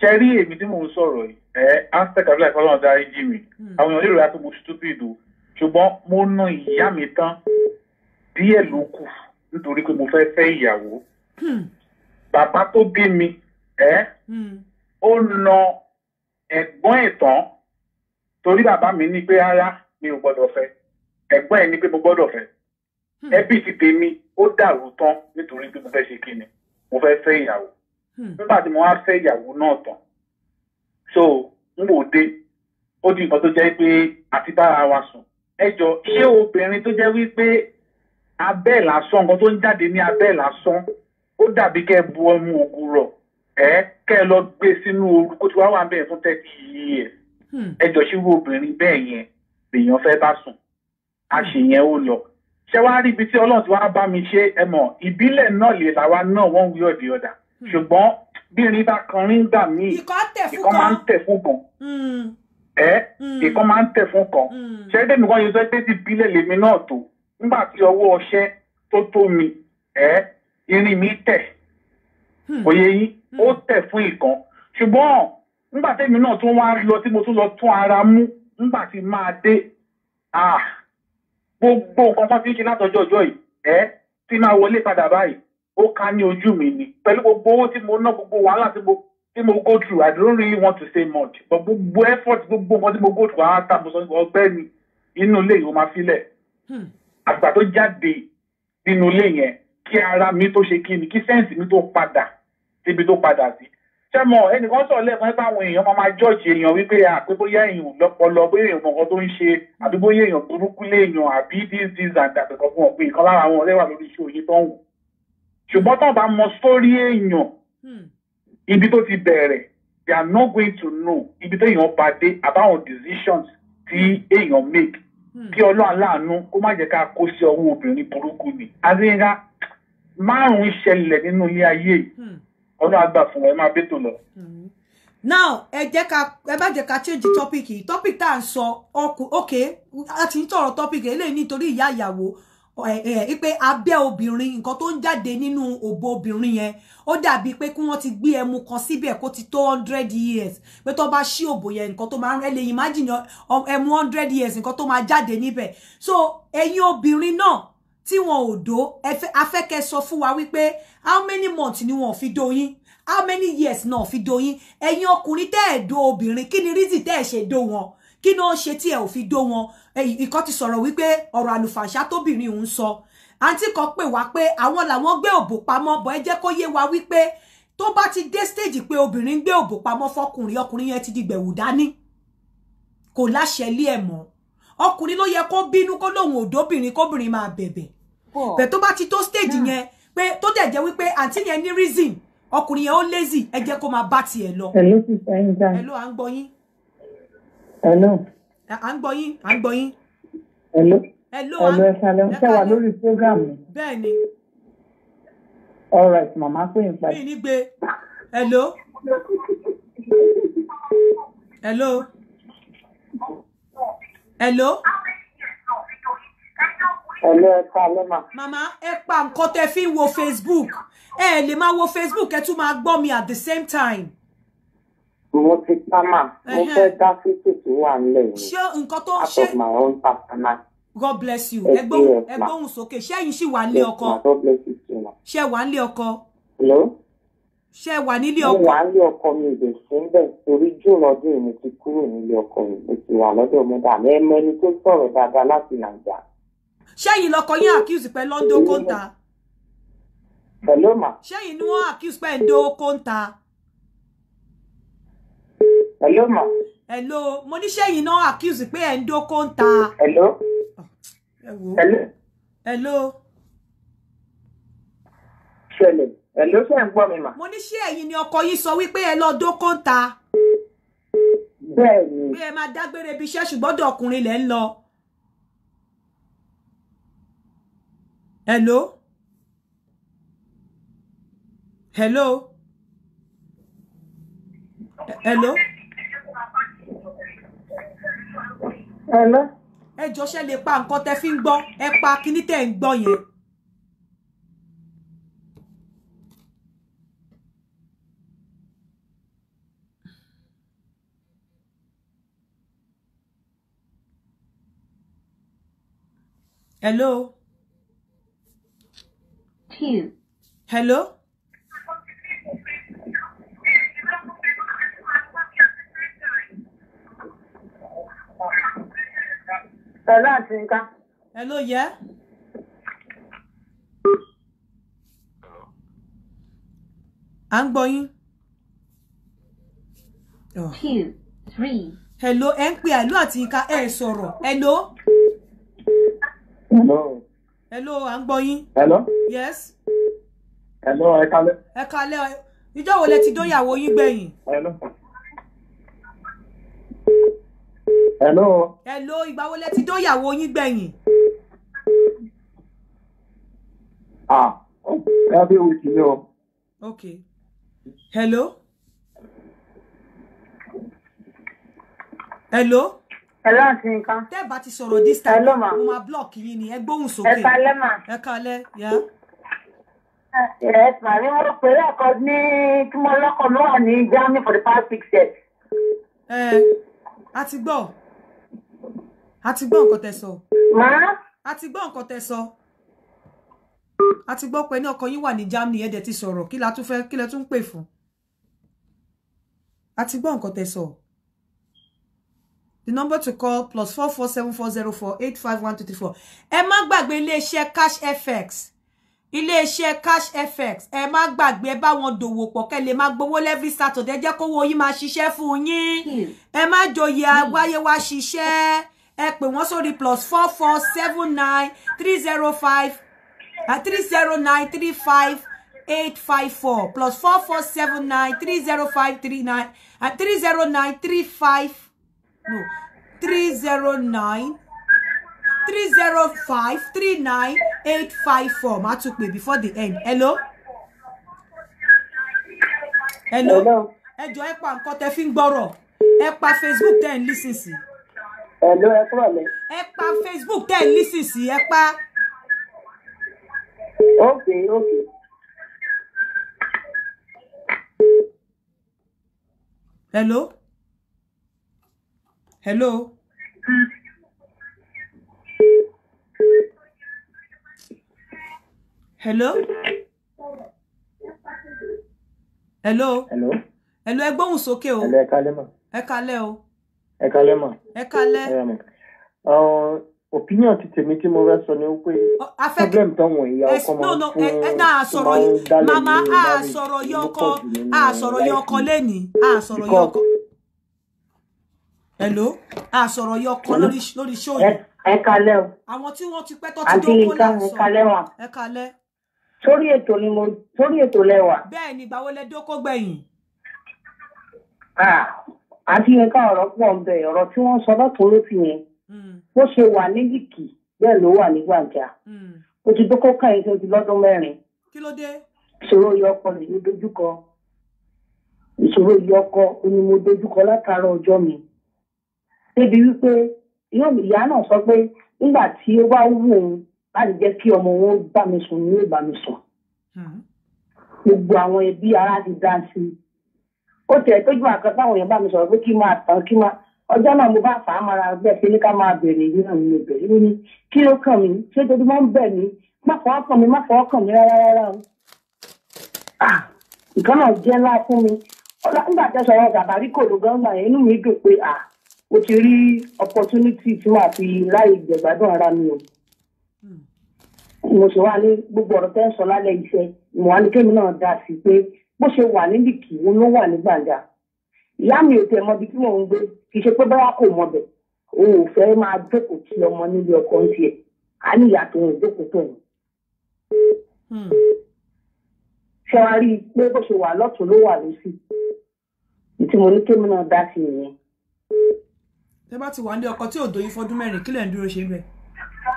ṣe rí èmi tí mò ń sọ̀rọ̀ yìí ẹ̀ aztec abúlé àìfọlọ́run dárí jì mí mm. àwọn èèyàn lè rà pé mo stupid o ṣùgbọ́n mo ná ìyá mi tán díẹ̀ ló kù nítorí pé mo fẹ́ fẹ́ ìyàwó hmm. bàbá tó bí mi ẹ́ hmm. ó na ẹ̀gbọ́n ẹ̀ tán torí bàbá mi ní pé rárá mi ò gbọ́dọ̀ fẹ́ ẹ̀gbọ́n ẹ̀ ní pé mo gbọ́dọ̀ fẹ́ hmm. ẹbí ti tèmi ó dàrú tán nítorí pé mo fẹ́ ṣe kíni mo fẹ́ fẹ́ ìyàwó nígbà tí mo wá fẹ́ ìyàwó náà tán so n wò dé ó di nǹkan tó jẹ́ pé àti bára wa sùn ẹ jọ ṣé obìnrin tó jẹ́ wípé abẹ́ lásán nǹkan tó ń jáde ní abẹ́ lásán ó dàbí kẹ́ ẹ bu ọmọ ògùn rọ̀ ẹ́ kẹ́ ẹ lọ gbé e sínú ooru kó ti wá wà bẹ́ẹ̀ fún thirty years hmm. ẹ jọ ṣírú obìnrin bẹ́ẹ̀ yẹn lèèyàn fẹ́ bá sùn àṣeyẹn ó lọ ṣé wàá rí ibi tí ọlọ́run ti wá bá mi ṣe ẹ mọ̀ ìbílẹ̀ náà lè làwa náà wọ́n wí ọ̀dì ọ̀dà ṣùgbọ́n bí irin bá kan rí gbà míì ìkan máa ń tẹ̀ fún kan hmm. ẹ ìkan máa ń tẹ̀ fún kan ṣé dèmí kan yóò sọ pé ti bílẹ̀ lèmi náà tó nígbà tí ọwọ́ ọṣẹ tó tó mi ẹ́ irin mi tẹ̀ òye hmm. yín hmm. ó tẹ̀ fún ìkan ṣùgbọ́n nígbà tẹ́mi náà tún wá lọ tí mo tún lọ tún ara mú nígbà tí máa dé gbogbo nǹkan kan fi ń ṣe látọjọ́ ọjọ́ yìí ẹ́ tí máa wọlé padà báyìí ó ká ní ojú mi ni pẹ̀lú gbogbo owó tí mo ná gbogbo wàhálà tí mo tí mo go through i don't really want to say much but gbogbo effort gbogbo nǹkan tí mo go through àwọn àtàbọ̀sọ̀ ọgbẹ́ni inú ilé yìí ó máa filẹ̀. Hmm àgbà tó jáde nínú ilé yẹn kí ara mi tó ṣe kí ni kí sẹ́ǹsì mi tó padà síbi tó padà sí. sẹ́mọ̀ ẹnìkan sọ̀rọ̀ lẹ́ẹ̀kan nípa àwọn èèyàn máa máa jọ́ọ̀jì èèyàn wípé àpé bóyá èèyàn lọ́pọlọ bóyá èèyàn mọ̀ọ́kan tó ń ṣe àbí bóyá èèyàn burúkú léèyàn àbí this and that fún ọ̀pẹ ìkan lára àwọn ọ̀rẹ́ wà lórí iṣẹ́ òye tó ń wò. ṣùgbọ́n tó bá mọ sórí èèyàn hmm. ibi tó ti bẹ̀rẹ̀ they are not going to know ibi tó èèyàn bá dé àbáwọn decisions tí hmm. èèyàn make Hmm. kí ọlọ́run láàánú kó má jẹ́ ká kó sí ọwọ́ obìnrin burúkú ni. adéyínká márùn-ún ṣẹlẹ̀ nínú ilé ayé hmm. ọlọ́run àgbà fún ẹ máa bẹ́tò lọ. Hmm. now ẹ jẹ́ ká ẹ má jẹ́ ká change topic yìí topic tá à ń sọ ok a ti ń tọrọ topic eléyìí nítorí ìyá ìyàwó pé abẹ́ obìnrin nǹkan tó ń jáde nínú òbò obìnrin yẹn ó dàbí pé kí wọ́n ti gbé ẹmu kan síbẹ̀ kó ti tó hundred years pé tó bá ṣí òbò yẹn nǹkan tó máa ń rẹ́ lè imagine ẹmu hundred years nǹkan tó máa jáde níbẹ̀ so ẹ̀yin obìnrin náà tí wọn ò dó afẹ́kẹ́ sọ fún wa wípé how many months ni wọn ò fi dóyin how many years náà fi dóyin ẹ̀yin ọkùnrin tẹ́ ẹ̀ dó obìnrin kí ni reason tẹ́ ẹ̀ ṣe dó wọn kí ni ó ń ṣe tí ẹ ò fi dó wọn ìkọ́ ti sọ̀rọ̀ wípé ọ̀rọ̀ àlùfàṣà tóbìnrin òun sọ àǹtí kan pè wá pé àwọn làwọn gbé òbò pamọ́ bọ́ ẹ jẹ́ kó yé wa wípé tó bá ti dé stage pé obìnrin gbé òbò pamọ́ fọkùnrin ọkùnrin yẹn ti di gbẹ̀wù dání kò láṣẹ lé ẹ̀ mọ́ ọkùnrin ló yẹ kó bínú kó lóun òdóbìnrin kóbìnrin máa bẹ̀bẹ̀ bẹ̀ tó bá ti tó stage hmm. yẹn pé tó dẹ̀ jẹ́ wípé àǹtí yẹn ní reason ọkùnrin yẹn ó lazy ẹ jẹ́ kó máa bá tiẹ̀ lọ. ẹ ló ti fẹ́ ń ẹ ló à ń gbọ́ yín hello. à ń gbọ́ yín à ń gbọ́ yín. hello. hello hello ẹ ṣàlẹ̀ wà lórí program mi. all right màmá pé n pàdé. mi ní gbé hello. hello. hello. Hello, ẹ ṣàlẹ̀ mà. Màmá ẹ pa nǹkan tẹ fi wo Facebook. Ẹ lè máa wo Facebook ẹ tún máa gbọ́ mi at the same time mo ti pa mà mo fẹ́ dá fífi tó wà nílẹ̀ yìí ṣé nǹkan my own personal. God bless you ẹgbóhùn ẹgbóhùn sókè ṣẹ́yìn ṣì wà nílé ọkọ ṣe wà nílé ọkọ. hello ṣe wà nílé ọkọ. mo wà nílé ọkọ mi ìbè síbẹ̀ torí jùlọ ọdún mi ti kúrò nílé ọkọ mi mo ti wà lọ́dọ̀ mo dà mẹ́mọ́ ẹni tó sọ̀rọ̀ dáadáa láti nàìjà. ṣẹ́yìn lọkọ yín accuse pé lọ́ńdó kóńtà. pẹ̀lú mà. ni wọ́n accuse pé ń dó kóńtà hello ma. hello mo ní sẹ́yìn náà accuse pé ẹ̀ ń dóko ń hello. hello. hello. ṣẹlẹ̀ hello ṣe ń gbọ́ mi mà. mo ní ṣé ẹ̀yin ni ọkọ yín sọ wípé ẹ lọ dóko ń ta. bẹ́ẹ̀ni. pé ẹ máa dágbére ibi iṣẹ́ ṣùgbọ́n dọ̀kùnrin lẹ́ hello. hello. hello. hello? Hello. ẹ jọ ṣe lè pa nǹkan tẹ fi ń gbọ́ ẹ pa kíní tẹ̀ ń gbọ́ yẹn. Hello. Two. Hello. Hello, Atinka. Hello, yeah. À ń gbọ́ yín. Oh. Two, three. Hello, ẹ ń pè Hello Atinka ẹ sọ̀rọ̀. Hello. Hello. Hello, à ń Hello. Yes. Hello, ẹ kalẹ́. Ẹ kalẹ́ ìjọ́ wo lẹ ti dóyàwó yín gbẹ̀yìn. Hello. hello. hello ìgbà wo lẹ ti dóyàwó yín gbẹ̀yìn. ah every week ni o. ok hello. hello. hello nǹkan. tẹ́ bá ti sọ̀rọ̀ this time hello, ma. mo máa block yín ni ẹ gbóhùn sókè. ẹ kalẹ́ mà. ẹ kalẹ́ yá. Eh, yes màmí mo pè é lẹ́kọ̀ọ́ ní tí mo lọ́kọ̀ọ́ mi wà ní Germany for the past six years. ẹ eh, a ti gbọ́ a ti gbọ́ nǹkan tẹ sọ. màá. a ti gbọ́ nǹkan tẹ sọ. a ti gbọ́ pé ní ọkọ yín wà ní Germany ẹ̀ ti sọ̀rọ̀ kí la tún fẹ́ kí lẹ tún pè fún. a ti gbọ́ nǹkan tẹ sọ. The number to call plus four four seven four zero four eight five one two three four. Ẹ má gbàgbé iléeṣẹ́ Cash FX. Iléeṣẹ́ Cash FX. Ẹ má gbàgbé ẹ bá wọn dòwò pọ̀ kẹ́ lè má gbowó every Saturday jẹ́ kówó yín máa ṣiṣẹ́ fún yín. Hmm. Ẹ má joyè hmm. àwáyé wá ṣiṣẹ́ ẹ pè wọ́n sórí plus four four seven nine three zero five uh, three zero nine three five eight five four plus four four seven nine three zero five three nine and uh, three zero nine three five no three zero nine three zero five three nine eight five four màá tún pè before the end hello hello ẹ jọ̀ọ́ ẹ pa nǹkan tẹ́ fi ń gbọ́rọ̀ ẹ pa facebook tẹ́ ń lísìsì. Hello, ẹ kúrò Ẹ pa Facebook tẹ́ ẹ lísì sí, ẹ pa. Ok, ok. Hello? Hello? Hello? Hello? Hello? Hello, ẹ gbóhùn sókè o. Hello, ẹ kalẹ́ mọ̀. Ẹ kalẹ́ o ẹ kalẹ́ mà. ẹ kalẹ́. opinion ti tèmi tí mo fẹ́ sọ ni pé problem táwọn ìyá ọkọ máa ń fún máa ń dálẹ̀ ní mama a sọ̀rọ̀ yọ ọkọ a sọ̀rọ̀ yọ ọkọ lẹ́nìí a sọ̀rọ̀ yọ ọkọ. hello a sọ̀rọ̀ yọ ọkọ lórí ṣóòyì. ẹ kalẹ́ o. àwọn tí wọ́n ti pẹ́ tó ti dókòó là ń sọ ẹ kalẹ́ sórí ètò ni mo sórí ètò lẹ́wà. bẹ́ẹ̀ ni ìgbà wo lẹ dókó gbẹ̀yìn àti ẹ̀ka ọ̀rọ̀ pọ̀ ń bẹ ọ̀rọ̀ tí wọ́n sọ lọ́tún lósì yẹn hmm. bó ṣe wà ní yìkì bẹ́ẹ̀ ló wà ní gbàǹjà hmm. ó ti dókó káyìn tó ti lọ́dún mẹ́rin. kí ló dé. ìṣòro iye ọkọ ni mo dojúkọ ìṣòro iye ọkọ ni mo dojúkọ látara ọjọ́ mi débi wípé ìyá náà sọ pé nígbà tí ó bá wù òun láti jẹ́ kí ọmọ wọn bá mi sùn ní ìbámisùn hmm. gbogbo àwọn ẹbí ara ti dá sí i ó tiẹ̀ tójú àkàn táwọn èèyàn bá mi sọ̀rọ̀ pé kí máa tán kí máa ọjọ́ náà mo bá fà á mara bẹ́ẹ̀ ṣe ní ká máa bèrè ìlú náà nínú ìbẹ̀rẹ̀ ní kí ló kàn mí ṣé máa ń bẹ̀ mí má fọwọ́ kàn mí má fọwọ́ kàn mí rárá rárá o. nǹkan náà fún mi nígbà tẹ́ sọ̀rọ̀ gàbárí kò ló gán gbà inú mi dùn pé ó ti rí opportunity tí màá fi láì bó ṣe wà níbi kì í ló wà ní gbàǹjà ìyá mi ò tẹ mọbi tí mò ń gbé kì í ṣe pé báwa kò mọbẹ òun ò fẹ́ máa jókòó kí ọmọ nílé ọkọ ń tiẹ̀ á ní ìyàtọ̀ òun jókòó tó òun. Hmm. ṣé wàá rí i pé bó ṣe wà lọ́tún ló wà lọ́sì tí mo ní kémi náà dá sí ìyẹn. tẹ bá ti wà ní ọkọ tí ò doyin fọdún mẹ́rin kí lẹ ń dúró ṣe bẹ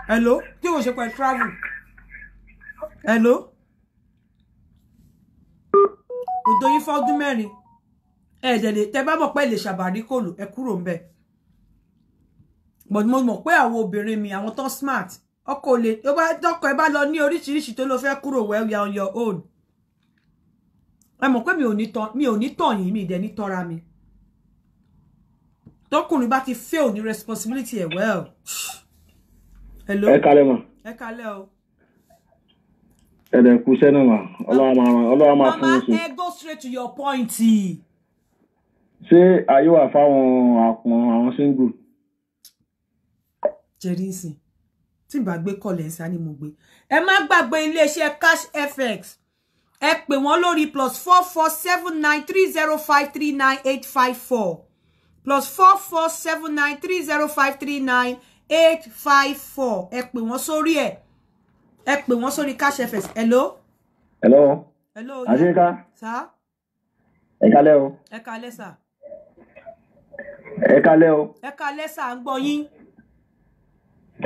hello tí o ṣe pẹ travel hello kò doyún fọ́dún mẹ́rin ẹ̀ẹ́dẹ̀ lè tẹ́ bá mọ̀ pé lè ṣàbàrí kòlù ẹ kúrò ń bẹ̀ but mo mọ̀ pé àwọn obìnrin mi àwọn tó smart ọkọ ò lè tọkọ ẹ bá lọ ní oríṣiríṣi tó ló fẹ́ kúrò well you are on your own ẹ mọ̀ pé mi ò ní tàn yín mi ìdẹ̀ ní tọ́ra mi tọkùnrin bá ti fail ní responsibility ẹ well. ẹ kálẹ̀ mọ̀. ẹ kálẹ̀ o ẹ̀dẹ̀ kú sẹ́nu mà ọlọ́wà máa fún un sí. go straight to your point. ṣé ayé wà fáwọn àpọ̀n àwọn single. jerry nsìn tí bá gbé kọlẹ̀ ńsá ni mo gbé ẹ má gbàgbé iléeṣẹ́ cash fx ẹ pè wọ́n lórí plus four four seven nine three zero five three nine eight five four plus four four seven nine three zero five three nine eight five four ẹ pè wọ́n sórí ẹ̀ ẹ pè wọ́n sórí cash fs hello. hello. hello àṣeká. sá. ẹ kalẹ́ o. ẹ kalẹ́ sá. ẹ kalẹ́ o. ẹ kalẹ́ sá ń gbọ́ yín.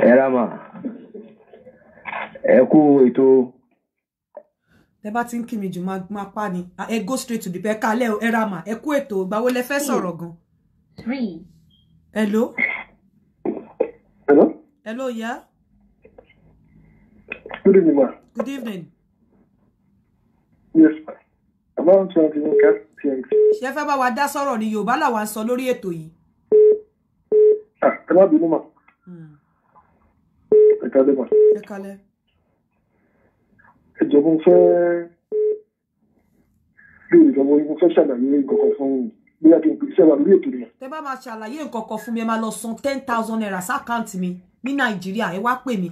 ẹ ra mà ẹ kú ètò. tẹ bá ti ń kí mi jù máa pa ni ẹ go straight to the ẹ kalẹ́ o ẹ ra mà ẹ kú ètò ìgbàwo lẹ fẹ́ sọ̀rọ̀ gan. three. hello. hello. hello ya. Yeah? Good evening, ma'am. Good evening. Yes, ma'am. Àbá ń sọ àti nǹkan ti ẹ̀ ti. Ṣé fẹ́ bá wa dá to ni Yorùbá là wá ń sọ lórí ètò yìí? Ah, ẹ má bínú mà. Hmm. Ẹ kalẹ̀ mà. Ẹ kalẹ̀. Ẹ jọ̀bọ̀ fẹ́ béèrè lọ́wọ́ yín, mo fẹ́ ṣàlàyé nǹkan kan fún yín. Bóyá kí n pèsè àwọn lórí ètò yìí. Tẹ bá máa ṣàlàyé nǹkan kan fún mi, ẹ máa lọ san ten thousand naira sí àkáǹtì mi ní nàìjíríà ẹ wá pè mí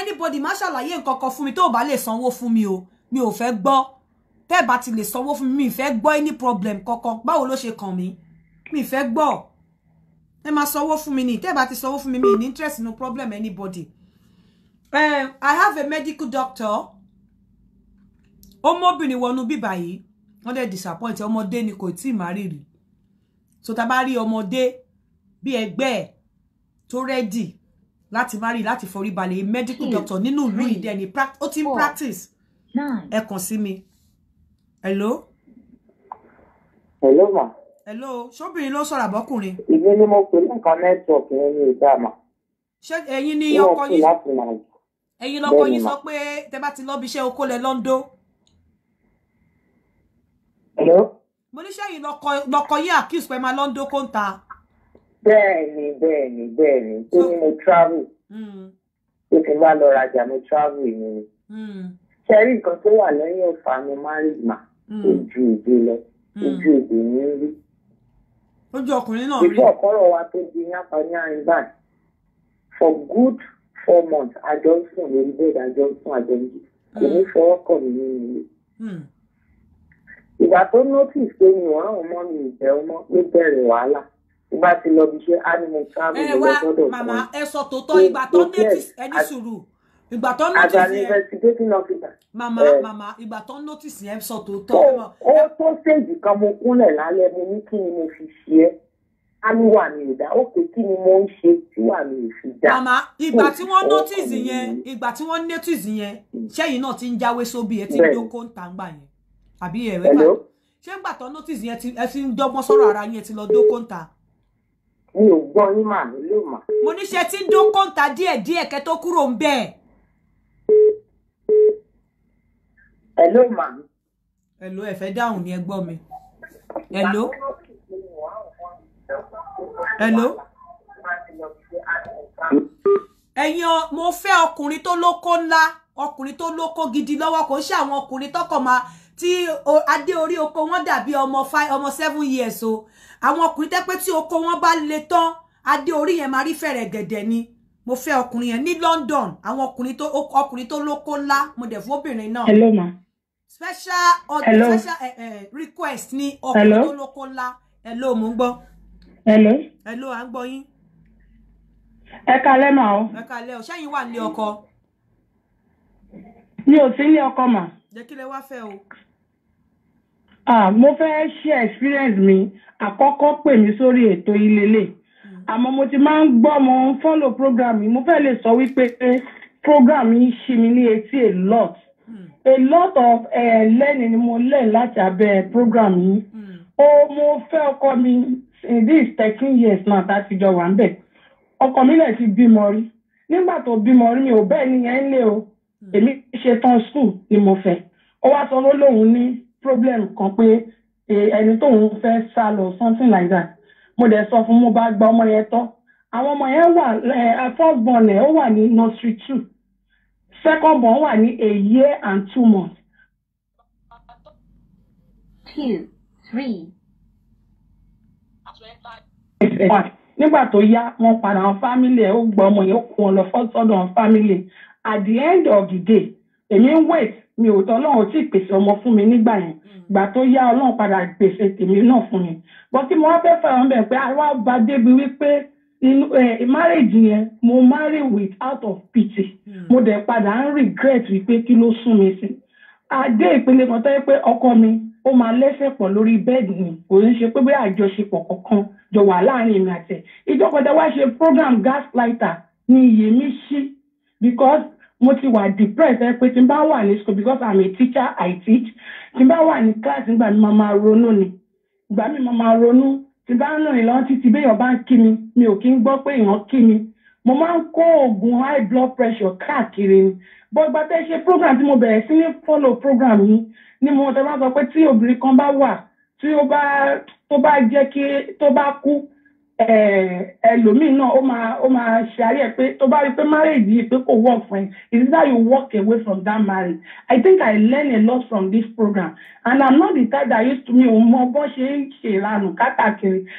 anybody má ṣàlàyé nǹkan kan fún mi tó o bá lè sanwó fún mi o mi ò fẹ́ gbọ́ tẹ́ ẹ bá ti lè sanwó fún mi mi fẹ́ gbọ́ any problem kankan báwo ló ṣe kàn mí mi fẹ́ gbọ́ ẹ máa sanwó fún mi ni tẹ́ ẹ bá ti sanwó fún mi mi ní interest no problem anybody um, I have a medical doctor ó mọ́bìnrin wọnú bíbà yìí wọ́n dẹ̀ disappoint ọmọdé ni kò tí ì má rírì so tá a bá rí ọmọdé bí ẹgbẹ́ ẹ̀ tó rẹ́dì láti má rí láti forí balẹ̀ medical doctor nínú ìlú ìdẹ ni ó ti ń practice ẹ kàn sí mi. hello. hello ma. hello ṣóbìnrin ló sọ̀rọ̀ àbọ́kùnrin. ìbí ni mo pè lẹ́ẹ̀kan network yẹn ní ìdáàmà. ṣé ẹ̀yin ni ọkọ yín ẹ̀yin lọkọ yín sọ pé tẹ bá ti lọ́bi iṣẹ́ oko lẹ lọ́ńdó. hello. mo ní ṣẹ́yìn lọkọ yín accuse pé máa lọ́ńdó kó ń ta bẹ́ẹ̀ni bẹ́ẹ̀ni bẹ́ẹ̀ni tó ní mo travel tó ti bá lọ rajà mo travel ni hmm. ṣe rí nǹkan tó wà lẹ́yìn ọ̀fà mi marriage ma hmm. ojú èdè lọ hmm. ojú èdè ní rí. ojú ọkùnrin náà rí. ìfọ̀ ọ̀kọ́rọ̀ wa tó di yánpa ní àárín báyìí for good four months àjọ ń sùn lórí bẹ́ẹ̀dì àjọ ń sùn àjọ ń jù kò ní fọwọ́ kàn mí nínú ilé. ìgbà tó notice pé mi ò rán òun mọ́ mi ìbẹ̀rù mọ́ ló bẹ̀rẹ̀ wàhálà ìgbà tí lọ bí ṣe ánimo travel lọ sọ́dọ̀ fún wa. ẹ wá màmá ẹ sọ tòótọ́ ìgbà tó notice ẹni sùúrù ìgbà tó notice yẹn. as an investigating officer. màmá eh. màmá ìgbà tó notice yẹn sọ tòótọ́. ó tó séèjì kan mo kúnlẹ̀ lálẹ́ mo ní kí ni mo fi ṣe é ní wà mí ìdá òkè kí ni mo ń ṣe tí wà mí ìfi dá. màmá hmm. hmm. ìgbà tí wọ́n notice yẹn ìgbà tí wọ́n notice yẹn ṣẹ́yìn náà ti ń jáwé sóbì ẹ ti ń dóko ń yẹn àbí ẹ̀rẹ́ bá ṣé ń gbà tó notice yẹn ẹ ti ń dọ́gbọ́n sọ̀rọ̀ hmm. ara yẹn ti lọ dóko ń mi ò gbọ́ yín mà mí lè mà. mo níṣẹ́ tí ń dún kọ́ńtà díẹ̀díẹ̀ kẹ́ tó kúrò ń bẹ̀. hello mà. hello ẹ fẹ́ dáhùn ni ẹ gbọ́ mi. hello. hello. ẹ̀yin mo fẹ́ ọkùnrin tó lóko ńlá ọkùnrin tó lóko gidi lọ́wọ́ kò ṣe àwọn ọkùnrin tọkọ̀ máa tí adé orí oko wọn dàbí ọmọ five ọmọ seven years o. So àwọn ọkùnrin tẹ́ pé tí oko wọn bá le tán adé orí yẹn máa rí fẹ̀rẹ̀ gẹ̀dẹ̀ ni mo fẹ́ ọkùnrin yẹn ní London àwọn ọkùnrin tó ọkùnrin tó lóko ńlá mo dẹ̀ fún obìnrin náà. hello ma. special order hello. special eh, eh, request ni ọkùnrin tó lóko ńlá hello mo ń gbọ́. hello. hello à ń gbọ́ yín. ẹ kalẹ́ mà o. ẹ kalẹ́ o ṣẹ́yìn wà nílé ọkọ. mi ò sí ilé ọkọ mà. jẹ́ kí lẹ wá fẹ́ o ah mo fẹ́ share experience mi àkọ́kọ́ pè mí sórí ètò ilélẹ̀ àmọ́ mo ti máa ń gbọ́ mo ń follow program mi mo fẹ́ lè sọ wípé program yìí ṣí mi ní etí a lot a lot of eh, learning ni mo learn láti abẹ́ program yìí o mo fẹ́ ọkọ mi in this thirteen years now tá a ti jọ wà ń bẹ̀ ọkọ mi lè ti bímọ rí nígbà tó bímọ rí mi ò bẹ́ẹ̀ nìyẹn ń lé o èmi ṣe tán school ni mo fẹ́ ó wá sọ ló ní problem kan pé e, ẹni tóun fẹ́ sá lọ something like that mo dẹ̀ sọ fún mo bá gba ọmọ yẹn tọ́ àwọn ọmọ yẹn wà first born ẹ̀ ó wà ní nursery two second born wà ní a year and two months. two three. nígbà tó yá wọn padà wọn family, ẹ ó gba ọmọ yẹn ó kó wọn lọ fọ́sọ́dọ̀ wọn fámìlì at the end of the day èmi ń wait mi ò tọ́ ọlọ́run tí pèsè ọmọ fún mi nígbà yẹn mm. gbà tó yá ọlọ́run padà pèsè tèmi náà fún mi bọ́ tí mo wá fẹ́ fara mẹ́ pé àwa bá débi wípé marriage yẹn mo marry with out of pity mm. mo dẹ̀ padà ń regret wípé kí ló sún mi sí adé ìpele kan tó yẹ pé ọkọ mi ó máa lẹ́sẹ̀ pọ̀ lórí bẹ́ẹ̀dì ni kò ń ṣe pé bí àjọṣepọ̀ kankan jọ wà láàrin èmi àtẹ̀ ìjọkọ̀dá wá ṣe program gaslighter ni iyèmí ṣí because mo ti wà depressed ẹ pé tí n bá wà ní school because i'm a teacher i teach tí n bá wà ní class nígbà mi máa ronú ni ìgbà mi máa ronú tí n bá ń rìn lọ títí béèyàn bá ń kí mi mi ò kí ń gbọ́ pé èèyàn kí mi mo máa ń kó oògùn high blood pressure káàkiri ni But ìgbà tẹ́ ṣe program tí mo bẹ̀rẹ̀ sí ní follow program yìí ni mo tẹ́ bá sọ pé tí obìnrin kan bá wà tí ó bá tó bá jẹ́ kí tó bá kú Eh, ẹlòmíì náà ó máa ó máa ṣe ayé ẹ pé tó bá rí pé marriage yìí pé kò work for ẹ is that you walk away from that marriage i think i learn a lot from this program and i'm not the type that used to me o mọ bó ṣe ń ṣe ìlànà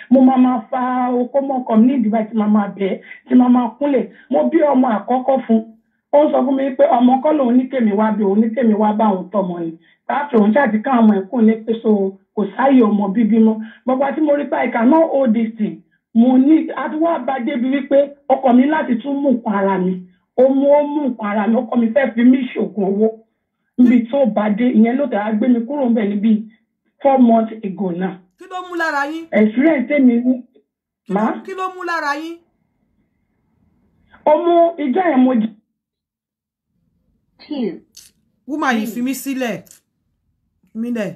mo máa ma fa okó mọ́kọ ní ìdìbò tí màá máa bẹ̀ẹ́ tí màá mo bí ọmọ àkọ́kọ́ fún ó sọ fún mi pé ọmọ kọ́ lòun ní kèmí wá bí òun ní kèmí wá bá òun pàtó òun ṣàtìkà ọmọ bíbí mọ́ gbogbo àti mo rí pé i cannot mo ní adúwà bá débi wípé ọkọ mi láti tún mú nǹkan ara mi ó mú ó mú nǹkan ara mi ọkọ mi fẹ́ẹ́ fi mí ṣògùn owó níbi tó bá dé ìyẹn ló tẹ̀ á gbé mi kúrò níbẹ̀ níbi four months ago náà. kí ló mú lára yín. experience mi ní. kí ló mú lára yín. ó mú ìjọ yẹn mo jẹ. wúmà yìí fi mí sílẹ̀ mílẹ̀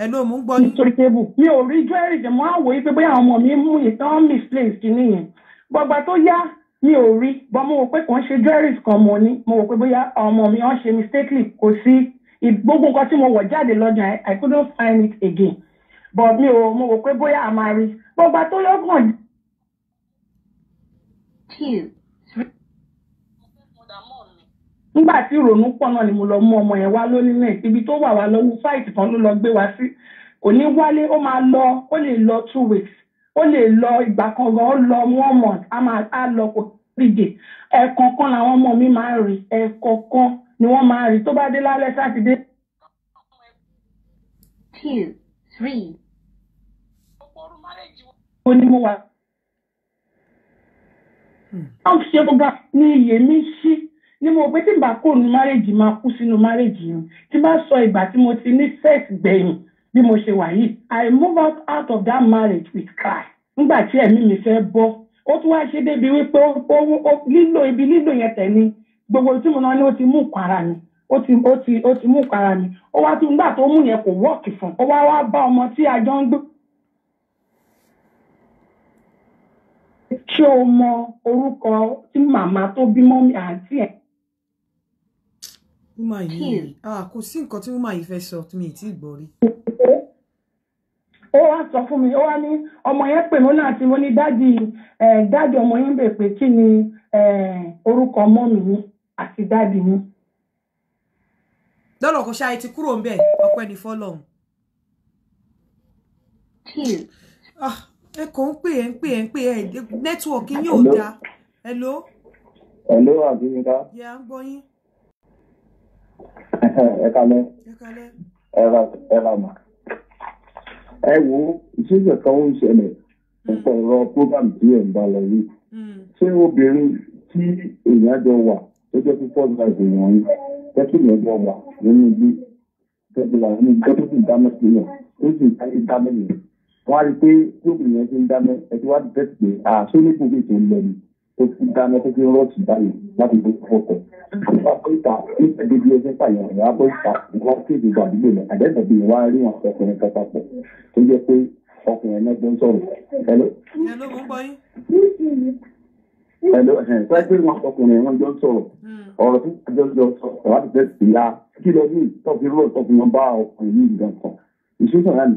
ẹ ló mú gbọ́ yín. nítorí tébù mi ò rí ijó ẹ̀rìndẹ̀ mọ́ àwọ̀ yìí pé bóyá àwọn ọmọ mi mú ìtàn misplace kìíní yẹn gbọgbà tó yá mi ò rí bọ́ mo rò pé kò ń ṣe jewelries kan mo ní mo rò pé bóyá ọmọ mi wọ́n ṣe mistakenly kò sí gbogbo nǹkan tí mo wọ̀ jáde lọ́jà I couldn't find it again but mi ò mo rò pé bóyá a máa rí gbọgbà tó yọ kàn. two nígbà tí ìrònú pọ̀ náà ni mo lọ mú ọmọ yẹn wá lónìí náà ibi tó wà wá lọ́wọ́ fáìtì kan ló lọ gbé wá sí kò ní wálé ó máa lọ ó lè lọ two weeks ó lè lọ ìgbà kan gan ó lọ one month á máa á lọ kò tìjì ẹ̀ẹ̀kọ̀ọ̀kan làwọn ọmọ mi máa ń rí ẹ̀ẹ̀kọ̀ọ̀kan ni wọ́n máa ń rí tó bá dé lálẹ́ sátidé. two three. ó ní mo wà. Hmm. ó ṣe gbogbo ní iye mi ṣí ni mo gbé tí n bá kó nu márèjì máa kú sínú márèjì yẹn tí n bá sọ ìgbà tí mo ti ní sex gbẹ̀yìn bí mo ṣe wà yìí i move out out of that marriage with Christ nígbà tí ẹ̀mí mi fẹ́ bọ́ ó tún wá ṣe débi wípé ó lílo ibi lílo yẹn tẹ̀lé gbogbo tí mo náà ní ó ti mú nǹkan ara mi ó ti ó ti ó ti mú nǹkan ara mi ó wá tún nígbà tó mú yẹn kò wọ́ọ̀kì fún ó wá wá bá ọmọ tí a jọ ń gbé. ṣé o mọ orúkọ tí màmá tó bí mọ́mí àǹtí ẹ̀ woman yìí ah kò sí nǹkan tí woman yìí fẹ́ sọ mi ì tí ì gbọ́ rí. ó wá sọ fún mi ó wá ní ọmọ yẹn pè mọ́ náà tí mo ní dáàdì ọmọ yẹn bèè pé kí ni orúkọ ọmọ mi àti dáàdì mi. lọ́nà kò ṣáà ti kúrò ń bẹ̀ ọpẹ́ ní fọ́lọ́hún. Ah, ẹ kò ń pè ẹ ń pè ẹ ń pè ẹ nẹ́tíwọ̀kì yóò ẹ kalẹ̀ ẹ ra mà ẹ wo ìṣèjọ kan ń ṣẹlẹ̀ nípa hmm. ọ̀rọ̀ program tí ẹ ń bá lọ yìí hmm. ṣé obìnrin tí èèyàn jọ wà tó jẹ́ púpọ̀ gba ìgbìmọ̀ yìí tẹ́tù yẹn wà nínú ibi tẹ́tù wà nínú tó sì ń dáná sí yẹn tó sì ń dáná yẹn wọ́n á rí i pé tí obìnrin yẹn ti ń dáná ẹ ti wá ti tẹ́tù pé àṣọ nípò bíi ń lọ tó ti dáná tó ti rọ́ọ̀tì báyìí láti gbé fọ́tọ̀. Ìfà pẹ́ta nípa débi ẹgbẹ́ pààyàn rẹ̀ á bọ́ ìta ìwọ́n kéde ìgbà àdúgbò náà àdẹ́gbẹ̀ bíi wá rí wọn ọkùnrin kan papọ̀ tó jẹ́ pé ọkùnrin náà gbọ́n sọ̀rọ̀. Hello. Hello, mo ń gbọ́ yín. Hello, ẹ̀hìn pẹ́ẹ́tì wọn ọkùnrin wọn jọ sọ̀rọ̀ ọ̀rọ̀ tó jọ jọ sọ̀rọ̀ láti fẹ́ sí ya kí lọ ní tọ́fi rọ̀ tọ́fi wọn bá ọkùnrin yìí nǹkan kan. Ìṣúná náà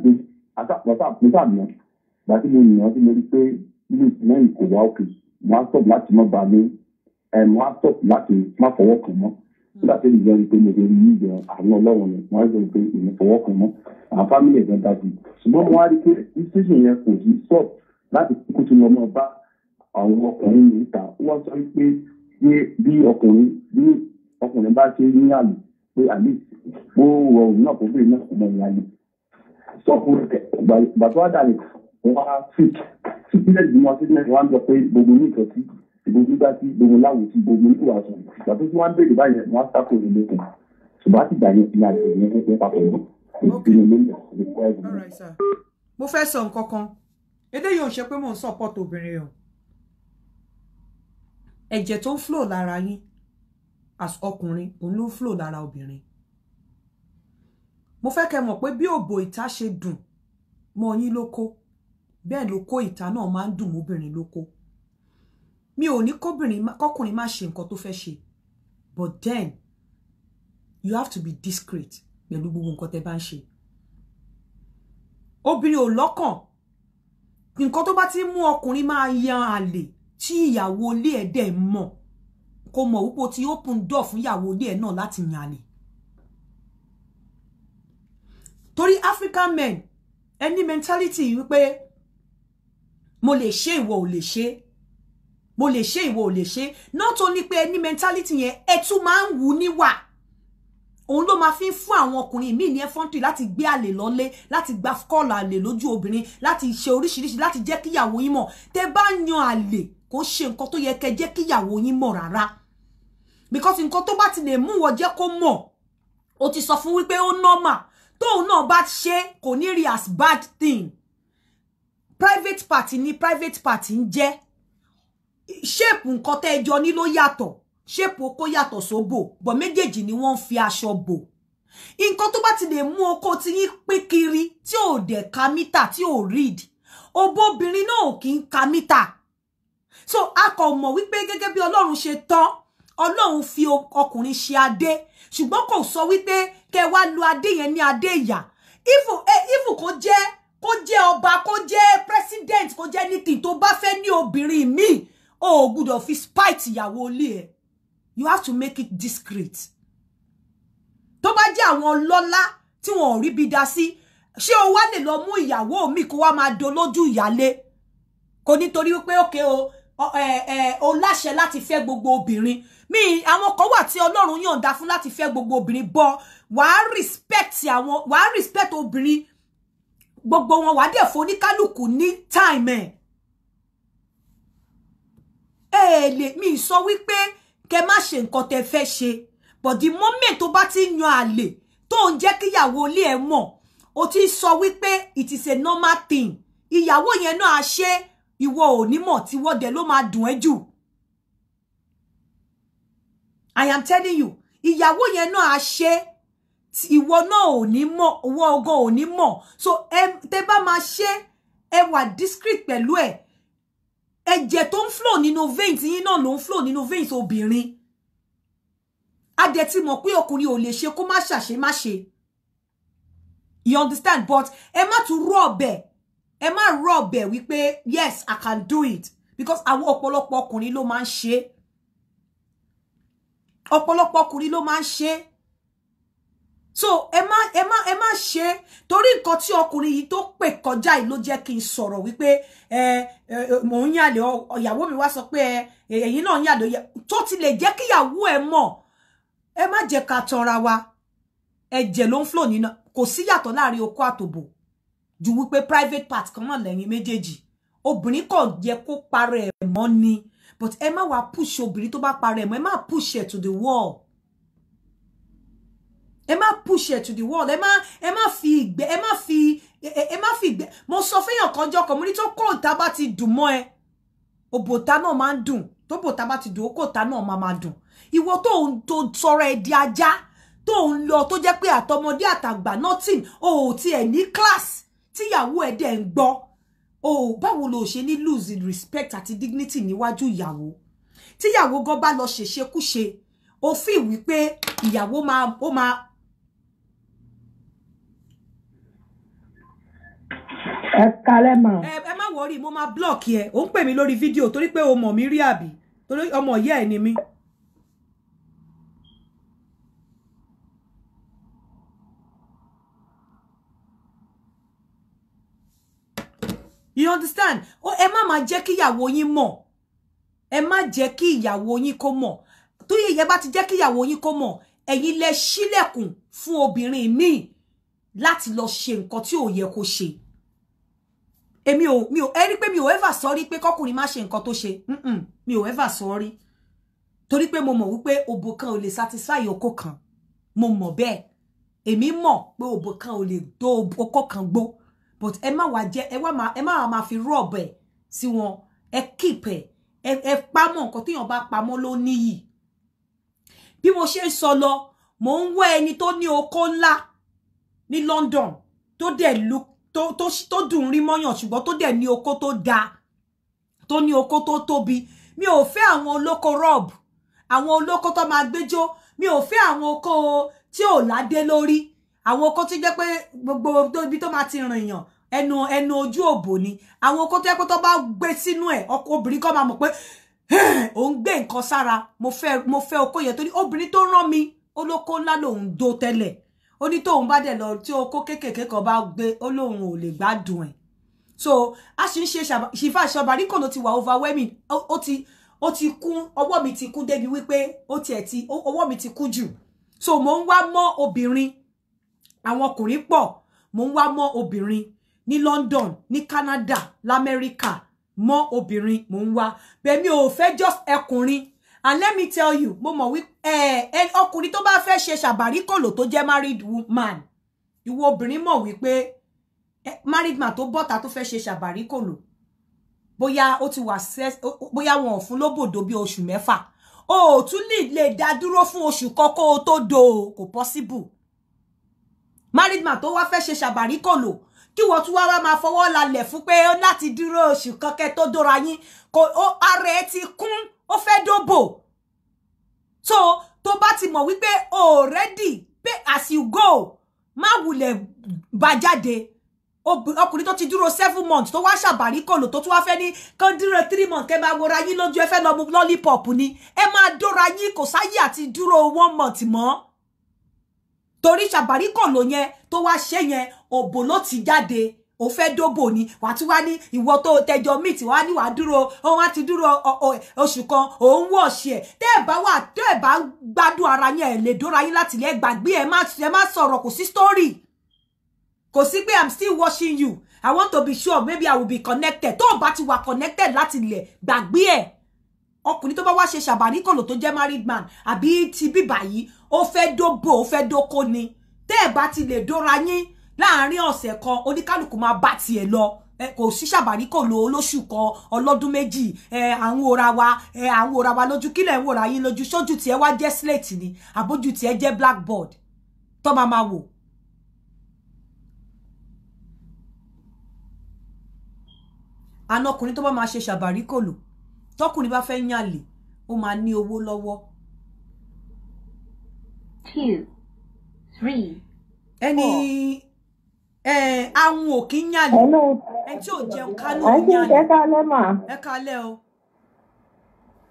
mo á stop láti má bàa mi mo á stop láti má fọwọ́ kàn mọ́ nígbà tí ìjọ rí pé mo lè rí ìjọ àwọn ọlọ́run ni mo á rí pé èmi fọwọ́ kàn mọ́ àwọn fámìlì ẹ̀gbọ́n dájú ṣùgbọ́n mo á rí pé decision yẹn kò ní stop láti kú tí mo máa bá àwọn ọkùnrin mi ta wọ́n sọ pé bí ọkùnrin bí ọkùnrin bá ṣe ní àlè pé àlè ó rọrùn náà kó bèrè náà kó mọ ìyá yìí sọ́ọ̀kù rẹ̀ bàtúwádà rẹ̀ wọ́n á fìkì fitness ni wọn fitness wọn sọ pé gbogbo ní ìtọ́sí gbogbo nígbà tí gbogbo láwùjọ tí gbogbo ní ìwà sọ ìgbà tó tí wọn béèrè báyìí wọn sáko ìlú kan ṣùgbọ́n àti ìgbà yẹn ìlànà ìyẹn pẹ́pẹ́ papọ̀ mọ́ ìpinnu ló ń bọ̀ nípa mo fẹ́ sọ nǹkan kan eléyìí ò ṣe pé mò ń support obìnrin o ẹ̀jẹ̀ tó ń flow lára yín as ọkùnrin òun ló ń flow lára obìnrin mo fẹ́ kẹ́ mọ̀ pé bí òbò ìta ṣe dùn mọ́ yín ló kó bẹ́ẹ̀ lóko ìta náà máa ń dùn mọ́bìnrin lóko mi ò ní kóbìnrin kọkùnrin má ṣe nǹkan tó fẹ́ ṣe but then you have to be discreet pẹ̀lú gbogbo nǹkan tẹ́ bá ń ṣe obìnrin ò lọ́kàn nǹkan tó bá ti mú ọkùnrin máa yan àlè tí ìyàwó ilé ẹ̀ dẹ̀ mọ̀ kò mọ̀ wípé ti open door fún ìyàwó ilé ẹ̀ náà láti yan àlè torí African men ẹni mentality wípé mo lè ṣe ìwọ ò lè ṣe mo lè ṣe ìwọ ò lè ṣe not only pé ẹ mentality yẹn ẹ tún máa ń wù níwà òun ló máa fi ń fún àwọn ọkùnrin míì ní ẹfọ́ntì láti gbé àlè lọ́lé láti gba kọ́ọ̀lù àlè lójú obìnrin láti ṣe oríṣiríṣi láti jẹ́ kíyàwó yín mọ̀ tẹ́ bá yan àlè kó ṣe nǹkan tó yẹ kẹ́ jẹ́ kíyàwó yín mọ̀ rárá because nǹkan tó bá ti lè mú wọ jẹ́ kó mọ̀ o ti sọ fún wípé ó normal tóun náà bá ṣe kò ní rí as bad thing private party ni private party ń jẹ́ ṣéèpù nǹkan tẹ́ ẹ jọ ní ló yàtọ̀ ṣéèpù okó yàtọ̀ sóbò bọ̀ ni wọ́n ń fi aṣọ bò nǹkan tó bá ti de mú okó tí yín pín kiri tí ò dẹ̀ ka mítà read obo náà ò kì í ka so ako mo mọ̀ wípé gẹ́gẹ́ bí ọlọ́run ṣe tán ọlọ́run fi ọkùnrin ṣe adé ṣùgbọ́n kò sọ wípé kẹ wá lo adé yẹn ní adé ìyà ifu eh, ifu kò jẹ́ kó jẹ́ ọba kó jẹ́ president kó jẹ́ anything tó bá fẹ́ ní obìnrin míì o ò gbúdọ̀ fi spite ìyàwó ilé ẹ̀ you have to make it discreet tó bá jẹ́ àwọn ọlọ́lá tí wọn ò rí bi dá sí ṣé o wá lè lọ mú ìyàwó mi kó wá máa dolójú ìyálé kò nítorí wípé òkè o o láṣẹ láti fẹ́ gbogbo obìnrin mi àwọn kan wà tí Ọlọ́run yọ̀ǹda fún láti fẹ́ gbogbo obìnrin bọ́ wàá respect àwọn wàá respect obìnrin gbogbo wọn wà dẹ̀ foníkálùkù ní time ẹ̀ ẹ lè mi sọ wípé kẹ má ṣe nǹkan tẹ fẹ́ ṣe but the moment tó bá ti yan àlè tó ń jẹ́ kíyàwó ilé ẹ̀ mọ̀ o ti sọ wípé it is a normal thing ìyàwó yẹn náà ṣe ìwọ ò ní mọ̀ tí wọ́dẹ ló máa dùn ẹ́ jù i am telling you ìyàwó yẹn náà ṣe ìwọ náà ò ní mọ̀ owó ọgọ́ ò ní mọ̀ so ẹ tẹ bá máa ṣe ẹ wà discreet pẹ̀lú ẹ ẹ̀jẹ̀ tó ń flow nínú veins yín náà ló ń flow nínú veins obìnrin a dẹ̀ ti mọ̀ pé ọkùnrin ò lè ṣe kó má ṣàṣe má ṣe you understand but ẹ má tún rú ọbẹ̀ ẹ má rú ọbẹ̀ wípé yes i can do it because àwọn ọ̀pọ̀lọpọ̀ ọkùnrin ló máa ń ṣe ọ̀pọ̀lọpọ̀ ọkùnrin ló máa so ẹ má ẹ má ẹ má ṣe torí nǹkan tí ọkùnrin yìí tó pè kọjá yìí ló jẹ́ kí n sọ̀rọ̀ wípé ẹ mò ń yàlè ìyàwó mi wá sọ pé ẹ ẹ̀yin náà ń yàlè tó ti lè jẹ́ kíyàwó ẹ mọ̀ ẹ má jẹ́ ká tanra wa ẹ̀jẹ̀ ló ń flow nínú kò sí yàtọ̀ láàrin okó àtòbò ju wípé private part kan náà lẹ́yìn méjèèjì obìnrin kàn yẹ kó parẹ́ ẹ̀ mọ́ ni but ẹ má wá push obìnrin tó bá parẹ́ ẹ̀ mọ́ ẹ má push ẹ̀ to the wall ẹ má push it to the world. ẹ má ẹ má fi ìgbẹ́ ẹ má fi ẹ má fi ìgbẹ́ mo sọ fẹ́yàn kan jọ kan mo ní tó kó òta bá ti dùn mọ́ ẹ òbòta náà máa ń dùn tó bòta bá ti dùn ó kó òta náà máa máa dùn ìwọ tó ń tó sọ̀rọ̀ ẹ di ajá tó ń lọ tó jẹ́ pé àtọmọdé àtàgbà nothing o ò tiẹ̀ ní class tíyàwó ẹ̀ dẹ̀ ń gbọ́ o báwo lo ṣe ní lose respect àti dignity níwájú ìyàwó tíyàwó gan bá lọ ṣèṣekúṣe òfin wípé ìyàwó máa ó máa ẹ kalẹ́ mà. ẹ má wọrí mo máa block yẹ ò ń pè mí lórí fídíò torí pé o mọ̀ mí rí àbí torí ọmọ ìyá ẹ̀ ni mí. you understand ó ẹ má máa jẹ́ kí ìyàwó yín mọ̀ ẹ má jẹ́ kí ìyàwó yín kó mọ̀ tó yẹ ìyẹn bá ti jẹ́ kí ìyàwó yín kó mọ̀ ẹ̀yin lẹ ṣílẹ̀kùn fún obìnrin míì láti lọ ṣe nǹkan tí ò yẹ kó ṣe. Emi o, mi o. ẹ rí pé mi o ever sorry. Pe pé kọkùnrin má ṣe nǹkan tó ṣe mi o ever sorry. Tori pe pé mo mọ̀ wípé òbò kan ò lè satisfy okó kan mo mọ̀ bẹ́ẹ̀ èmi mọ̀ pé òbò kan ò lè dó okó kan gbó but ẹ má wá jẹ ẹ wá má ẹ má wá má fi rub ẹ sí wọn e keep ẹ ẹ pamọ́ nǹkan téèyàn bá pamọ́ ló níyì bí mo ṣe ń sọ lọ mo ń wá ẹni tó ní okó ni London tó dẹ̀ look tó tó to dùn rí mọ́yàn ṣùgbọ́n tó dẹ̀ ní oko tó dáa tó ní oko tó tóbi mi ò fẹ́ àwọn olóko rob àwọn olóko tó máa gbéjó mi ò fẹ́ àwọn oko tí ò ládé lori. àwọn oko tó jẹ́ pé gbogbo ibi tó máa ti rìn yàn ẹnu ẹnu ojú òbò ni àwọn oko tó jẹ́ pé tó bá gbé sínú ẹ̀ ọkọ obìnrin kan máa mọ̀ pé ò ń gbé nǹkan sára mo fe mo fe oko to ni. obìnrin tó rán mi olóko ńlá lòun dó tẹ́lẹ̀ ó ní tóun bá dẹ̀ lọ tí okó kéékèèké kan bá gbé ó lóun ò lè gbádùn ẹ̀ so a sì ń ṣe ṣìfà ṣọbarí kò ló ti wà overwhelming ó ti ó ti kún ọwọ́ mi ti kún débi wípé ó tiẹ̀ ti ọwọ́ mi ti kún jù so mò ń wá mọ́ obìnrin àwọn ọkùnrin pọ̀ mò ń wá mọ́ obìnrin ní London ní Canada lamẹ́ríkà mọ́ obìnrin mò ń wá bẹ́ẹ̀ mi ò fẹ́ just ẹkùnrin and let me tell you mo mọ̀ wípé ọkùnrin tó bá fẹ́ ṣe ṣàbáríkòlò tó jẹ́ married woman ìwọ obìnrin mọ̀ wípé married man tó bọ́ta tó fẹ́ ṣe ṣàbáríkòlò Boya o ti wa bóyá wọn ò fún lóbòdó bí oṣù o ò tún lè dá dúró fún oṣù kọ́kọ́ o tó do ko possible married man to wa fe ṣe ṣàbáríkòlò kí wọ́n tún wa wa máa fọwọ́ la le pé ó láti dúró oṣù kankan to dóra yín kò ó ara ti kún ó fẹ́ dóbò so to bá ti mọ̀ wípé already pé as you go má wulẹ̀ bá jáde ọkùnrin tó ti duro seven months To wá ṣàbárí kọlù To tún wá fẹ́ ní kán dúró three months kẹ́ máa wọra yín lójú ẹ fẹ́ lọ mu lollipop ni ẹ máa dóra yín kò sáyé àti dúró one month mo. torí ṣàbárí kọlù yẹn tó wá ṣe yẹn òbò ló ti jáde o fẹ́ dóbò ni wà tún wá ní ìwọ tó tẹjọ meet wá ní wà dúró o á ti dúró oṣù kan òun wọ̀ ṣe ẹ̀ tẹ́ ẹ̀ bá wà tẹ́ ẹ̀ bá gbádùn ara yẹn ẹ̀ lè dóra yín láti ilé gbàgbé ẹ̀ má sọ̀rọ̀ kò sí story kò sí pé i'm still watching you i want to be sure maybe i will be connected tó o bá ti wà connected láti ilé gbàgbé ẹ̀ ọkùnrin tó bá wá ṣe ṣàbáníkòlò tó jẹ́ married man àbí ti bíbà bayi. ó fẹ́ dóbò ó fẹ́ dóko ni tẹ́ ẹ̀ bá ti lè dóra yín láàárín ọ̀sẹ̀ kan oníkálukú máa bá tiẹ̀ lọ kò sí ṣàbàrí kò lo olóṣù kan ọlọ́dún méjì àwọn òra wa àwọn òra wa lójú kílẹ̀ ń wòra yín lójú sójú tiẹ̀ wá jẹ́ slate ni àbójú tiẹ̀ jẹ́ blackboard tó máa máa wò. àna ọkùnrin tó bá máa ṣe ṣàbàrí kò lò tọkùnrin bá fẹ́ yàn ó máa ní owó lọ́wọ́. two three ẹni àwọn ò kí ń yàlè ẹni tí ò jẹun kánú ń yàlè. ẹ kálẹ́ mà. ẹ kálẹ́ o.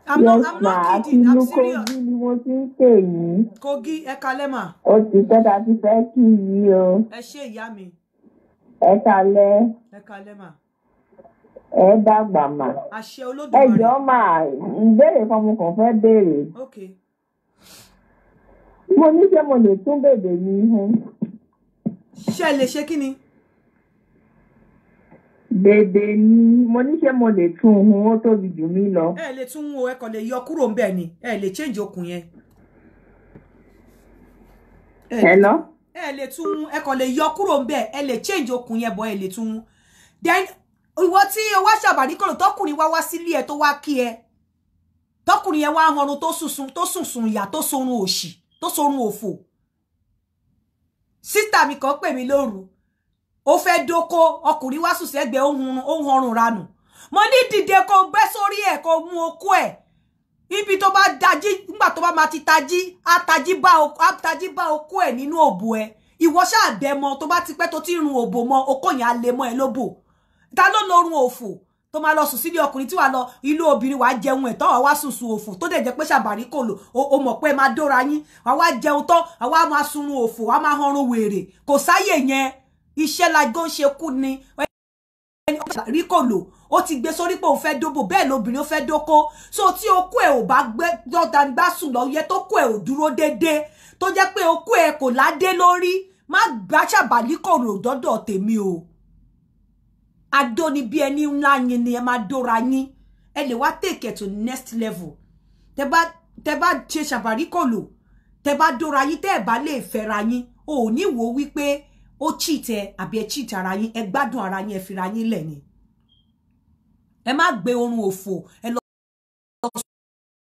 I'm not, I'm not kidding. I'm serious. Kogi ni mo ti ń pè yín. Kogi ẹ kálẹ́ mà. O ti fẹ́ ta ti fẹ́ kí yí o. Ẹ ṣé ìyá mi. Ẹ kálẹ́. Ẹ kálẹ́ mà. Ẹ dàgbà mà. Àṣẹ Olódùmarè. Ẹ jọ̀ọ́ mà ìbéèrè kan mo kàn fẹ́ béèrè. Okay. Mo ní ṣé mo lè tún bèbè mi hun ṣé ẹ lè ṣe kí ni. bèbè ni mo ní ṣé mo lè tún un ó tóbi jù mí lọ. ẹ lè tún un o ẹ kàn lè yọ kúrò ń bẹ ni ẹ lè change okùn yẹn. hello. ẹ lè tún un ẹ kàn lè yọ kúrò ń bẹ ẹ lè change okùn yẹn bọ ẹ lè tún un then ìwọ tí o wá ṣàbàrí kòrò tọkùnrin wá wá sílé ẹ tó wá kí ẹ tọkùnrin yẹn wá hanrun tó sùn sùn tó sùn sùn ìyà tó sorun òṣì tó sorun òfò sista mi kan pè mí lóru ó fẹ́ dóko ọkùnrin wá sùn sẹ́gbẹ̀ ohun ohun ọrùn mo ní dìde kó gbé sórí ẹ̀ kó mú ẹ̀ ibi tó bá daji nígbà tó bá ma ti tají bá bá ẹ̀ nínú òbò ẹ̀ tó ti tó ti run òbò tó máa lọ sùn sílé ọkùnrin tí wàá lọ ilé obìnrin wàá jẹun ẹ̀ tán wàá wá sùn sùn òfò tó dẹ̀ jẹ́ pé ṣàbàrí kò lò ó mọ̀ pé máa dóra yín wàá wá jẹun tán wàá wá máa sunrun òfò wàá máa hanrun wèrè kò sáyè yẹn iṣẹ́ la gbọ́n ṣe kú ni rí kò lò ó ti gbé sórí pé òun fẹ́ dóbò bẹ́ẹ̀ lobìnrin ó fẹ́ dóko so tí okú ẹ̀ ò bá gbé dọ́gba sùn lọ yẹ tó kú ẹ̀ ò dúró déédéé tó jẹ́ pé okú ẹ̀ kò ládé lórí má gbàṣàbàlíkòrò dọ́dọ̀ tèmi o. Adoni ni bí ẹni ńlá yín ni ẹ máa dóra yín ẹ lè wá take it to next level tẹ bá tẹ bá ṣe ṣàbàríkọ̀lò tẹ bá dóra yín tẹ ẹ bá lè fẹ́ra yín o ò ní wò wípé ó chìtẹ àbí ẹ chìtẹ ara yín ẹ gbádùn ara yín ẹ fira yín lẹ̀ ni ẹ má gbé orun òfò ẹ lọ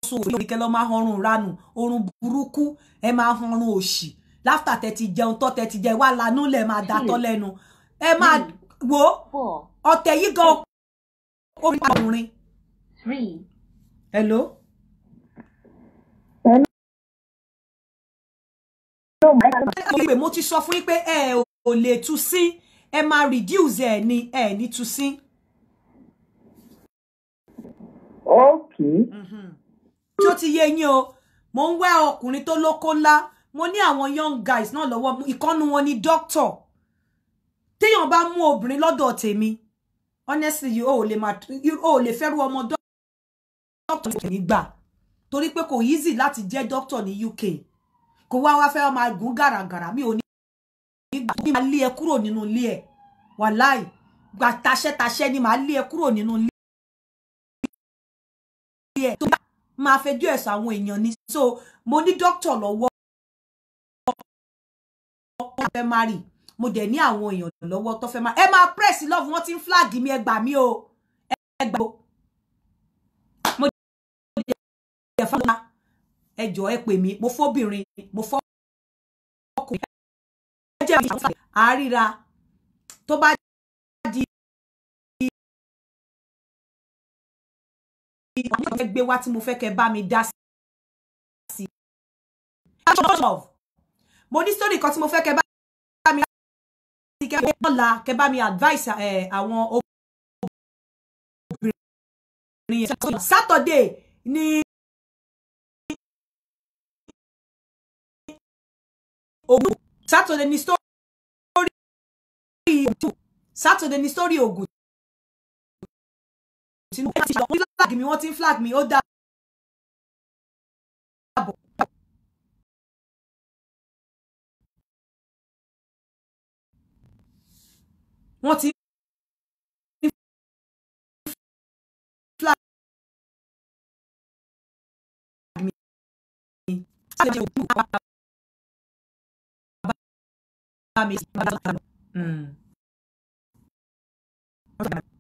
sùn òfò kẹ lọ máa ọrùn ranù orun burúkú ẹ máa ọrùn òṣì láfta tẹ ti jẹun to te ti jẹ wá lanú lẹ̀ máa da tọ́ lẹ́nu ẹ máa hmm wo ọ̀tẹ̀ yìí gan orin ọkùnrin. hello. ìpè mo ti sọ fún yín pé ẹ ò lè tu sí ẹ máa reduce ẹ ní ẹ ní tu sí. ok. tí mhm. ó ti yé yín o mo ń wá ọkùnrin tó lóko ńlá mo ní àwọn young guys náà lọ́wọ́ ìkọ́nu wọn ni doctor téèyàn bá mú obìnrin lọ́dọ̀ mi. honestly you ò lè máa le lè fẹ́rù ọmọ dókítà nígbà torí pé kò easy láti jẹ́ doctor ni UK kò wa wá fẹ́ máa gún gàràgàrà mi ò ní ìgbà ní máa lé ẹ kúrò nínú ilé ẹ wàláì gbà taṣẹ́taṣẹ́ ni Ma máa lé ẹ kúrò nínú ilé ẹ tó bá máa fẹjọ́ ẹ̀sùn àwọn èèyàn ni so mo ní dókítà lọ́wọ́ ọ̀pọ̀ fẹ́ máa rì mo dẹ̀ ní àwọn èèyàn lọ́wọ́ tó fẹ́ máa ẹ máa press love wọn ti ń flag mi ẹ gbà mí o ẹ gbà o mo dẹ̀ fún wa ẹ jọ ẹ pè mí mo fọ́bìnrin mo fọ́ ọkùnrin ẹ jẹ́ mi àríra tó bá di àwọn ẹgbẹ́ wa tí mo fẹ́ kẹ́ bá mi dá sí. mo ní sórí kan tí mo fẹ́ kẹ́ bá sí kẹ́ lọ́la kẹ́ bá mi advice àwọn obìnrin yẹn Saturday ni ogun Saturday ni story ogun Saturday ni story ogun tinubu ti lọ wọn flag mi wọn ti flag mi ó dá wọ́n ti ń flag mi láti ṣe òkú bá mi sí bá mi hmm.